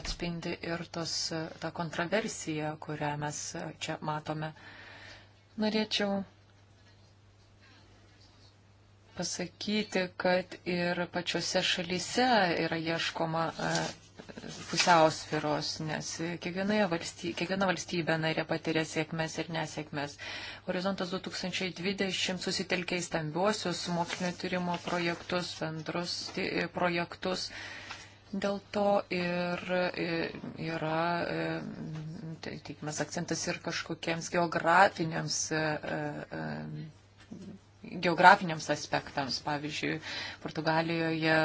Speaker 3: atspindi ir tos, tą kontroversiją, kurią mes čia matome. Norėčiau pasakyti, kad ir pačiose šalyse yra ieškoma pusiausviros, nes valstybė, kiekviena valstybė narė patiria sėkmės ir nesėkmės. Horizontas 2020 susitelkė į stambiuosius mokslinio tyrimo projektus, bendrus projektus. Dėl to ir yra tai, teikimas akcentas ir kažkokiems geografiniams geografiniams aspektams. Pavyzdžiui, Portugalijoje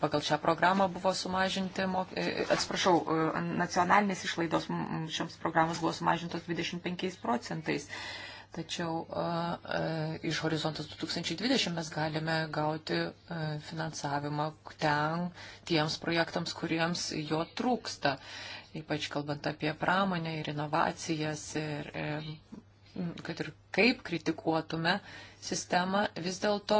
Speaker 3: pagal šią programą buvo sumažinti, e, e, atsiprašau, e, nacionalinės išlaidos šioms programos buvo sumažintos 25 procentais. Tačiau iš horizontas 2020 mes galime gauti finansavimą ten tiems projektams, kuriems jo trūksta, ypač kalbant apie pramonę ir inovacijas ir, ir kad ir kaip kritikuotume sistemą, vis dėlto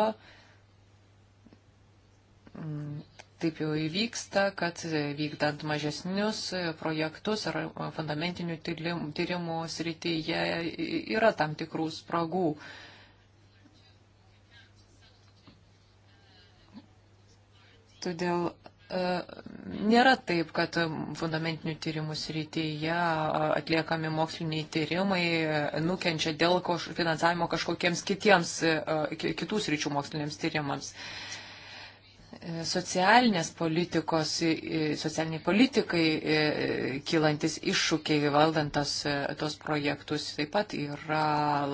Speaker 3: mm, taip jau įvyksta, kad vykdant mažesnius projektus ar fundamentinių tyrimų srityje yra tam tikrų spragų. Todėl Nėra taip, kad fundamentinių tyrimų srityje atliekami moksliniai tyrimai nukenčia dėl finansavimo kažkokiems kitiems, e, kitų sričių moksliniams tyrimams. Socialinės politikos, e, socialiniai politikai e, kylantis iššūkiai valdant tos, tos projektus taip pat yra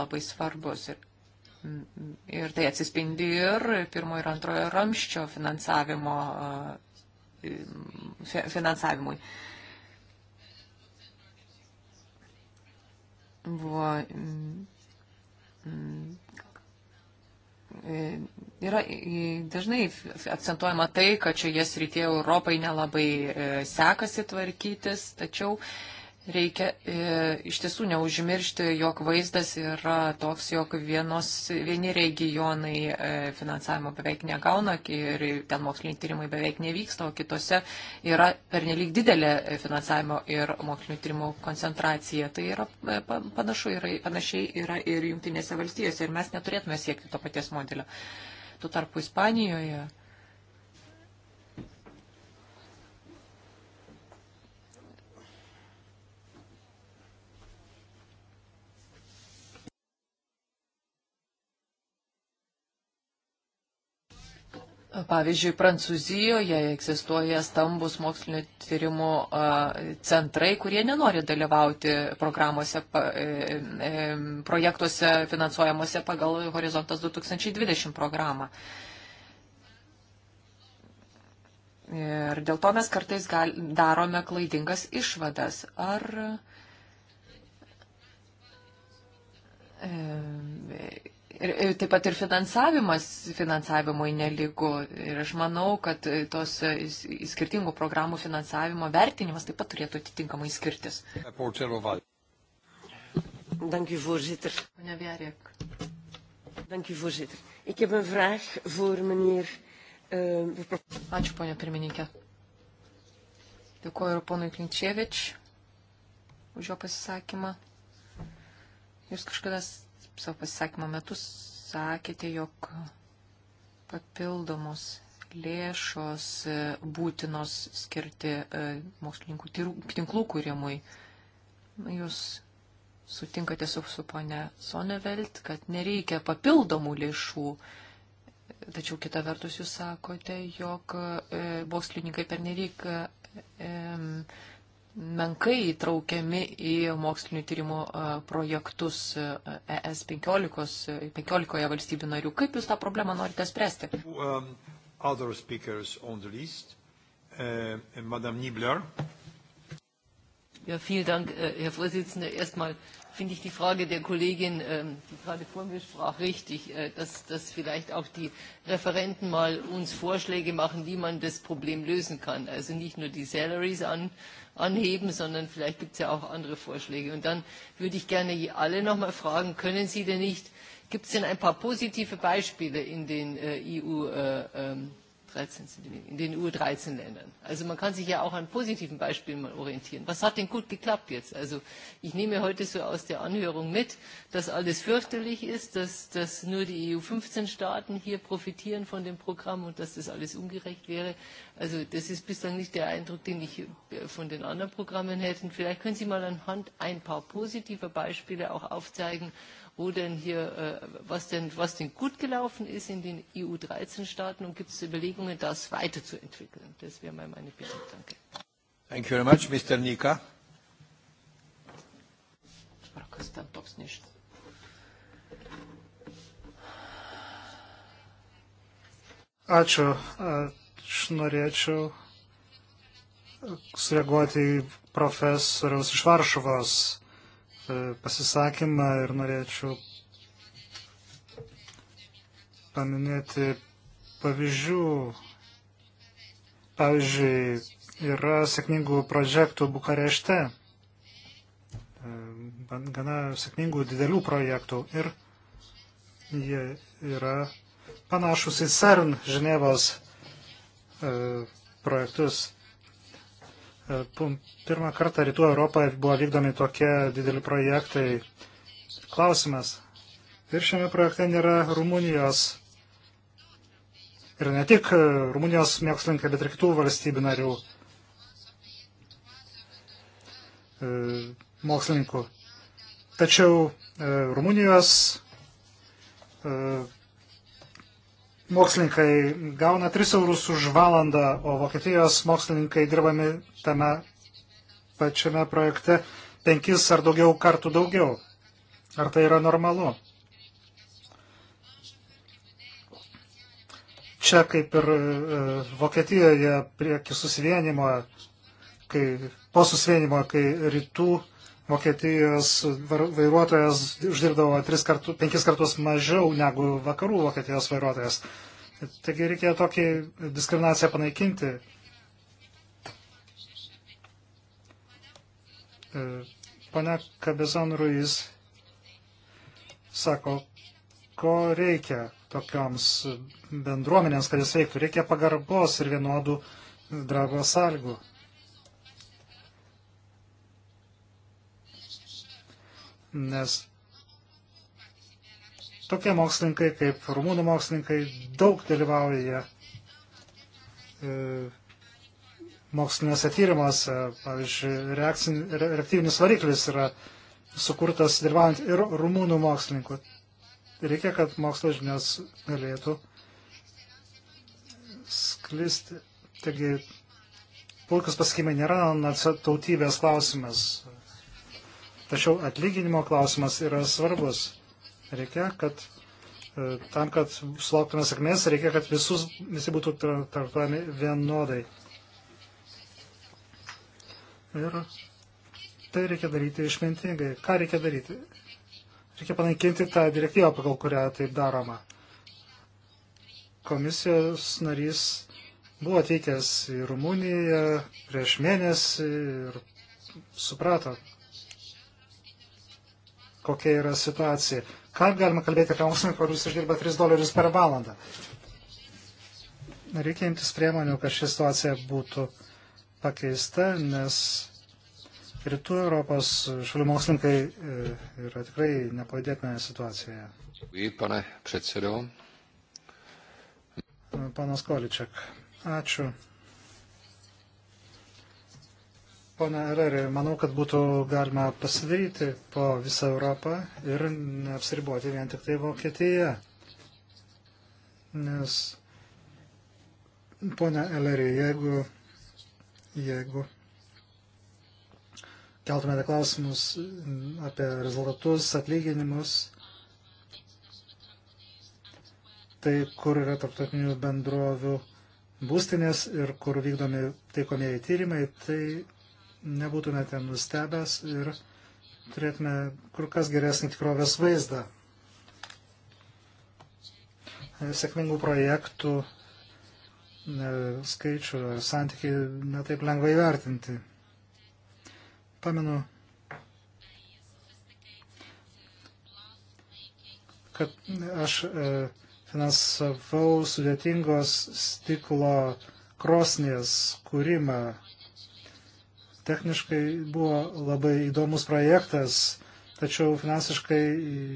Speaker 3: labai svarbus. Ir Ir tai atsispindi ir pirmo ir antrojo ramščio finansavimo finansavimui. Buvo mm, mm, yra dažnai akcentuojama tai, kad šioje srityje Europai nelabai e, sekasi tvarkytis, tačiau reikia e, iš tiesų neužmiršti, jog vaizdas yra toks, jog vienos, vieni regionai e, finansavimo beveik negauna ir ten moksliniai tyrimai beveik nevyksta, o kitose yra pernelyg didelė finansavimo ir mokslinio tyrimų koncentracija. Tai yra e, panašu, yra, panašiai yra ir jungtinėse valstijose ir mes neturėtume siekti to paties modelio. Tuo tarpu Ispanijoje Pavyzdžiui, Prancūzijoje egzistuoja stambus mokslinio tyrimų centrai, kurie nenori dalyvauti programuose, e, e, projektuose finansuojamuose pagal Horizontas 2020 programą. Ir dėl to mes kartais gal, darome klaidingas išvadas. Ar e, Ir, ir taip pat ir finansavimas finansavimui neligu. Ir aš manau, kad tos e, skirtingų programų finansavimo vertinimas taip pat turėtų atitinkamai skirtis. Dank u voorzitter. Meneer Werk. Dank u voorzitter. Ik heb een vraag voor meneer. Uh, Ačiū, ponia pirmininkė. Dėkuoju ir ponui Klinčievič už jo pasisakymą. Jūs kažkada savo pasisakymo metu sakėte, jog papildomos lėšos e, būtinos skirti e, mokslininkų tinklų kūrimui. Jūs sutinkate su, su ponė Sonevelt, kad nereikia papildomų lėšų. Tačiau kita vertus jūs sakote, jog e, mokslininkai pernelyg e, menkai įtraukiami į mokslinių tyrimų projektus ES 15, 15 valstybių narių. Kaip Jūs tą problemą norite spręsti? Um,
Speaker 2: list, uh,
Speaker 1: ja, vielen Dank, äh, Herr Vorsitzender. Erstmal finde ich die Frage der Kollegin, ähm, die gerade vor mir sprach, richtig, äh, dass, dass vielleicht auch die Referenten mal uns Vorschläge machen, wie man das Problem lösen kann. Also nicht nur die Salaries an, anheben, sondern vielleicht gibt es ja auch andere Vorschläge. Und dann würde ich gerne alle nochmal fragen, können Sie denn nicht, gibt es denn ein paar positive Beispiele in den äh, EU-Regeln? Äh, ähm, 13 sind, in den EU-13-Ländern. Also man kann sich ja auch an positiven Beispielen mal orientieren. Was hat denn gut geklappt jetzt? Also ich nehme heute so aus der Anhörung mit, dass alles fürchterlich ist, dass, dass nur die EU-15-Staaten hier profitieren von dem Programm und dass das alles ungerecht wäre. Also das ist bislang nicht der Eindruck, den ich äh, von den anderen Programmen hätte. Und vielleicht können Sie mal anhand ein paar positiver Beispiele auch aufzeigen, wo denn hier, äh, was, denn, was denn gut gelaufen ist in den EU-13-Staaten und gibt es Überlegungen, das weiterzuentwickeln? Das wäre mal meine Bitte. Danke.
Speaker 3: Thank you very much, Mr. Nika.
Speaker 1: Kas ten toks nežinau.
Speaker 3: Ačiū.
Speaker 2: Aš norėčiau sureaguoti į profesoriaus iš Varšuvos E, pasisakymą ir norėčiau paminėti pavyzdžių. Pavyzdžiui, yra sėkmingų projektų Bukarešte, e, gana sėkmingų didelių projektų ir jie yra panašus į CERN Ženevos e, projektus. E, pirmą kartą Rytų Europoje buvo vykdomi tokie dideli projektai. Klausimas. Ir šiame projekte nėra Rumunijos. Ir ne tik e, Rumunijos mėgslininkai, bet ir kitų valstybių narių e, mokslininkų. Tačiau Rumunijos mokslininkai gauna 3 eurus už valandą, o Vokietijos mokslininkai dirbami tame pačiame projekte 5 ar daugiau kartų daugiau. Ar tai yra normalu? Čia kaip ir e, Vokietijoje prie susivienimo, kai, po susivienimo, kai rytų Vokietijos vairuotojas uždirbdavo kartu, penkis kartus mažiau negu vakarų Vokietijos vairuotojas. Taigi reikėjo tokį diskriminaciją panaikinti. E, Pane Kabezon Ruiz sako, ko reikia tokioms bendruomenėms, kad jis veiktų. Reikia pagarbos ir vienodų darbo sąlygų. nes tokie mokslininkai kaip rumūnų mokslininkai daug dalyvauja e, moksliniuose tyrimuose. Pavyzdžiui, reaktyvinis variklis yra sukurtas dalyvaujant ir rumūnų mokslininkų. Reikia, kad mokslo žinios galėtų sklisti. Taigi, puikus pasakymai nėra tautybės klausimas. Tačiau atlyginimo klausimas yra svarbus. Reikia, kad e, tam, kad sulauktume sėkmės, reikia, kad visus, visi būtų traktuojami vienodai. Ir tai reikia daryti išmintingai. Ką reikia daryti? Reikia panaikinti tą direktyvą, pagal kurią taip daroma. Komisijos narys buvo atvykęs į Rumuniją prieš mėnesį ir suprato, kokia yra situacija. Ką galima kalbėti apie mokslininką, kuris uždirba 3 dolerius per valandą? Reikia imtis priemonių, kad ši situacija būtų pakeista, nes rytų Europos šalių mokslininkai e, yra tikrai nepavydėtinoje situacijoje.
Speaker 1: Dėkui, pane Precirio.
Speaker 2: Panas Količiak, ačiū. Pone Ereri, manau, kad būtų galima pasidaryti po visą Europą ir neapsiriboti vien tik tai Vokietija. Nes, pone Eleri, jeigu, jeigu keltumėte klausimus apie rezultatus, atlyginimus, tai kur yra tarptautinių bendrovių būstinės ir kur vykdomi taikomieji tyrimai, tai nebūtumėte nustebęs ir turėtume kur kas geresnį tikrovės vaizdą. Sėkmingų projektų e, skaičių santykiai netaip lengvai vertinti. Pamenu, kad aš e, finansavau sudėtingos stiklo krosnės kūrimą Techniškai buvo labai įdomus projektas, tačiau finansiškai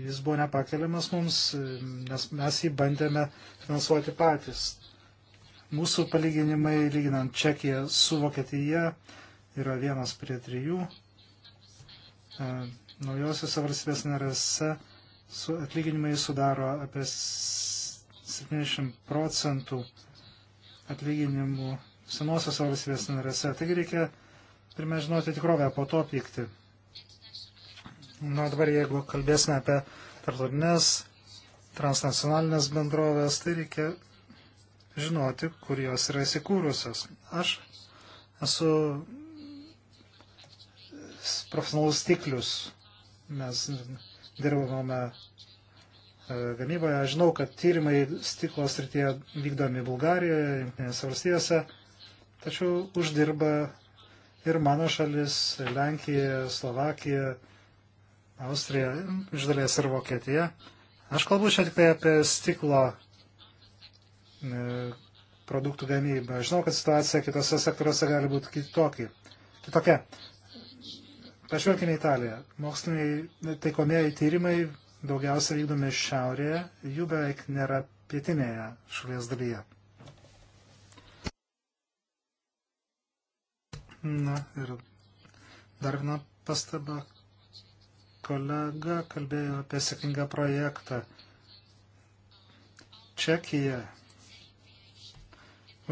Speaker 2: jis buvo nepakeliamas mums, nes mes jį bandėme finansuoti patys. Mūsų palyginimai, lyginant Čekiją su Vokietija, yra vienas prie trijų. E, Naujosiuose valstybės narėse su atlyginimai sudaro apie 70 procentų atlyginimų senosios valstybės narėse. Taigi reikia Turime žinoti tikrovę, po to pykti. Na, dabar jeigu kalbėsime apie tarptautinės, transnacionalinės bendrovės, tai reikia žinoti, kur jos yra įsikūrusios. Aš esu profesionalus stiklius. Mes dirbame e, gamyboje. Aš žinau, kad tyrimai stiklo srityje vykdomi Bulgarijoje, Junktinėse valstijose, tačiau uždirba Ir mano šalis, Lenkija, Slovakija, Austrija, iš dalies ir Vokietija. Aš kalbu čia tik tai apie stiklo e, produktų gamybą. Žinau, kad situacija kitose sektoriuose gali būti kitokia. kitokia. Pažvelkime į Italiją. Moksliniai taikomieji tyrimai daugiausia vykdomi šiaurėje, jų beveik nėra pietinėje šalies dalyje. Na ir dar viena pastaba. Kolega kalbėjo apie sėkmingą projektą. Čekija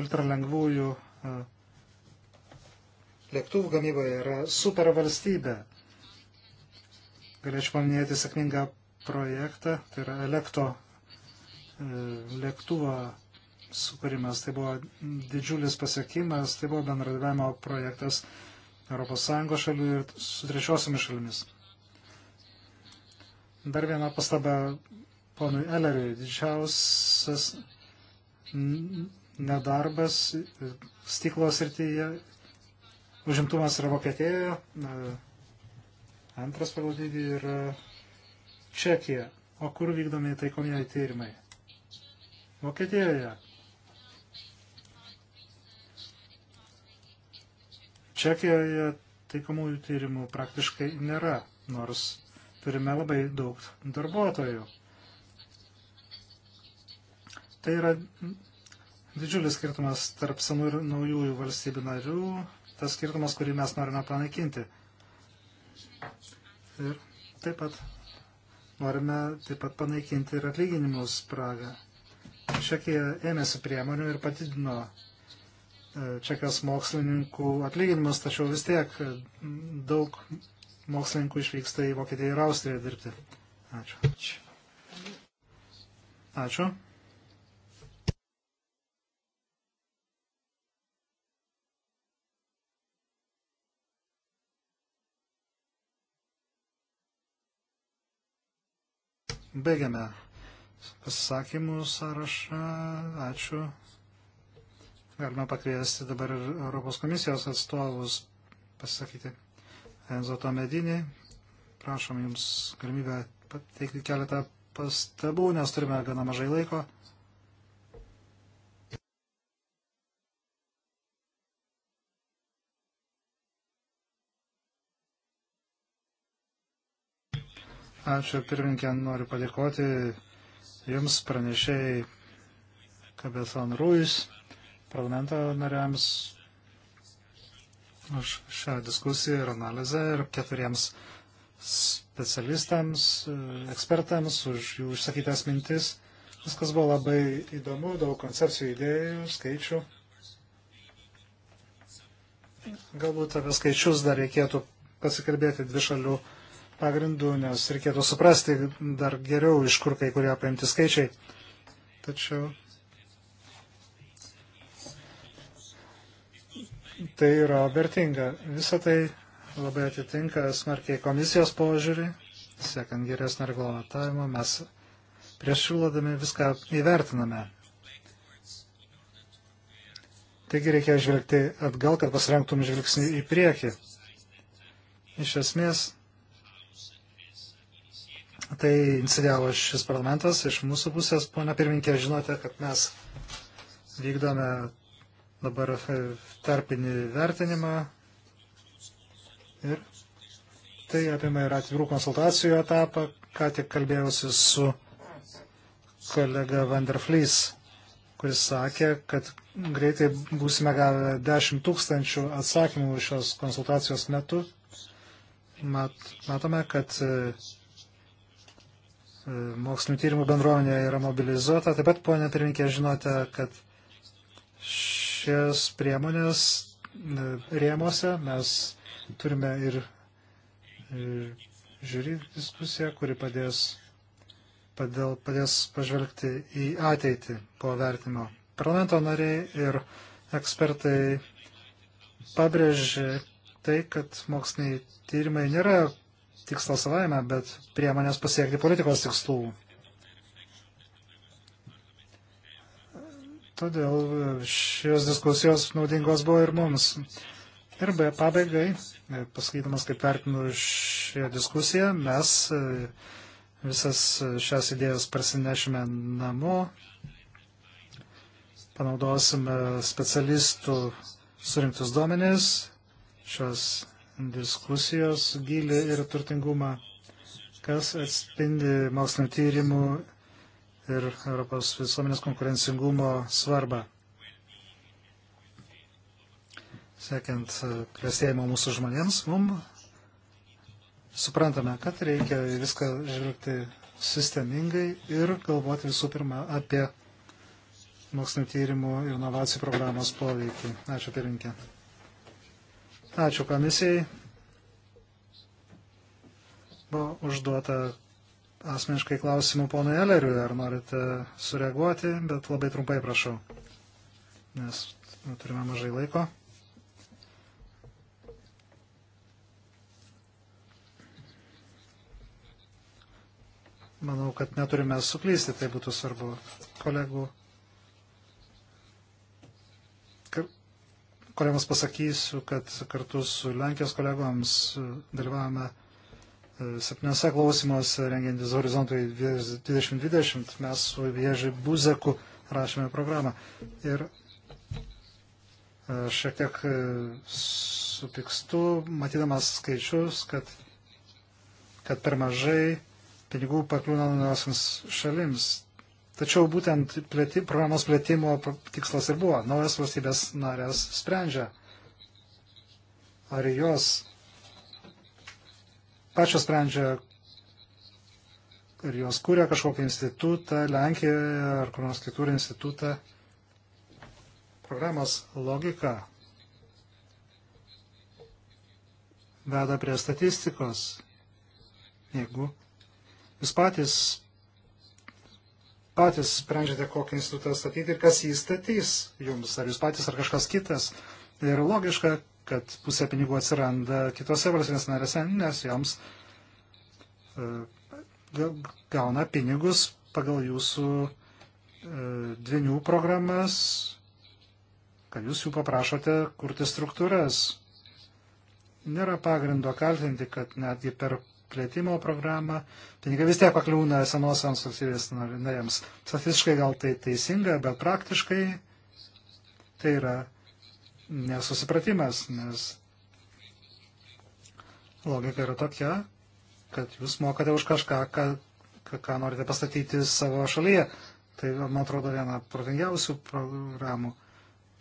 Speaker 2: ultralengvųjų lėktuvų gamyboje yra supervalstybė. Galėčiau paminėti sėkmingą projektą, tai yra elektro e, lėktuvo sukūrimas. Tai buvo didžiulis pasiekimas, tai buvo bendradavimo projektas ES šalių ir su trečiosiomis šalimis. Dar viena pastaba ponui Elleriui. Didžiausias nedarbas stiklo srityje, užimtumas yra Vokietijoje, antras pagal dydį yra Čekija. O kur vykdomi taikomieji tyrimai? Vokietijoje. Čekijoje taikomųjų tyrimų praktiškai nėra, nors turime labai daug darbuotojų. Tai yra didžiulis skirtumas tarp senų ir naujųjų valstybių narių, tas skirtumas, kurį mes norime panaikinti. Ir taip pat norime taip pat panaikinti ir atlyginimus spragą. Čekija ėmėsi priemonių ir padidino čekijos mokslininkų atlyginimus, tačiau vis tiek daug mokslininkų išvyksta į Vokietiją ir Austriją dirbti. Ačiū. Ačiū. Baigiame pasisakymų sąrašą. Ačiū. Galime pakviesti dabar ir Europos komisijos atstovus pasisakyti. Enzo Tomedinį, prašom Jums galimybę pateikti keletą pastabų, nes turime gana mažai laiko. Ačiū pirminkė, noriu padėkoti Jums pranešėjai Kabeson Ruiz parlamento nariams už šią diskusiją ir analizę ir keturiems specialistams, ekspertams už jų išsakytas mintis. Viskas buvo labai įdomu, daug koncepcijų, idėjų, skaičių. Galbūt apie skaičius dar reikėtų pasikalbėti dvi šalių pagrindų, nes reikėtų suprasti dar geriau, iš kur kai kurie paimti skaičiai. Tačiau tai yra vertinga. Visą tai labai atitinka smarkiai komisijos požiūrį, siekiant geresnio reglamentavimo, mes prieš siūlodami viską įvertiname. Taigi reikia žvelgti atgal, kad pasirengtum žvilgsnį į priekį. Iš esmės, tai iniciavo šis parlamentas iš mūsų pusės. Pone pirminkė, žinote, kad mes vykdome dabar tarpinį vertinimą ir tai apima ir atvirų konsultacijų etapą, ką tik kalbėjausi su kolega Vanderflys, kuris sakė, kad greitai būsime gavę 10 tūkstančių atsakymų šios konsultacijos metu. Mat, matome, kad e, e, mokslinių tyrimų bendruomenė yra mobilizuota. Taip pat, ponė pirminkė, žinote, kad šias priemonės e, rėmose mes turime ir e, žiūri diskusiją, kuri padės, padėl, padės pažvelgti į ateitį po vertimo. Parlamento nariai ir ekspertai pabrėžė tai, kad moksliniai tyrimai nėra tikslas savaime, bet priemonės pasiekti politikos tikslų. Todėl e, šios diskusijos naudingos buvo ir mums. Ir be pabaigai, e, pasakydamas, kaip vertinu šią diskusiją, mes e, visas šias idėjas prasinešime namo, panaudosime specialistų surinktus duomenys, šios diskusijos gilį ir turtingumą, kas atspindi mokslinio tyrimų ir Europos visuomenės konkurencingumo svarbą, siekiant e, klėstėjimo mūsų žmonėms, mums suprantame, kad reikia viską žvelgti sistemingai ir galvoti visų pirma apie mokslinio tyrimų ir inovacijų programos poveikį. Ačiū pirinkė. Ačiū komisijai. Buvo užduota asmeniškai klausimų ponui Eleriui, ar norite sureaguoti, bet labai trumpai prašau, nes nu, turime mažai laiko. Manau, kad neturime suklysti, tai būtų svarbu kolegų, kuriams pasakysiu, kad kartu su Lenkijos kolegoms dalyvavome septyniose klausimuose rengiantis horizontui 2020 mes su Vieži Buzeku rašėme programą. Ir e, šiek tiek e, supikstu, matydamas skaičius, kad, kad per mažai pinigų pakliūna naujosiams šalims. Tačiau būtent plėti, programos plėtimo tikslas ir buvo. Naujas valstybės narės sprendžia, ar jos pačios sprendžia, ar jos kūrė kažkokį institutą Lenkijoje ar kur nors kitur institutą. Programos logika veda prie statistikos. Jeigu jūs patys, patys sprendžiate, kokį institutą statyti ir kas jį statys jums, ar jūs patys, ar kažkas kitas. Ir logiška, kad pusė pinigų atsiranda kitose valstybės narėse, nes joms e, gauna pinigus pagal jūsų e, dvinių programas, kad jūs jų paprašote kurti struktūras. Nėra pagrindo kaltinti, kad netgi per plėtimo programą pinigai vis tiek pakliūna senosiams valstybės narėms. Statistiškai gal tai teisinga, bet praktiškai tai yra nesusipratimas, nes logika yra tokia, kad jūs mokate už kažką, ką, ką norite pastatyti savo šalyje. Tai, man atrodo, viena protingiausių programų.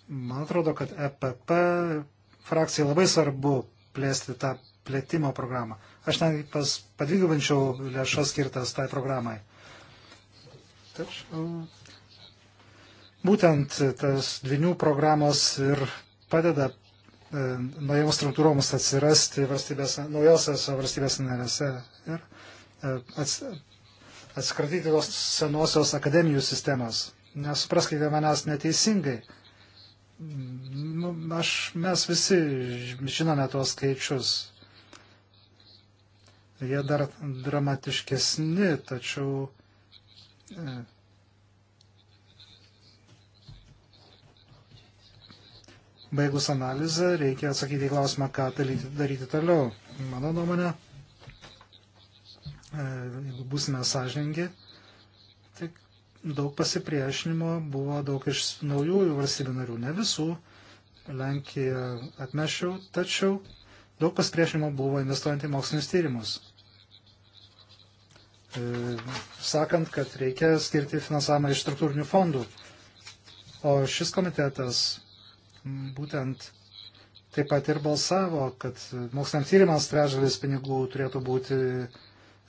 Speaker 2: Man atrodo, kad EPP frakcijai labai svarbu plėsti tą plėtimo programą. Aš netgi padvigubančiau lėšas skirtas tai programai. Tačiau būtent tas dvinių programos ir padeda e, naujoms struktūroms atsirasti valstybės, naujosios valstybės narėse ir e, ats, atsikratyti tos senosios akademijų sistemos. Nesupraskite manęs neteisingai. Nu, aš, mes visi žinome tuos skaičius. Jie dar dramatiškesni, tačiau e, baigus analizę reikia atsakyti į klausimą, ką daryti, daryti toliau. Mano nuomonė, e, jeigu būsime sąžiningi, tai daug pasipriešinimo buvo daug iš naujųjų valstybių narių, ne visų. Lenkiją atmešiau, tačiau daug pasipriešinimo buvo investuojant į mokslinius tyrimus. E, sakant, kad reikia skirti finansavimą iš struktūrinių fondų. O šis komitetas būtent taip pat ir balsavo, kad moksliniams tyrimams trečdalis pinigų turėtų būti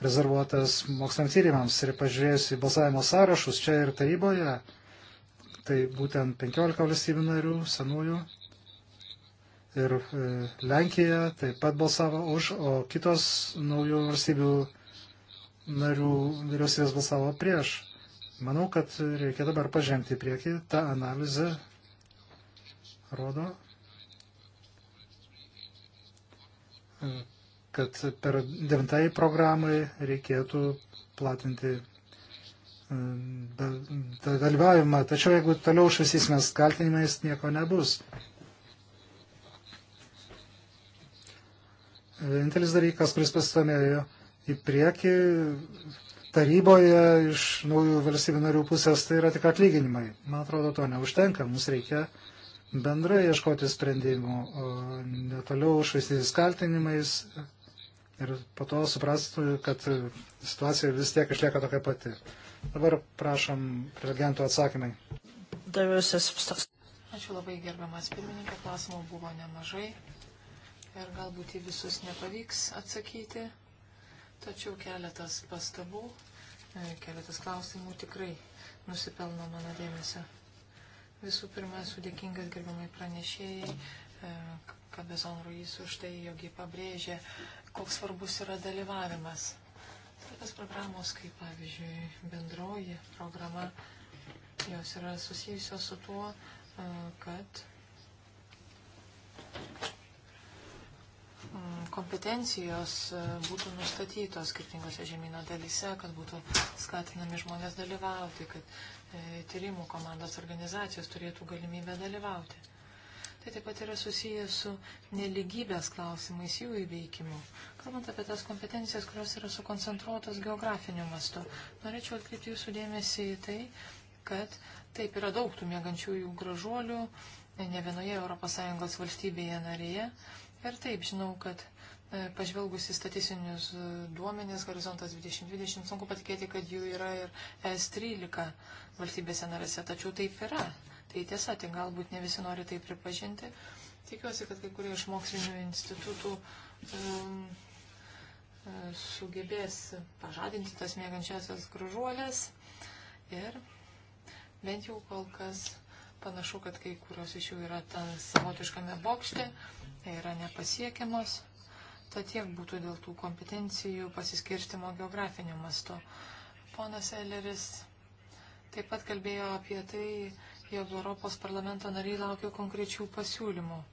Speaker 2: rezervuotas moksliniams tyrimams. Ir pažiūrėjus į balsavimo sąrašus čia ir taryboje, tai būtent 15 valstybių narių, senųjų ir e, Lenkija taip pat balsavo už, o kitos naujų valstybių narių vyriausybės balsavo prieš. Manau, kad reikia dabar pažengti į priekį tą analizę rodo, kad per devintąjį programai reikėtų platinti dalyvavimą. Tačiau jeigu toliau švisysime kaltinimais, nieko nebus. Vienintelis dalykas, kuris pasistumėjo į priekį taryboje iš naujų valstybių narių pusės, tai yra tik atlyginimai. Man atrodo, to neužtenka. Mums reikia uh, bendrai ieškoti sprendimų, netoliau švaistytis kaltinimais ir po to suprastų, kad situacija vis tiek išlieka tokia pati. Dabar prašom prelegentų atsakymai.
Speaker 3: Ačiū labai gerbiamas pirmininkė, klausimų buvo nemažai ir galbūt į visus nepavyks atsakyti, tačiau keletas pastabų, e, keletas klausimų tikrai nusipelno mano dėmesio. Visų pirma, esu dėkingas gerbiamai pranešėjai, e, Kabezon Ruiz už tai, jog jį pabrėžė, koks svarbus yra dalyvavimas. Tokios programos, kaip pavyzdžiui, bendroji programa, jos yra susijusios su tuo, e, kad mm, kompetencijos e, būtų nustatytos skirtingose žemynų dalyse, kad būtų skatinami žmonės dalyvauti, kad E, tyrimų komandos organizacijos turėtų galimybę dalyvauti. Tai taip pat yra susijęs su neligybės klausimais jų įveikimu. Kalbant apie tas kompetencijas, kurios yra sukoncentruotos geografiniu mastu, norėčiau atkreipti jūsų dėmesį į tai, kad taip yra daug tų mėgančiųjų gražuolių ne vienoje ES valstybėje narėje, Ir taip, žinau, kad e, pažvelgus į statistinius e, duomenis, horizontas 2020, sunku patikėti, kad jų yra ir S13 valstybėse narėse, tačiau taip yra. Tai tiesa, tai galbūt ne visi nori tai pripažinti. Tikiuosi, kad kai kurie iš mokslinių institutų um, sugebės pažadinti tas mėgančiasias gružuolės ir bent jau kol kas panašu, kad kai kurios iš jų yra ten savotiškame bokšte. Um, Tai yra nepasiekiamos. Tad tiek būtų dėl tų kompetencijų pasiskirstimo geografiniu mastu. Ponas Elleris taip pat kalbėjo apie tai, jog Europos parlamento nariai laukia konkrečių pasiūlymų. E,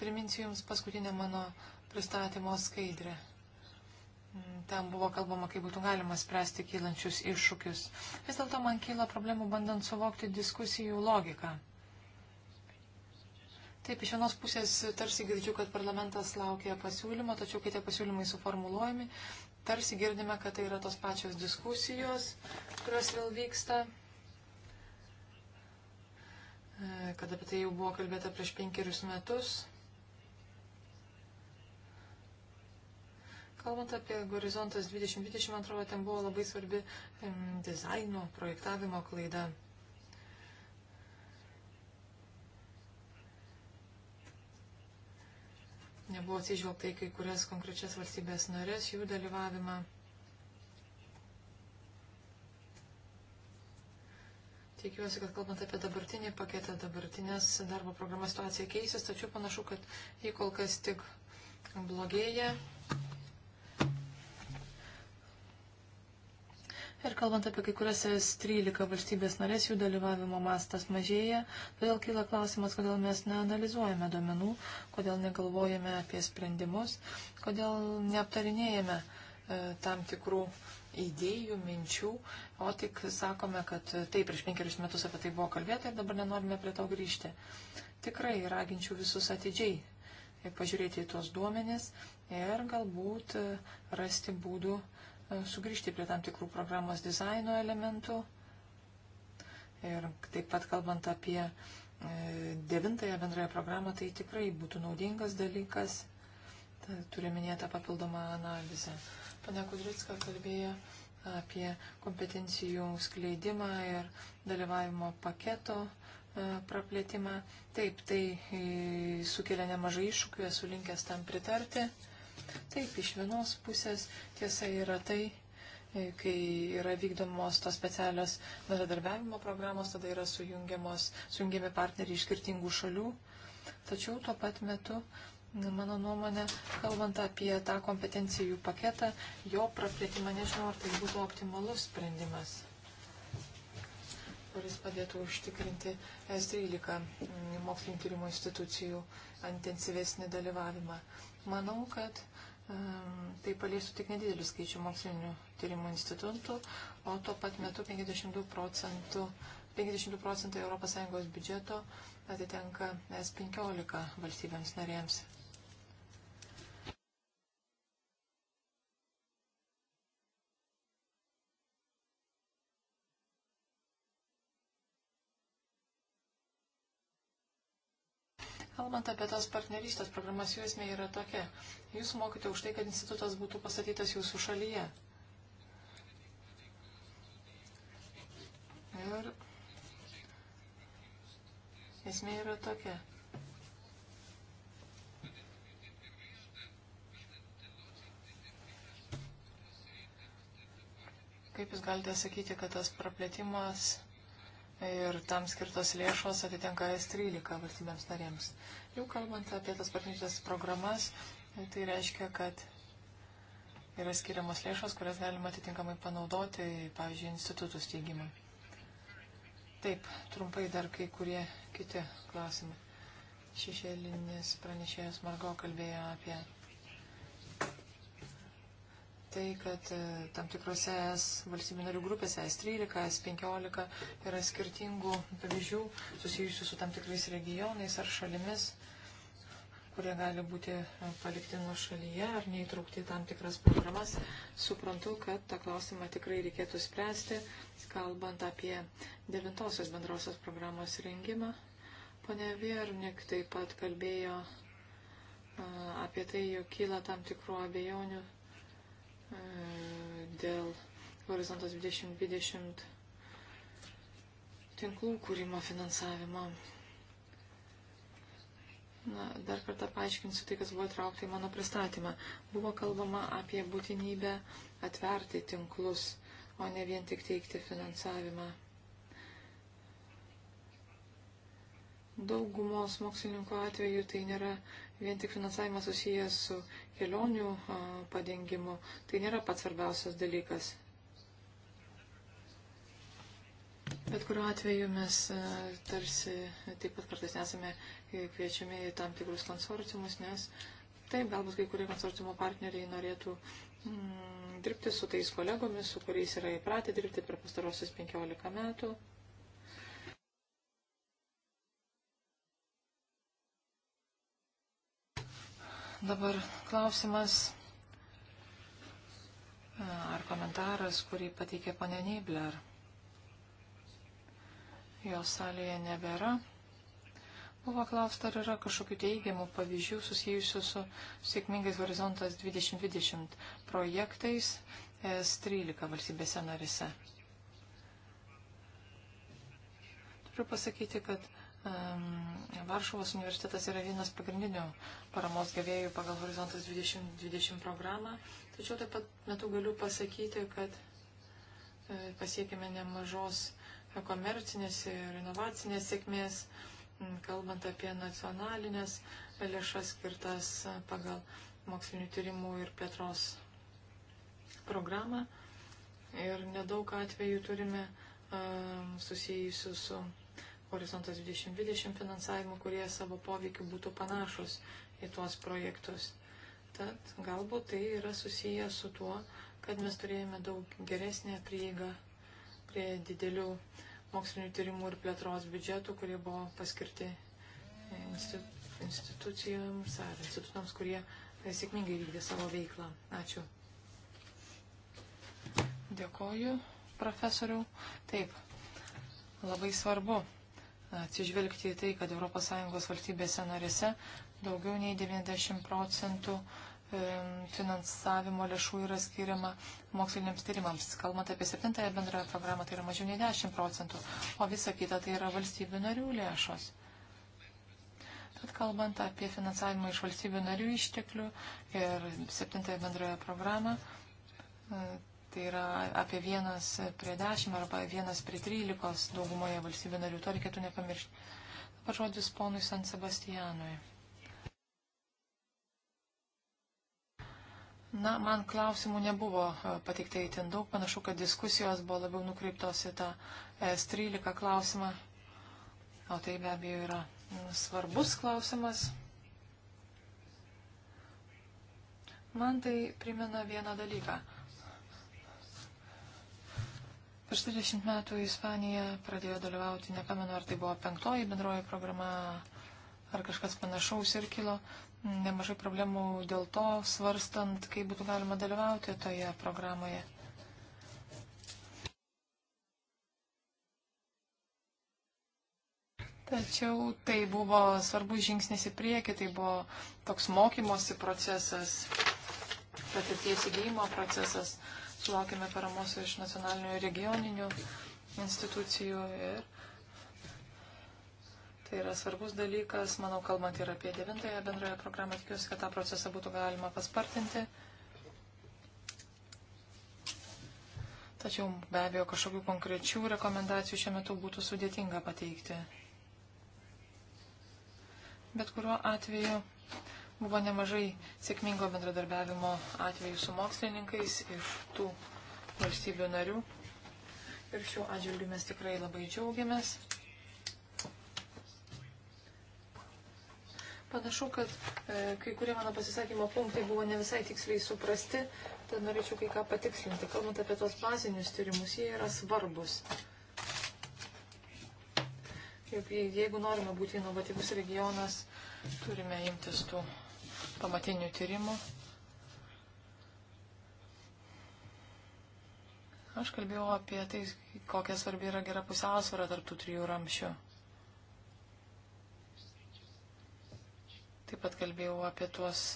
Speaker 3: priminsiu Jums paskutinę mano pristatymo skaidrę. Mm, ten buvo kalbama, kaip būtų galima spręsti kylančius iššūkius. Vis dėlto man kyla problemų bandant suvokti diskusijų logiką. Taip, iš vienos pusės tarsi girdžiu, kad parlamentas laukia pasiūlymo, tačiau kai tie pasiūlymai suformuluojami, tarsi girdime, kad tai yra tos pačios diskusijos, kurios vėl vyksta, e, kad apie tai jau buvo kalbėta prieš penkerius metus. Kalbant apie Horizontas 2020, man atrodo, ten buvo labai svarbi dizaino projektavimo klaida. nebuvo atsižvelgta į kai kurias konkrečias valstybės narės, jų dalyvavimą. Tikiuosi, kad kalbant apie dabartinį paketą, dabartinės darbo programas situacija keisis, tačiau panašu, kad jį kol kas tik blogėja. Ir kalbant apie kai kurias 13 valstybės narės, jų dalyvavimo mastas mažėja, todėl kyla klausimas, kodėl mes neanalizuojame duomenų, kodėl negalvojame apie sprendimus, kodėl neaptarinėjame e, tam tikrų idėjų, minčių, o tik sakome, kad e, taip, prieš penkerius metus apie tai buvo kalbėta ir dabar nenorime prie to grįžti. Tikrai raginčiau visus atidžiai e, pažiūrėti į tuos duomenis ir galbūt e, rasti būdų E, sugrįžti prie tam tikrų programos dizaino elementų. Ir taip pat kalbant apie e, devintąją bendrąją programą, tai tikrai būtų naudingas dalykas. Turiu minėtą papildomą analizę. Pane Kudricka kalbėjo apie kompetencijų skleidimą ir dalyvavimo paketo e, praplėtimą. Taip, tai sukelia nemažai iššūkių, esu linkęs tam pritarti. Taip, iš vienos pusės tiesa yra tai, e, kai yra vykdomos tos specialios bendradarbiavimo programos, tada yra sujungiami partneriai iš skirtingų šalių. Tačiau tuo pat metu, mano nuomonė, kalbant apie tą kompetencijų paketą, jo praplėtimą nežinau, ar tai būtų optimalus sprendimas kuris padėtų užtikrinti S13 mm, mokslinio tyrimo institucijų intensyvesnį dalyvavimą. Manau, kad tai paliesų tik nedidelį skaičių mokslininių tyrimų institutų, o tuo pat metu 52 procentų, 52 procentai ES biudžeto atitenka S15 valstybėms narėms.
Speaker 1: Kalbant apie tas partnerystės programas, jų esmė
Speaker 3: yra tokia. Jūs mokite už tai, kad institutas būtų pastatytas jūsų šalyje. Ir esmė yra tokia. Kaip jūs galite sakyti, kad tas praplėtimas ir tam skirtos lėšos atitenka S13 valstybėms narėms. Jau kalbant apie tas partnerystės programas, tai reiškia, kad yra skiriamos lėšos, kurias galima atitinkamai panaudoti, pavyzdžiui, institutų steigimui. Taip, trumpai dar kai kurie kiti klausimai. Šešėlinis pranešėjas Margo kalbėjo apie tai, kad e, tam tikrose ES valstybių narių grupėse S13, S15 yra skirtingų pavyzdžių susijusių su tam tikrais regionais ar šalimis, kurie gali būti e, palikti nuo šalyje ar neįtraukti tam tikras programas. Suprantu, kad tą klausimą tikrai reikėtų spręsti, kalbant apie devintosios bendrosios programos rengimą. Pone Viernik taip pat kalbėjo e, apie tai, jog kyla tam tikrų abejonių E, dėl Horizontas 2020 tinklų kūrimo finansavimo. Na, dar kartą paaiškinsiu tai, kas buvo traukta į mano pristatymą. Buvo kalbama apie būtinybę atverti tinklus, o ne vien tik teikti finansavimą. Daugumos mokslininkų atveju tai nėra vien tik finansavimas susijęs su kelionių padengimu, tai nėra pats svarbiausias dalykas. Bet kuriuo atveju mes tarsi taip pat kartais nesame kviečiami į tam tikrus konsorciumus, nes taip, galbūt kai kurie konsorciumo partneriai norėtų mm, dirbti su tais kolegomis, su kuriais yra įpratę dirbti per pastarosius 15 metų. Dabar klausimas e, ar komentaras, kurį pateikė ponė Neibler. Jo salėje nebėra. Buvo klausta, ar yra kažkokių teigiamų pavyzdžių susijusių su sėkmingais horizontas 2020 projektais S13 valstybėse narise. Turiu pasakyti, kad Varšuvos universitetas yra vienas pagrindinių paramos gavėjų pagal Horizontas 2020 programą, tačiau taip pat metu galiu pasakyti, kad e, pasiekime nemažos komercinės ir inovacinės sėkmės, kalbant apie nacionalinės lėšas skirtas pagal mokslinių tyrimų ir plėtros programą. Ir nedaug atvejų turime susijusių su Horizontas 2020 finansavimo, kurie savo poveikiu būtų panašus į tuos projektus. Tad galbūt tai yra susiję su tuo, kad mes turėjome daug geresnę prieigą prie didelių mokslinių tyrimų ir plėtros biudžetų, kurie buvo paskirti e, institucijoms ar institutams, kurie e, sėkmingai vykdė savo veiklą. Ačiū. Dėkoju, profesoriau. Taip, labai svarbu atsižvelgti į tai, kad ES valstybėse narėse daugiau nei 90 procentų e, finansavimo lėšų yra skiriama moksliniams tyrimams. Kalbant apie septintąją bendrąją programą, tai yra mažiau nei 10 procentų, o visa kita tai yra valstybių narių lėšos. Tad kalbant apie finansavimą iš valstybių narių išteklių ir septintąją bendrąją programą, e, Tai yra apie vienas prie dešimt arba vienas prie trylikos daugumoje valstybių narių. To reikėtų nepamiršti. Dabar žodis ponui San Sebastianui. Na, man klausimų nebuvo e, pateikta įtin daug. Panašu, kad diskusijos buvo labiau nukreiptos į tą S13 klausimą. O tai be abejo yra svarbus klausimas. Man tai primena vieną dalyką. Prieš 20 metų Ispanija pradėjo dalyvauti, nepamenu, ar tai buvo penktoji bendroji programa ar kažkas panašaus ir kilo nemažai problemų dėl to, svarstant, kaip būtų galima dalyvauti toje programoje. Tačiau tai buvo svarbus žingsnis į priekį, tai buvo toks mokymosi procesas, patirties įgyjimo procesas. Uh, Sulaukime paramos iš nacionalinių ir regioninių institucijų ir tai yra svarbus dalykas. Manau, kalbant ir apie devintąją bendrąją programą, tikiuosi, kad tą procesą būtų galima paspartinti. Tačiau be abejo kažkokių konkrečių rekomendacijų šiuo metu būtų sudėtinga pateikti. Bet kuriuo atveju Buvo nemažai sėkmingo bendradarbiavimo atvejų su mokslininkais iš tų valstybių narių. Ir šiuo atžvilgiu mes tikrai labai džiaugiamės. Panašu, kad e, kai kurie mano pasisakymo punktai buvo ne visai tiksliai suprasti, tad norėčiau kai ką patikslinti. Kalbant apie tos bazinius tyrimus, jie yra svarbus. E, Jeigu norime būti inovatyvus regionas, turime imtis tų pamatinių tyrimų. Aš kalbėjau apie tai, kokia svarbi yra gera pusiausvara tarp tų trijų ramšių. Taip pat kalbėjau apie tuos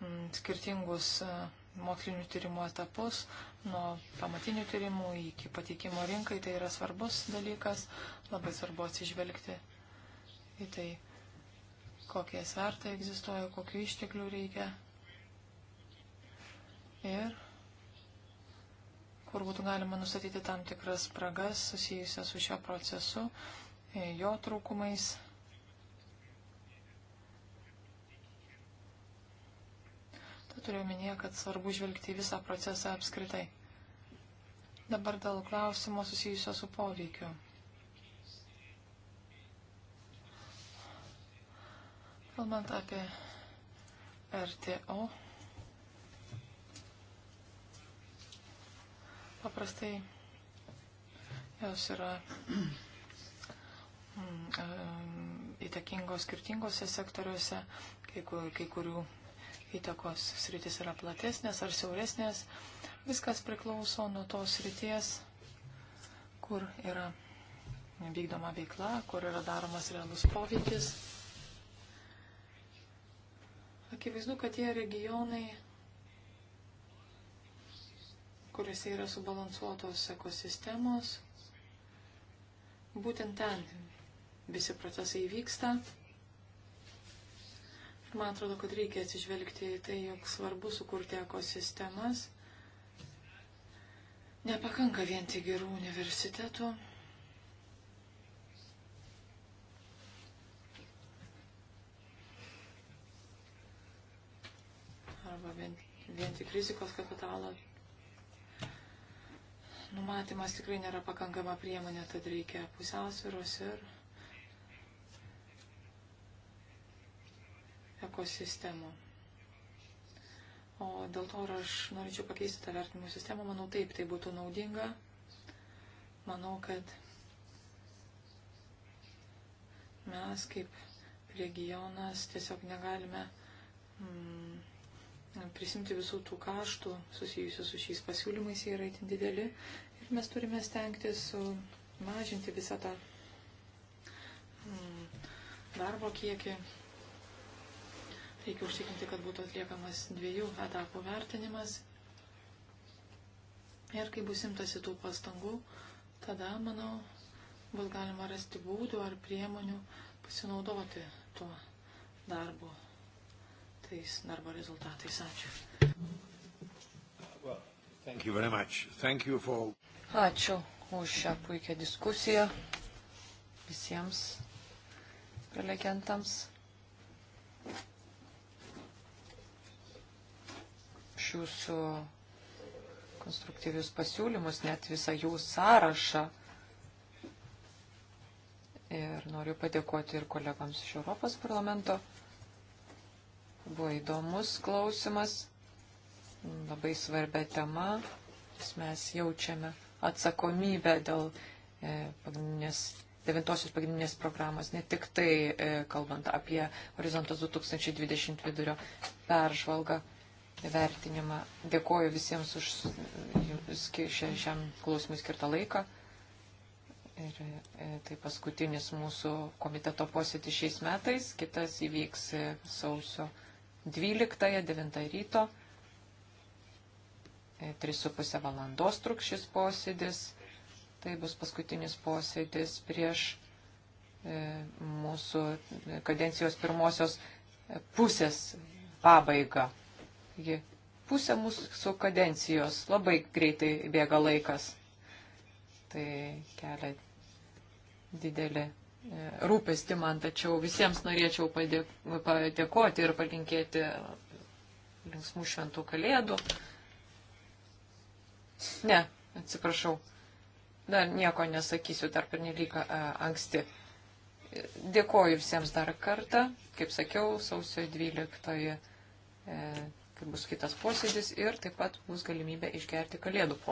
Speaker 3: m, mm, skirtingus a, e, mokslinių tyrimų etapus, nuo pamatinių tyrimų iki patikimo rinkai, tai yra svarbus dalykas, labai svarbu atsižvelgti į tai, kokie svertai egzistuoja, kokiu išteklių reikia ir kur būtų galima nustatyti tam tikras spragas susijusias su šio procesu, jo trūkumais turiu minėję, kad svarbu žvelgti visą procesą apskritai. Dabar dėl klausimo susijusio su poveikiu. Kalbant apie RTO, paprastai jos yra mm, įtakingos skirtingose sektoriuose, kai, kai kurių įtakos sritis yra platesnės ar siauresnės. Viskas priklauso nuo tos srities, kur yra vykdoma veikla, kur yra daromas realus poveikis. Akivaizdu, kad tie regionai, kuriuose yra subalansuotos ekosistemos, būtent ten visi procesai vyksta Man atrodo, kad reikia atsižvelgti į tai, jog svarbu sukurti ekosistemas. Nepakanka vien tik gerų universitetų. Arba vien, vien tik rizikos kapitalo numatymas tikrai nėra pakankama priemonė, tad reikia pusiausviros ir ekosistemų. O dėl to ar aš norėčiau pakeisti tą vertinimo sistemą, manau taip, tai būtų naudinga. Manau, kad mes kaip regionas tiesiog negalime mm, prisimti visų tų kaštų susijusių su šiais pasiūlymais, jie yra itin dideli ir mes turime stengtis mažinti visą tą mm, darbo kiekį Reikia užtikrinti, kad būtų atliekamas dviejų etapų vertinimas. Ir kai bus imtasi tų pastangų, tada, manau, bus galima rasti būdų ar priemonių pasinaudoti tuo darbu, tais darbo rezultatais. Ačiū.
Speaker 1: Well, thank you very much. Thank you for...
Speaker 3: Ačiū už šią puikią diskusiją visiems prelegentams. už jūsų konstruktyvius pasiūlymus, net visą jų sąrašą. Ir noriu padėkoti ir kolegams iš Europos parlamento. Buvo įdomus klausimas, labai svarbia tema, nes mes jaučiame atsakomybę dėl e, pagrindinės, devintosios pagrindinės programos, ne tik tai e, kalbant apie horizontas 2020 vidurio peržvalgą vertinimą. Dėkoju visiems už šiam klausimui skirtą laiką. Ir e, tai paskutinis mūsų komiteto posėdis šiais metais. Kitas įvyks e, sausio 12-9 ryto. 3,5 e, valandos truks šis posėdis. Tai bus paskutinis posėdis prieš mūsų kadencijos pirmosios pusės pabaigą. Taigi, pusė mūsų kadencijos, labai greitai bėga laikas. Tai kelia didelį e, rūpestį man, tačiau visiems norėčiau padėkoti ir palinkėti linksmų šventų kalėdų. Ne, atsiprašau, dar nieko nesakysiu, dar pernelyg e, anksti. Dėkoju visiems dar kartą, kaip sakiau, sausio 12. -oje kai bus kitas posėdis ir taip pat bus galimybė išgerti kalėdų po.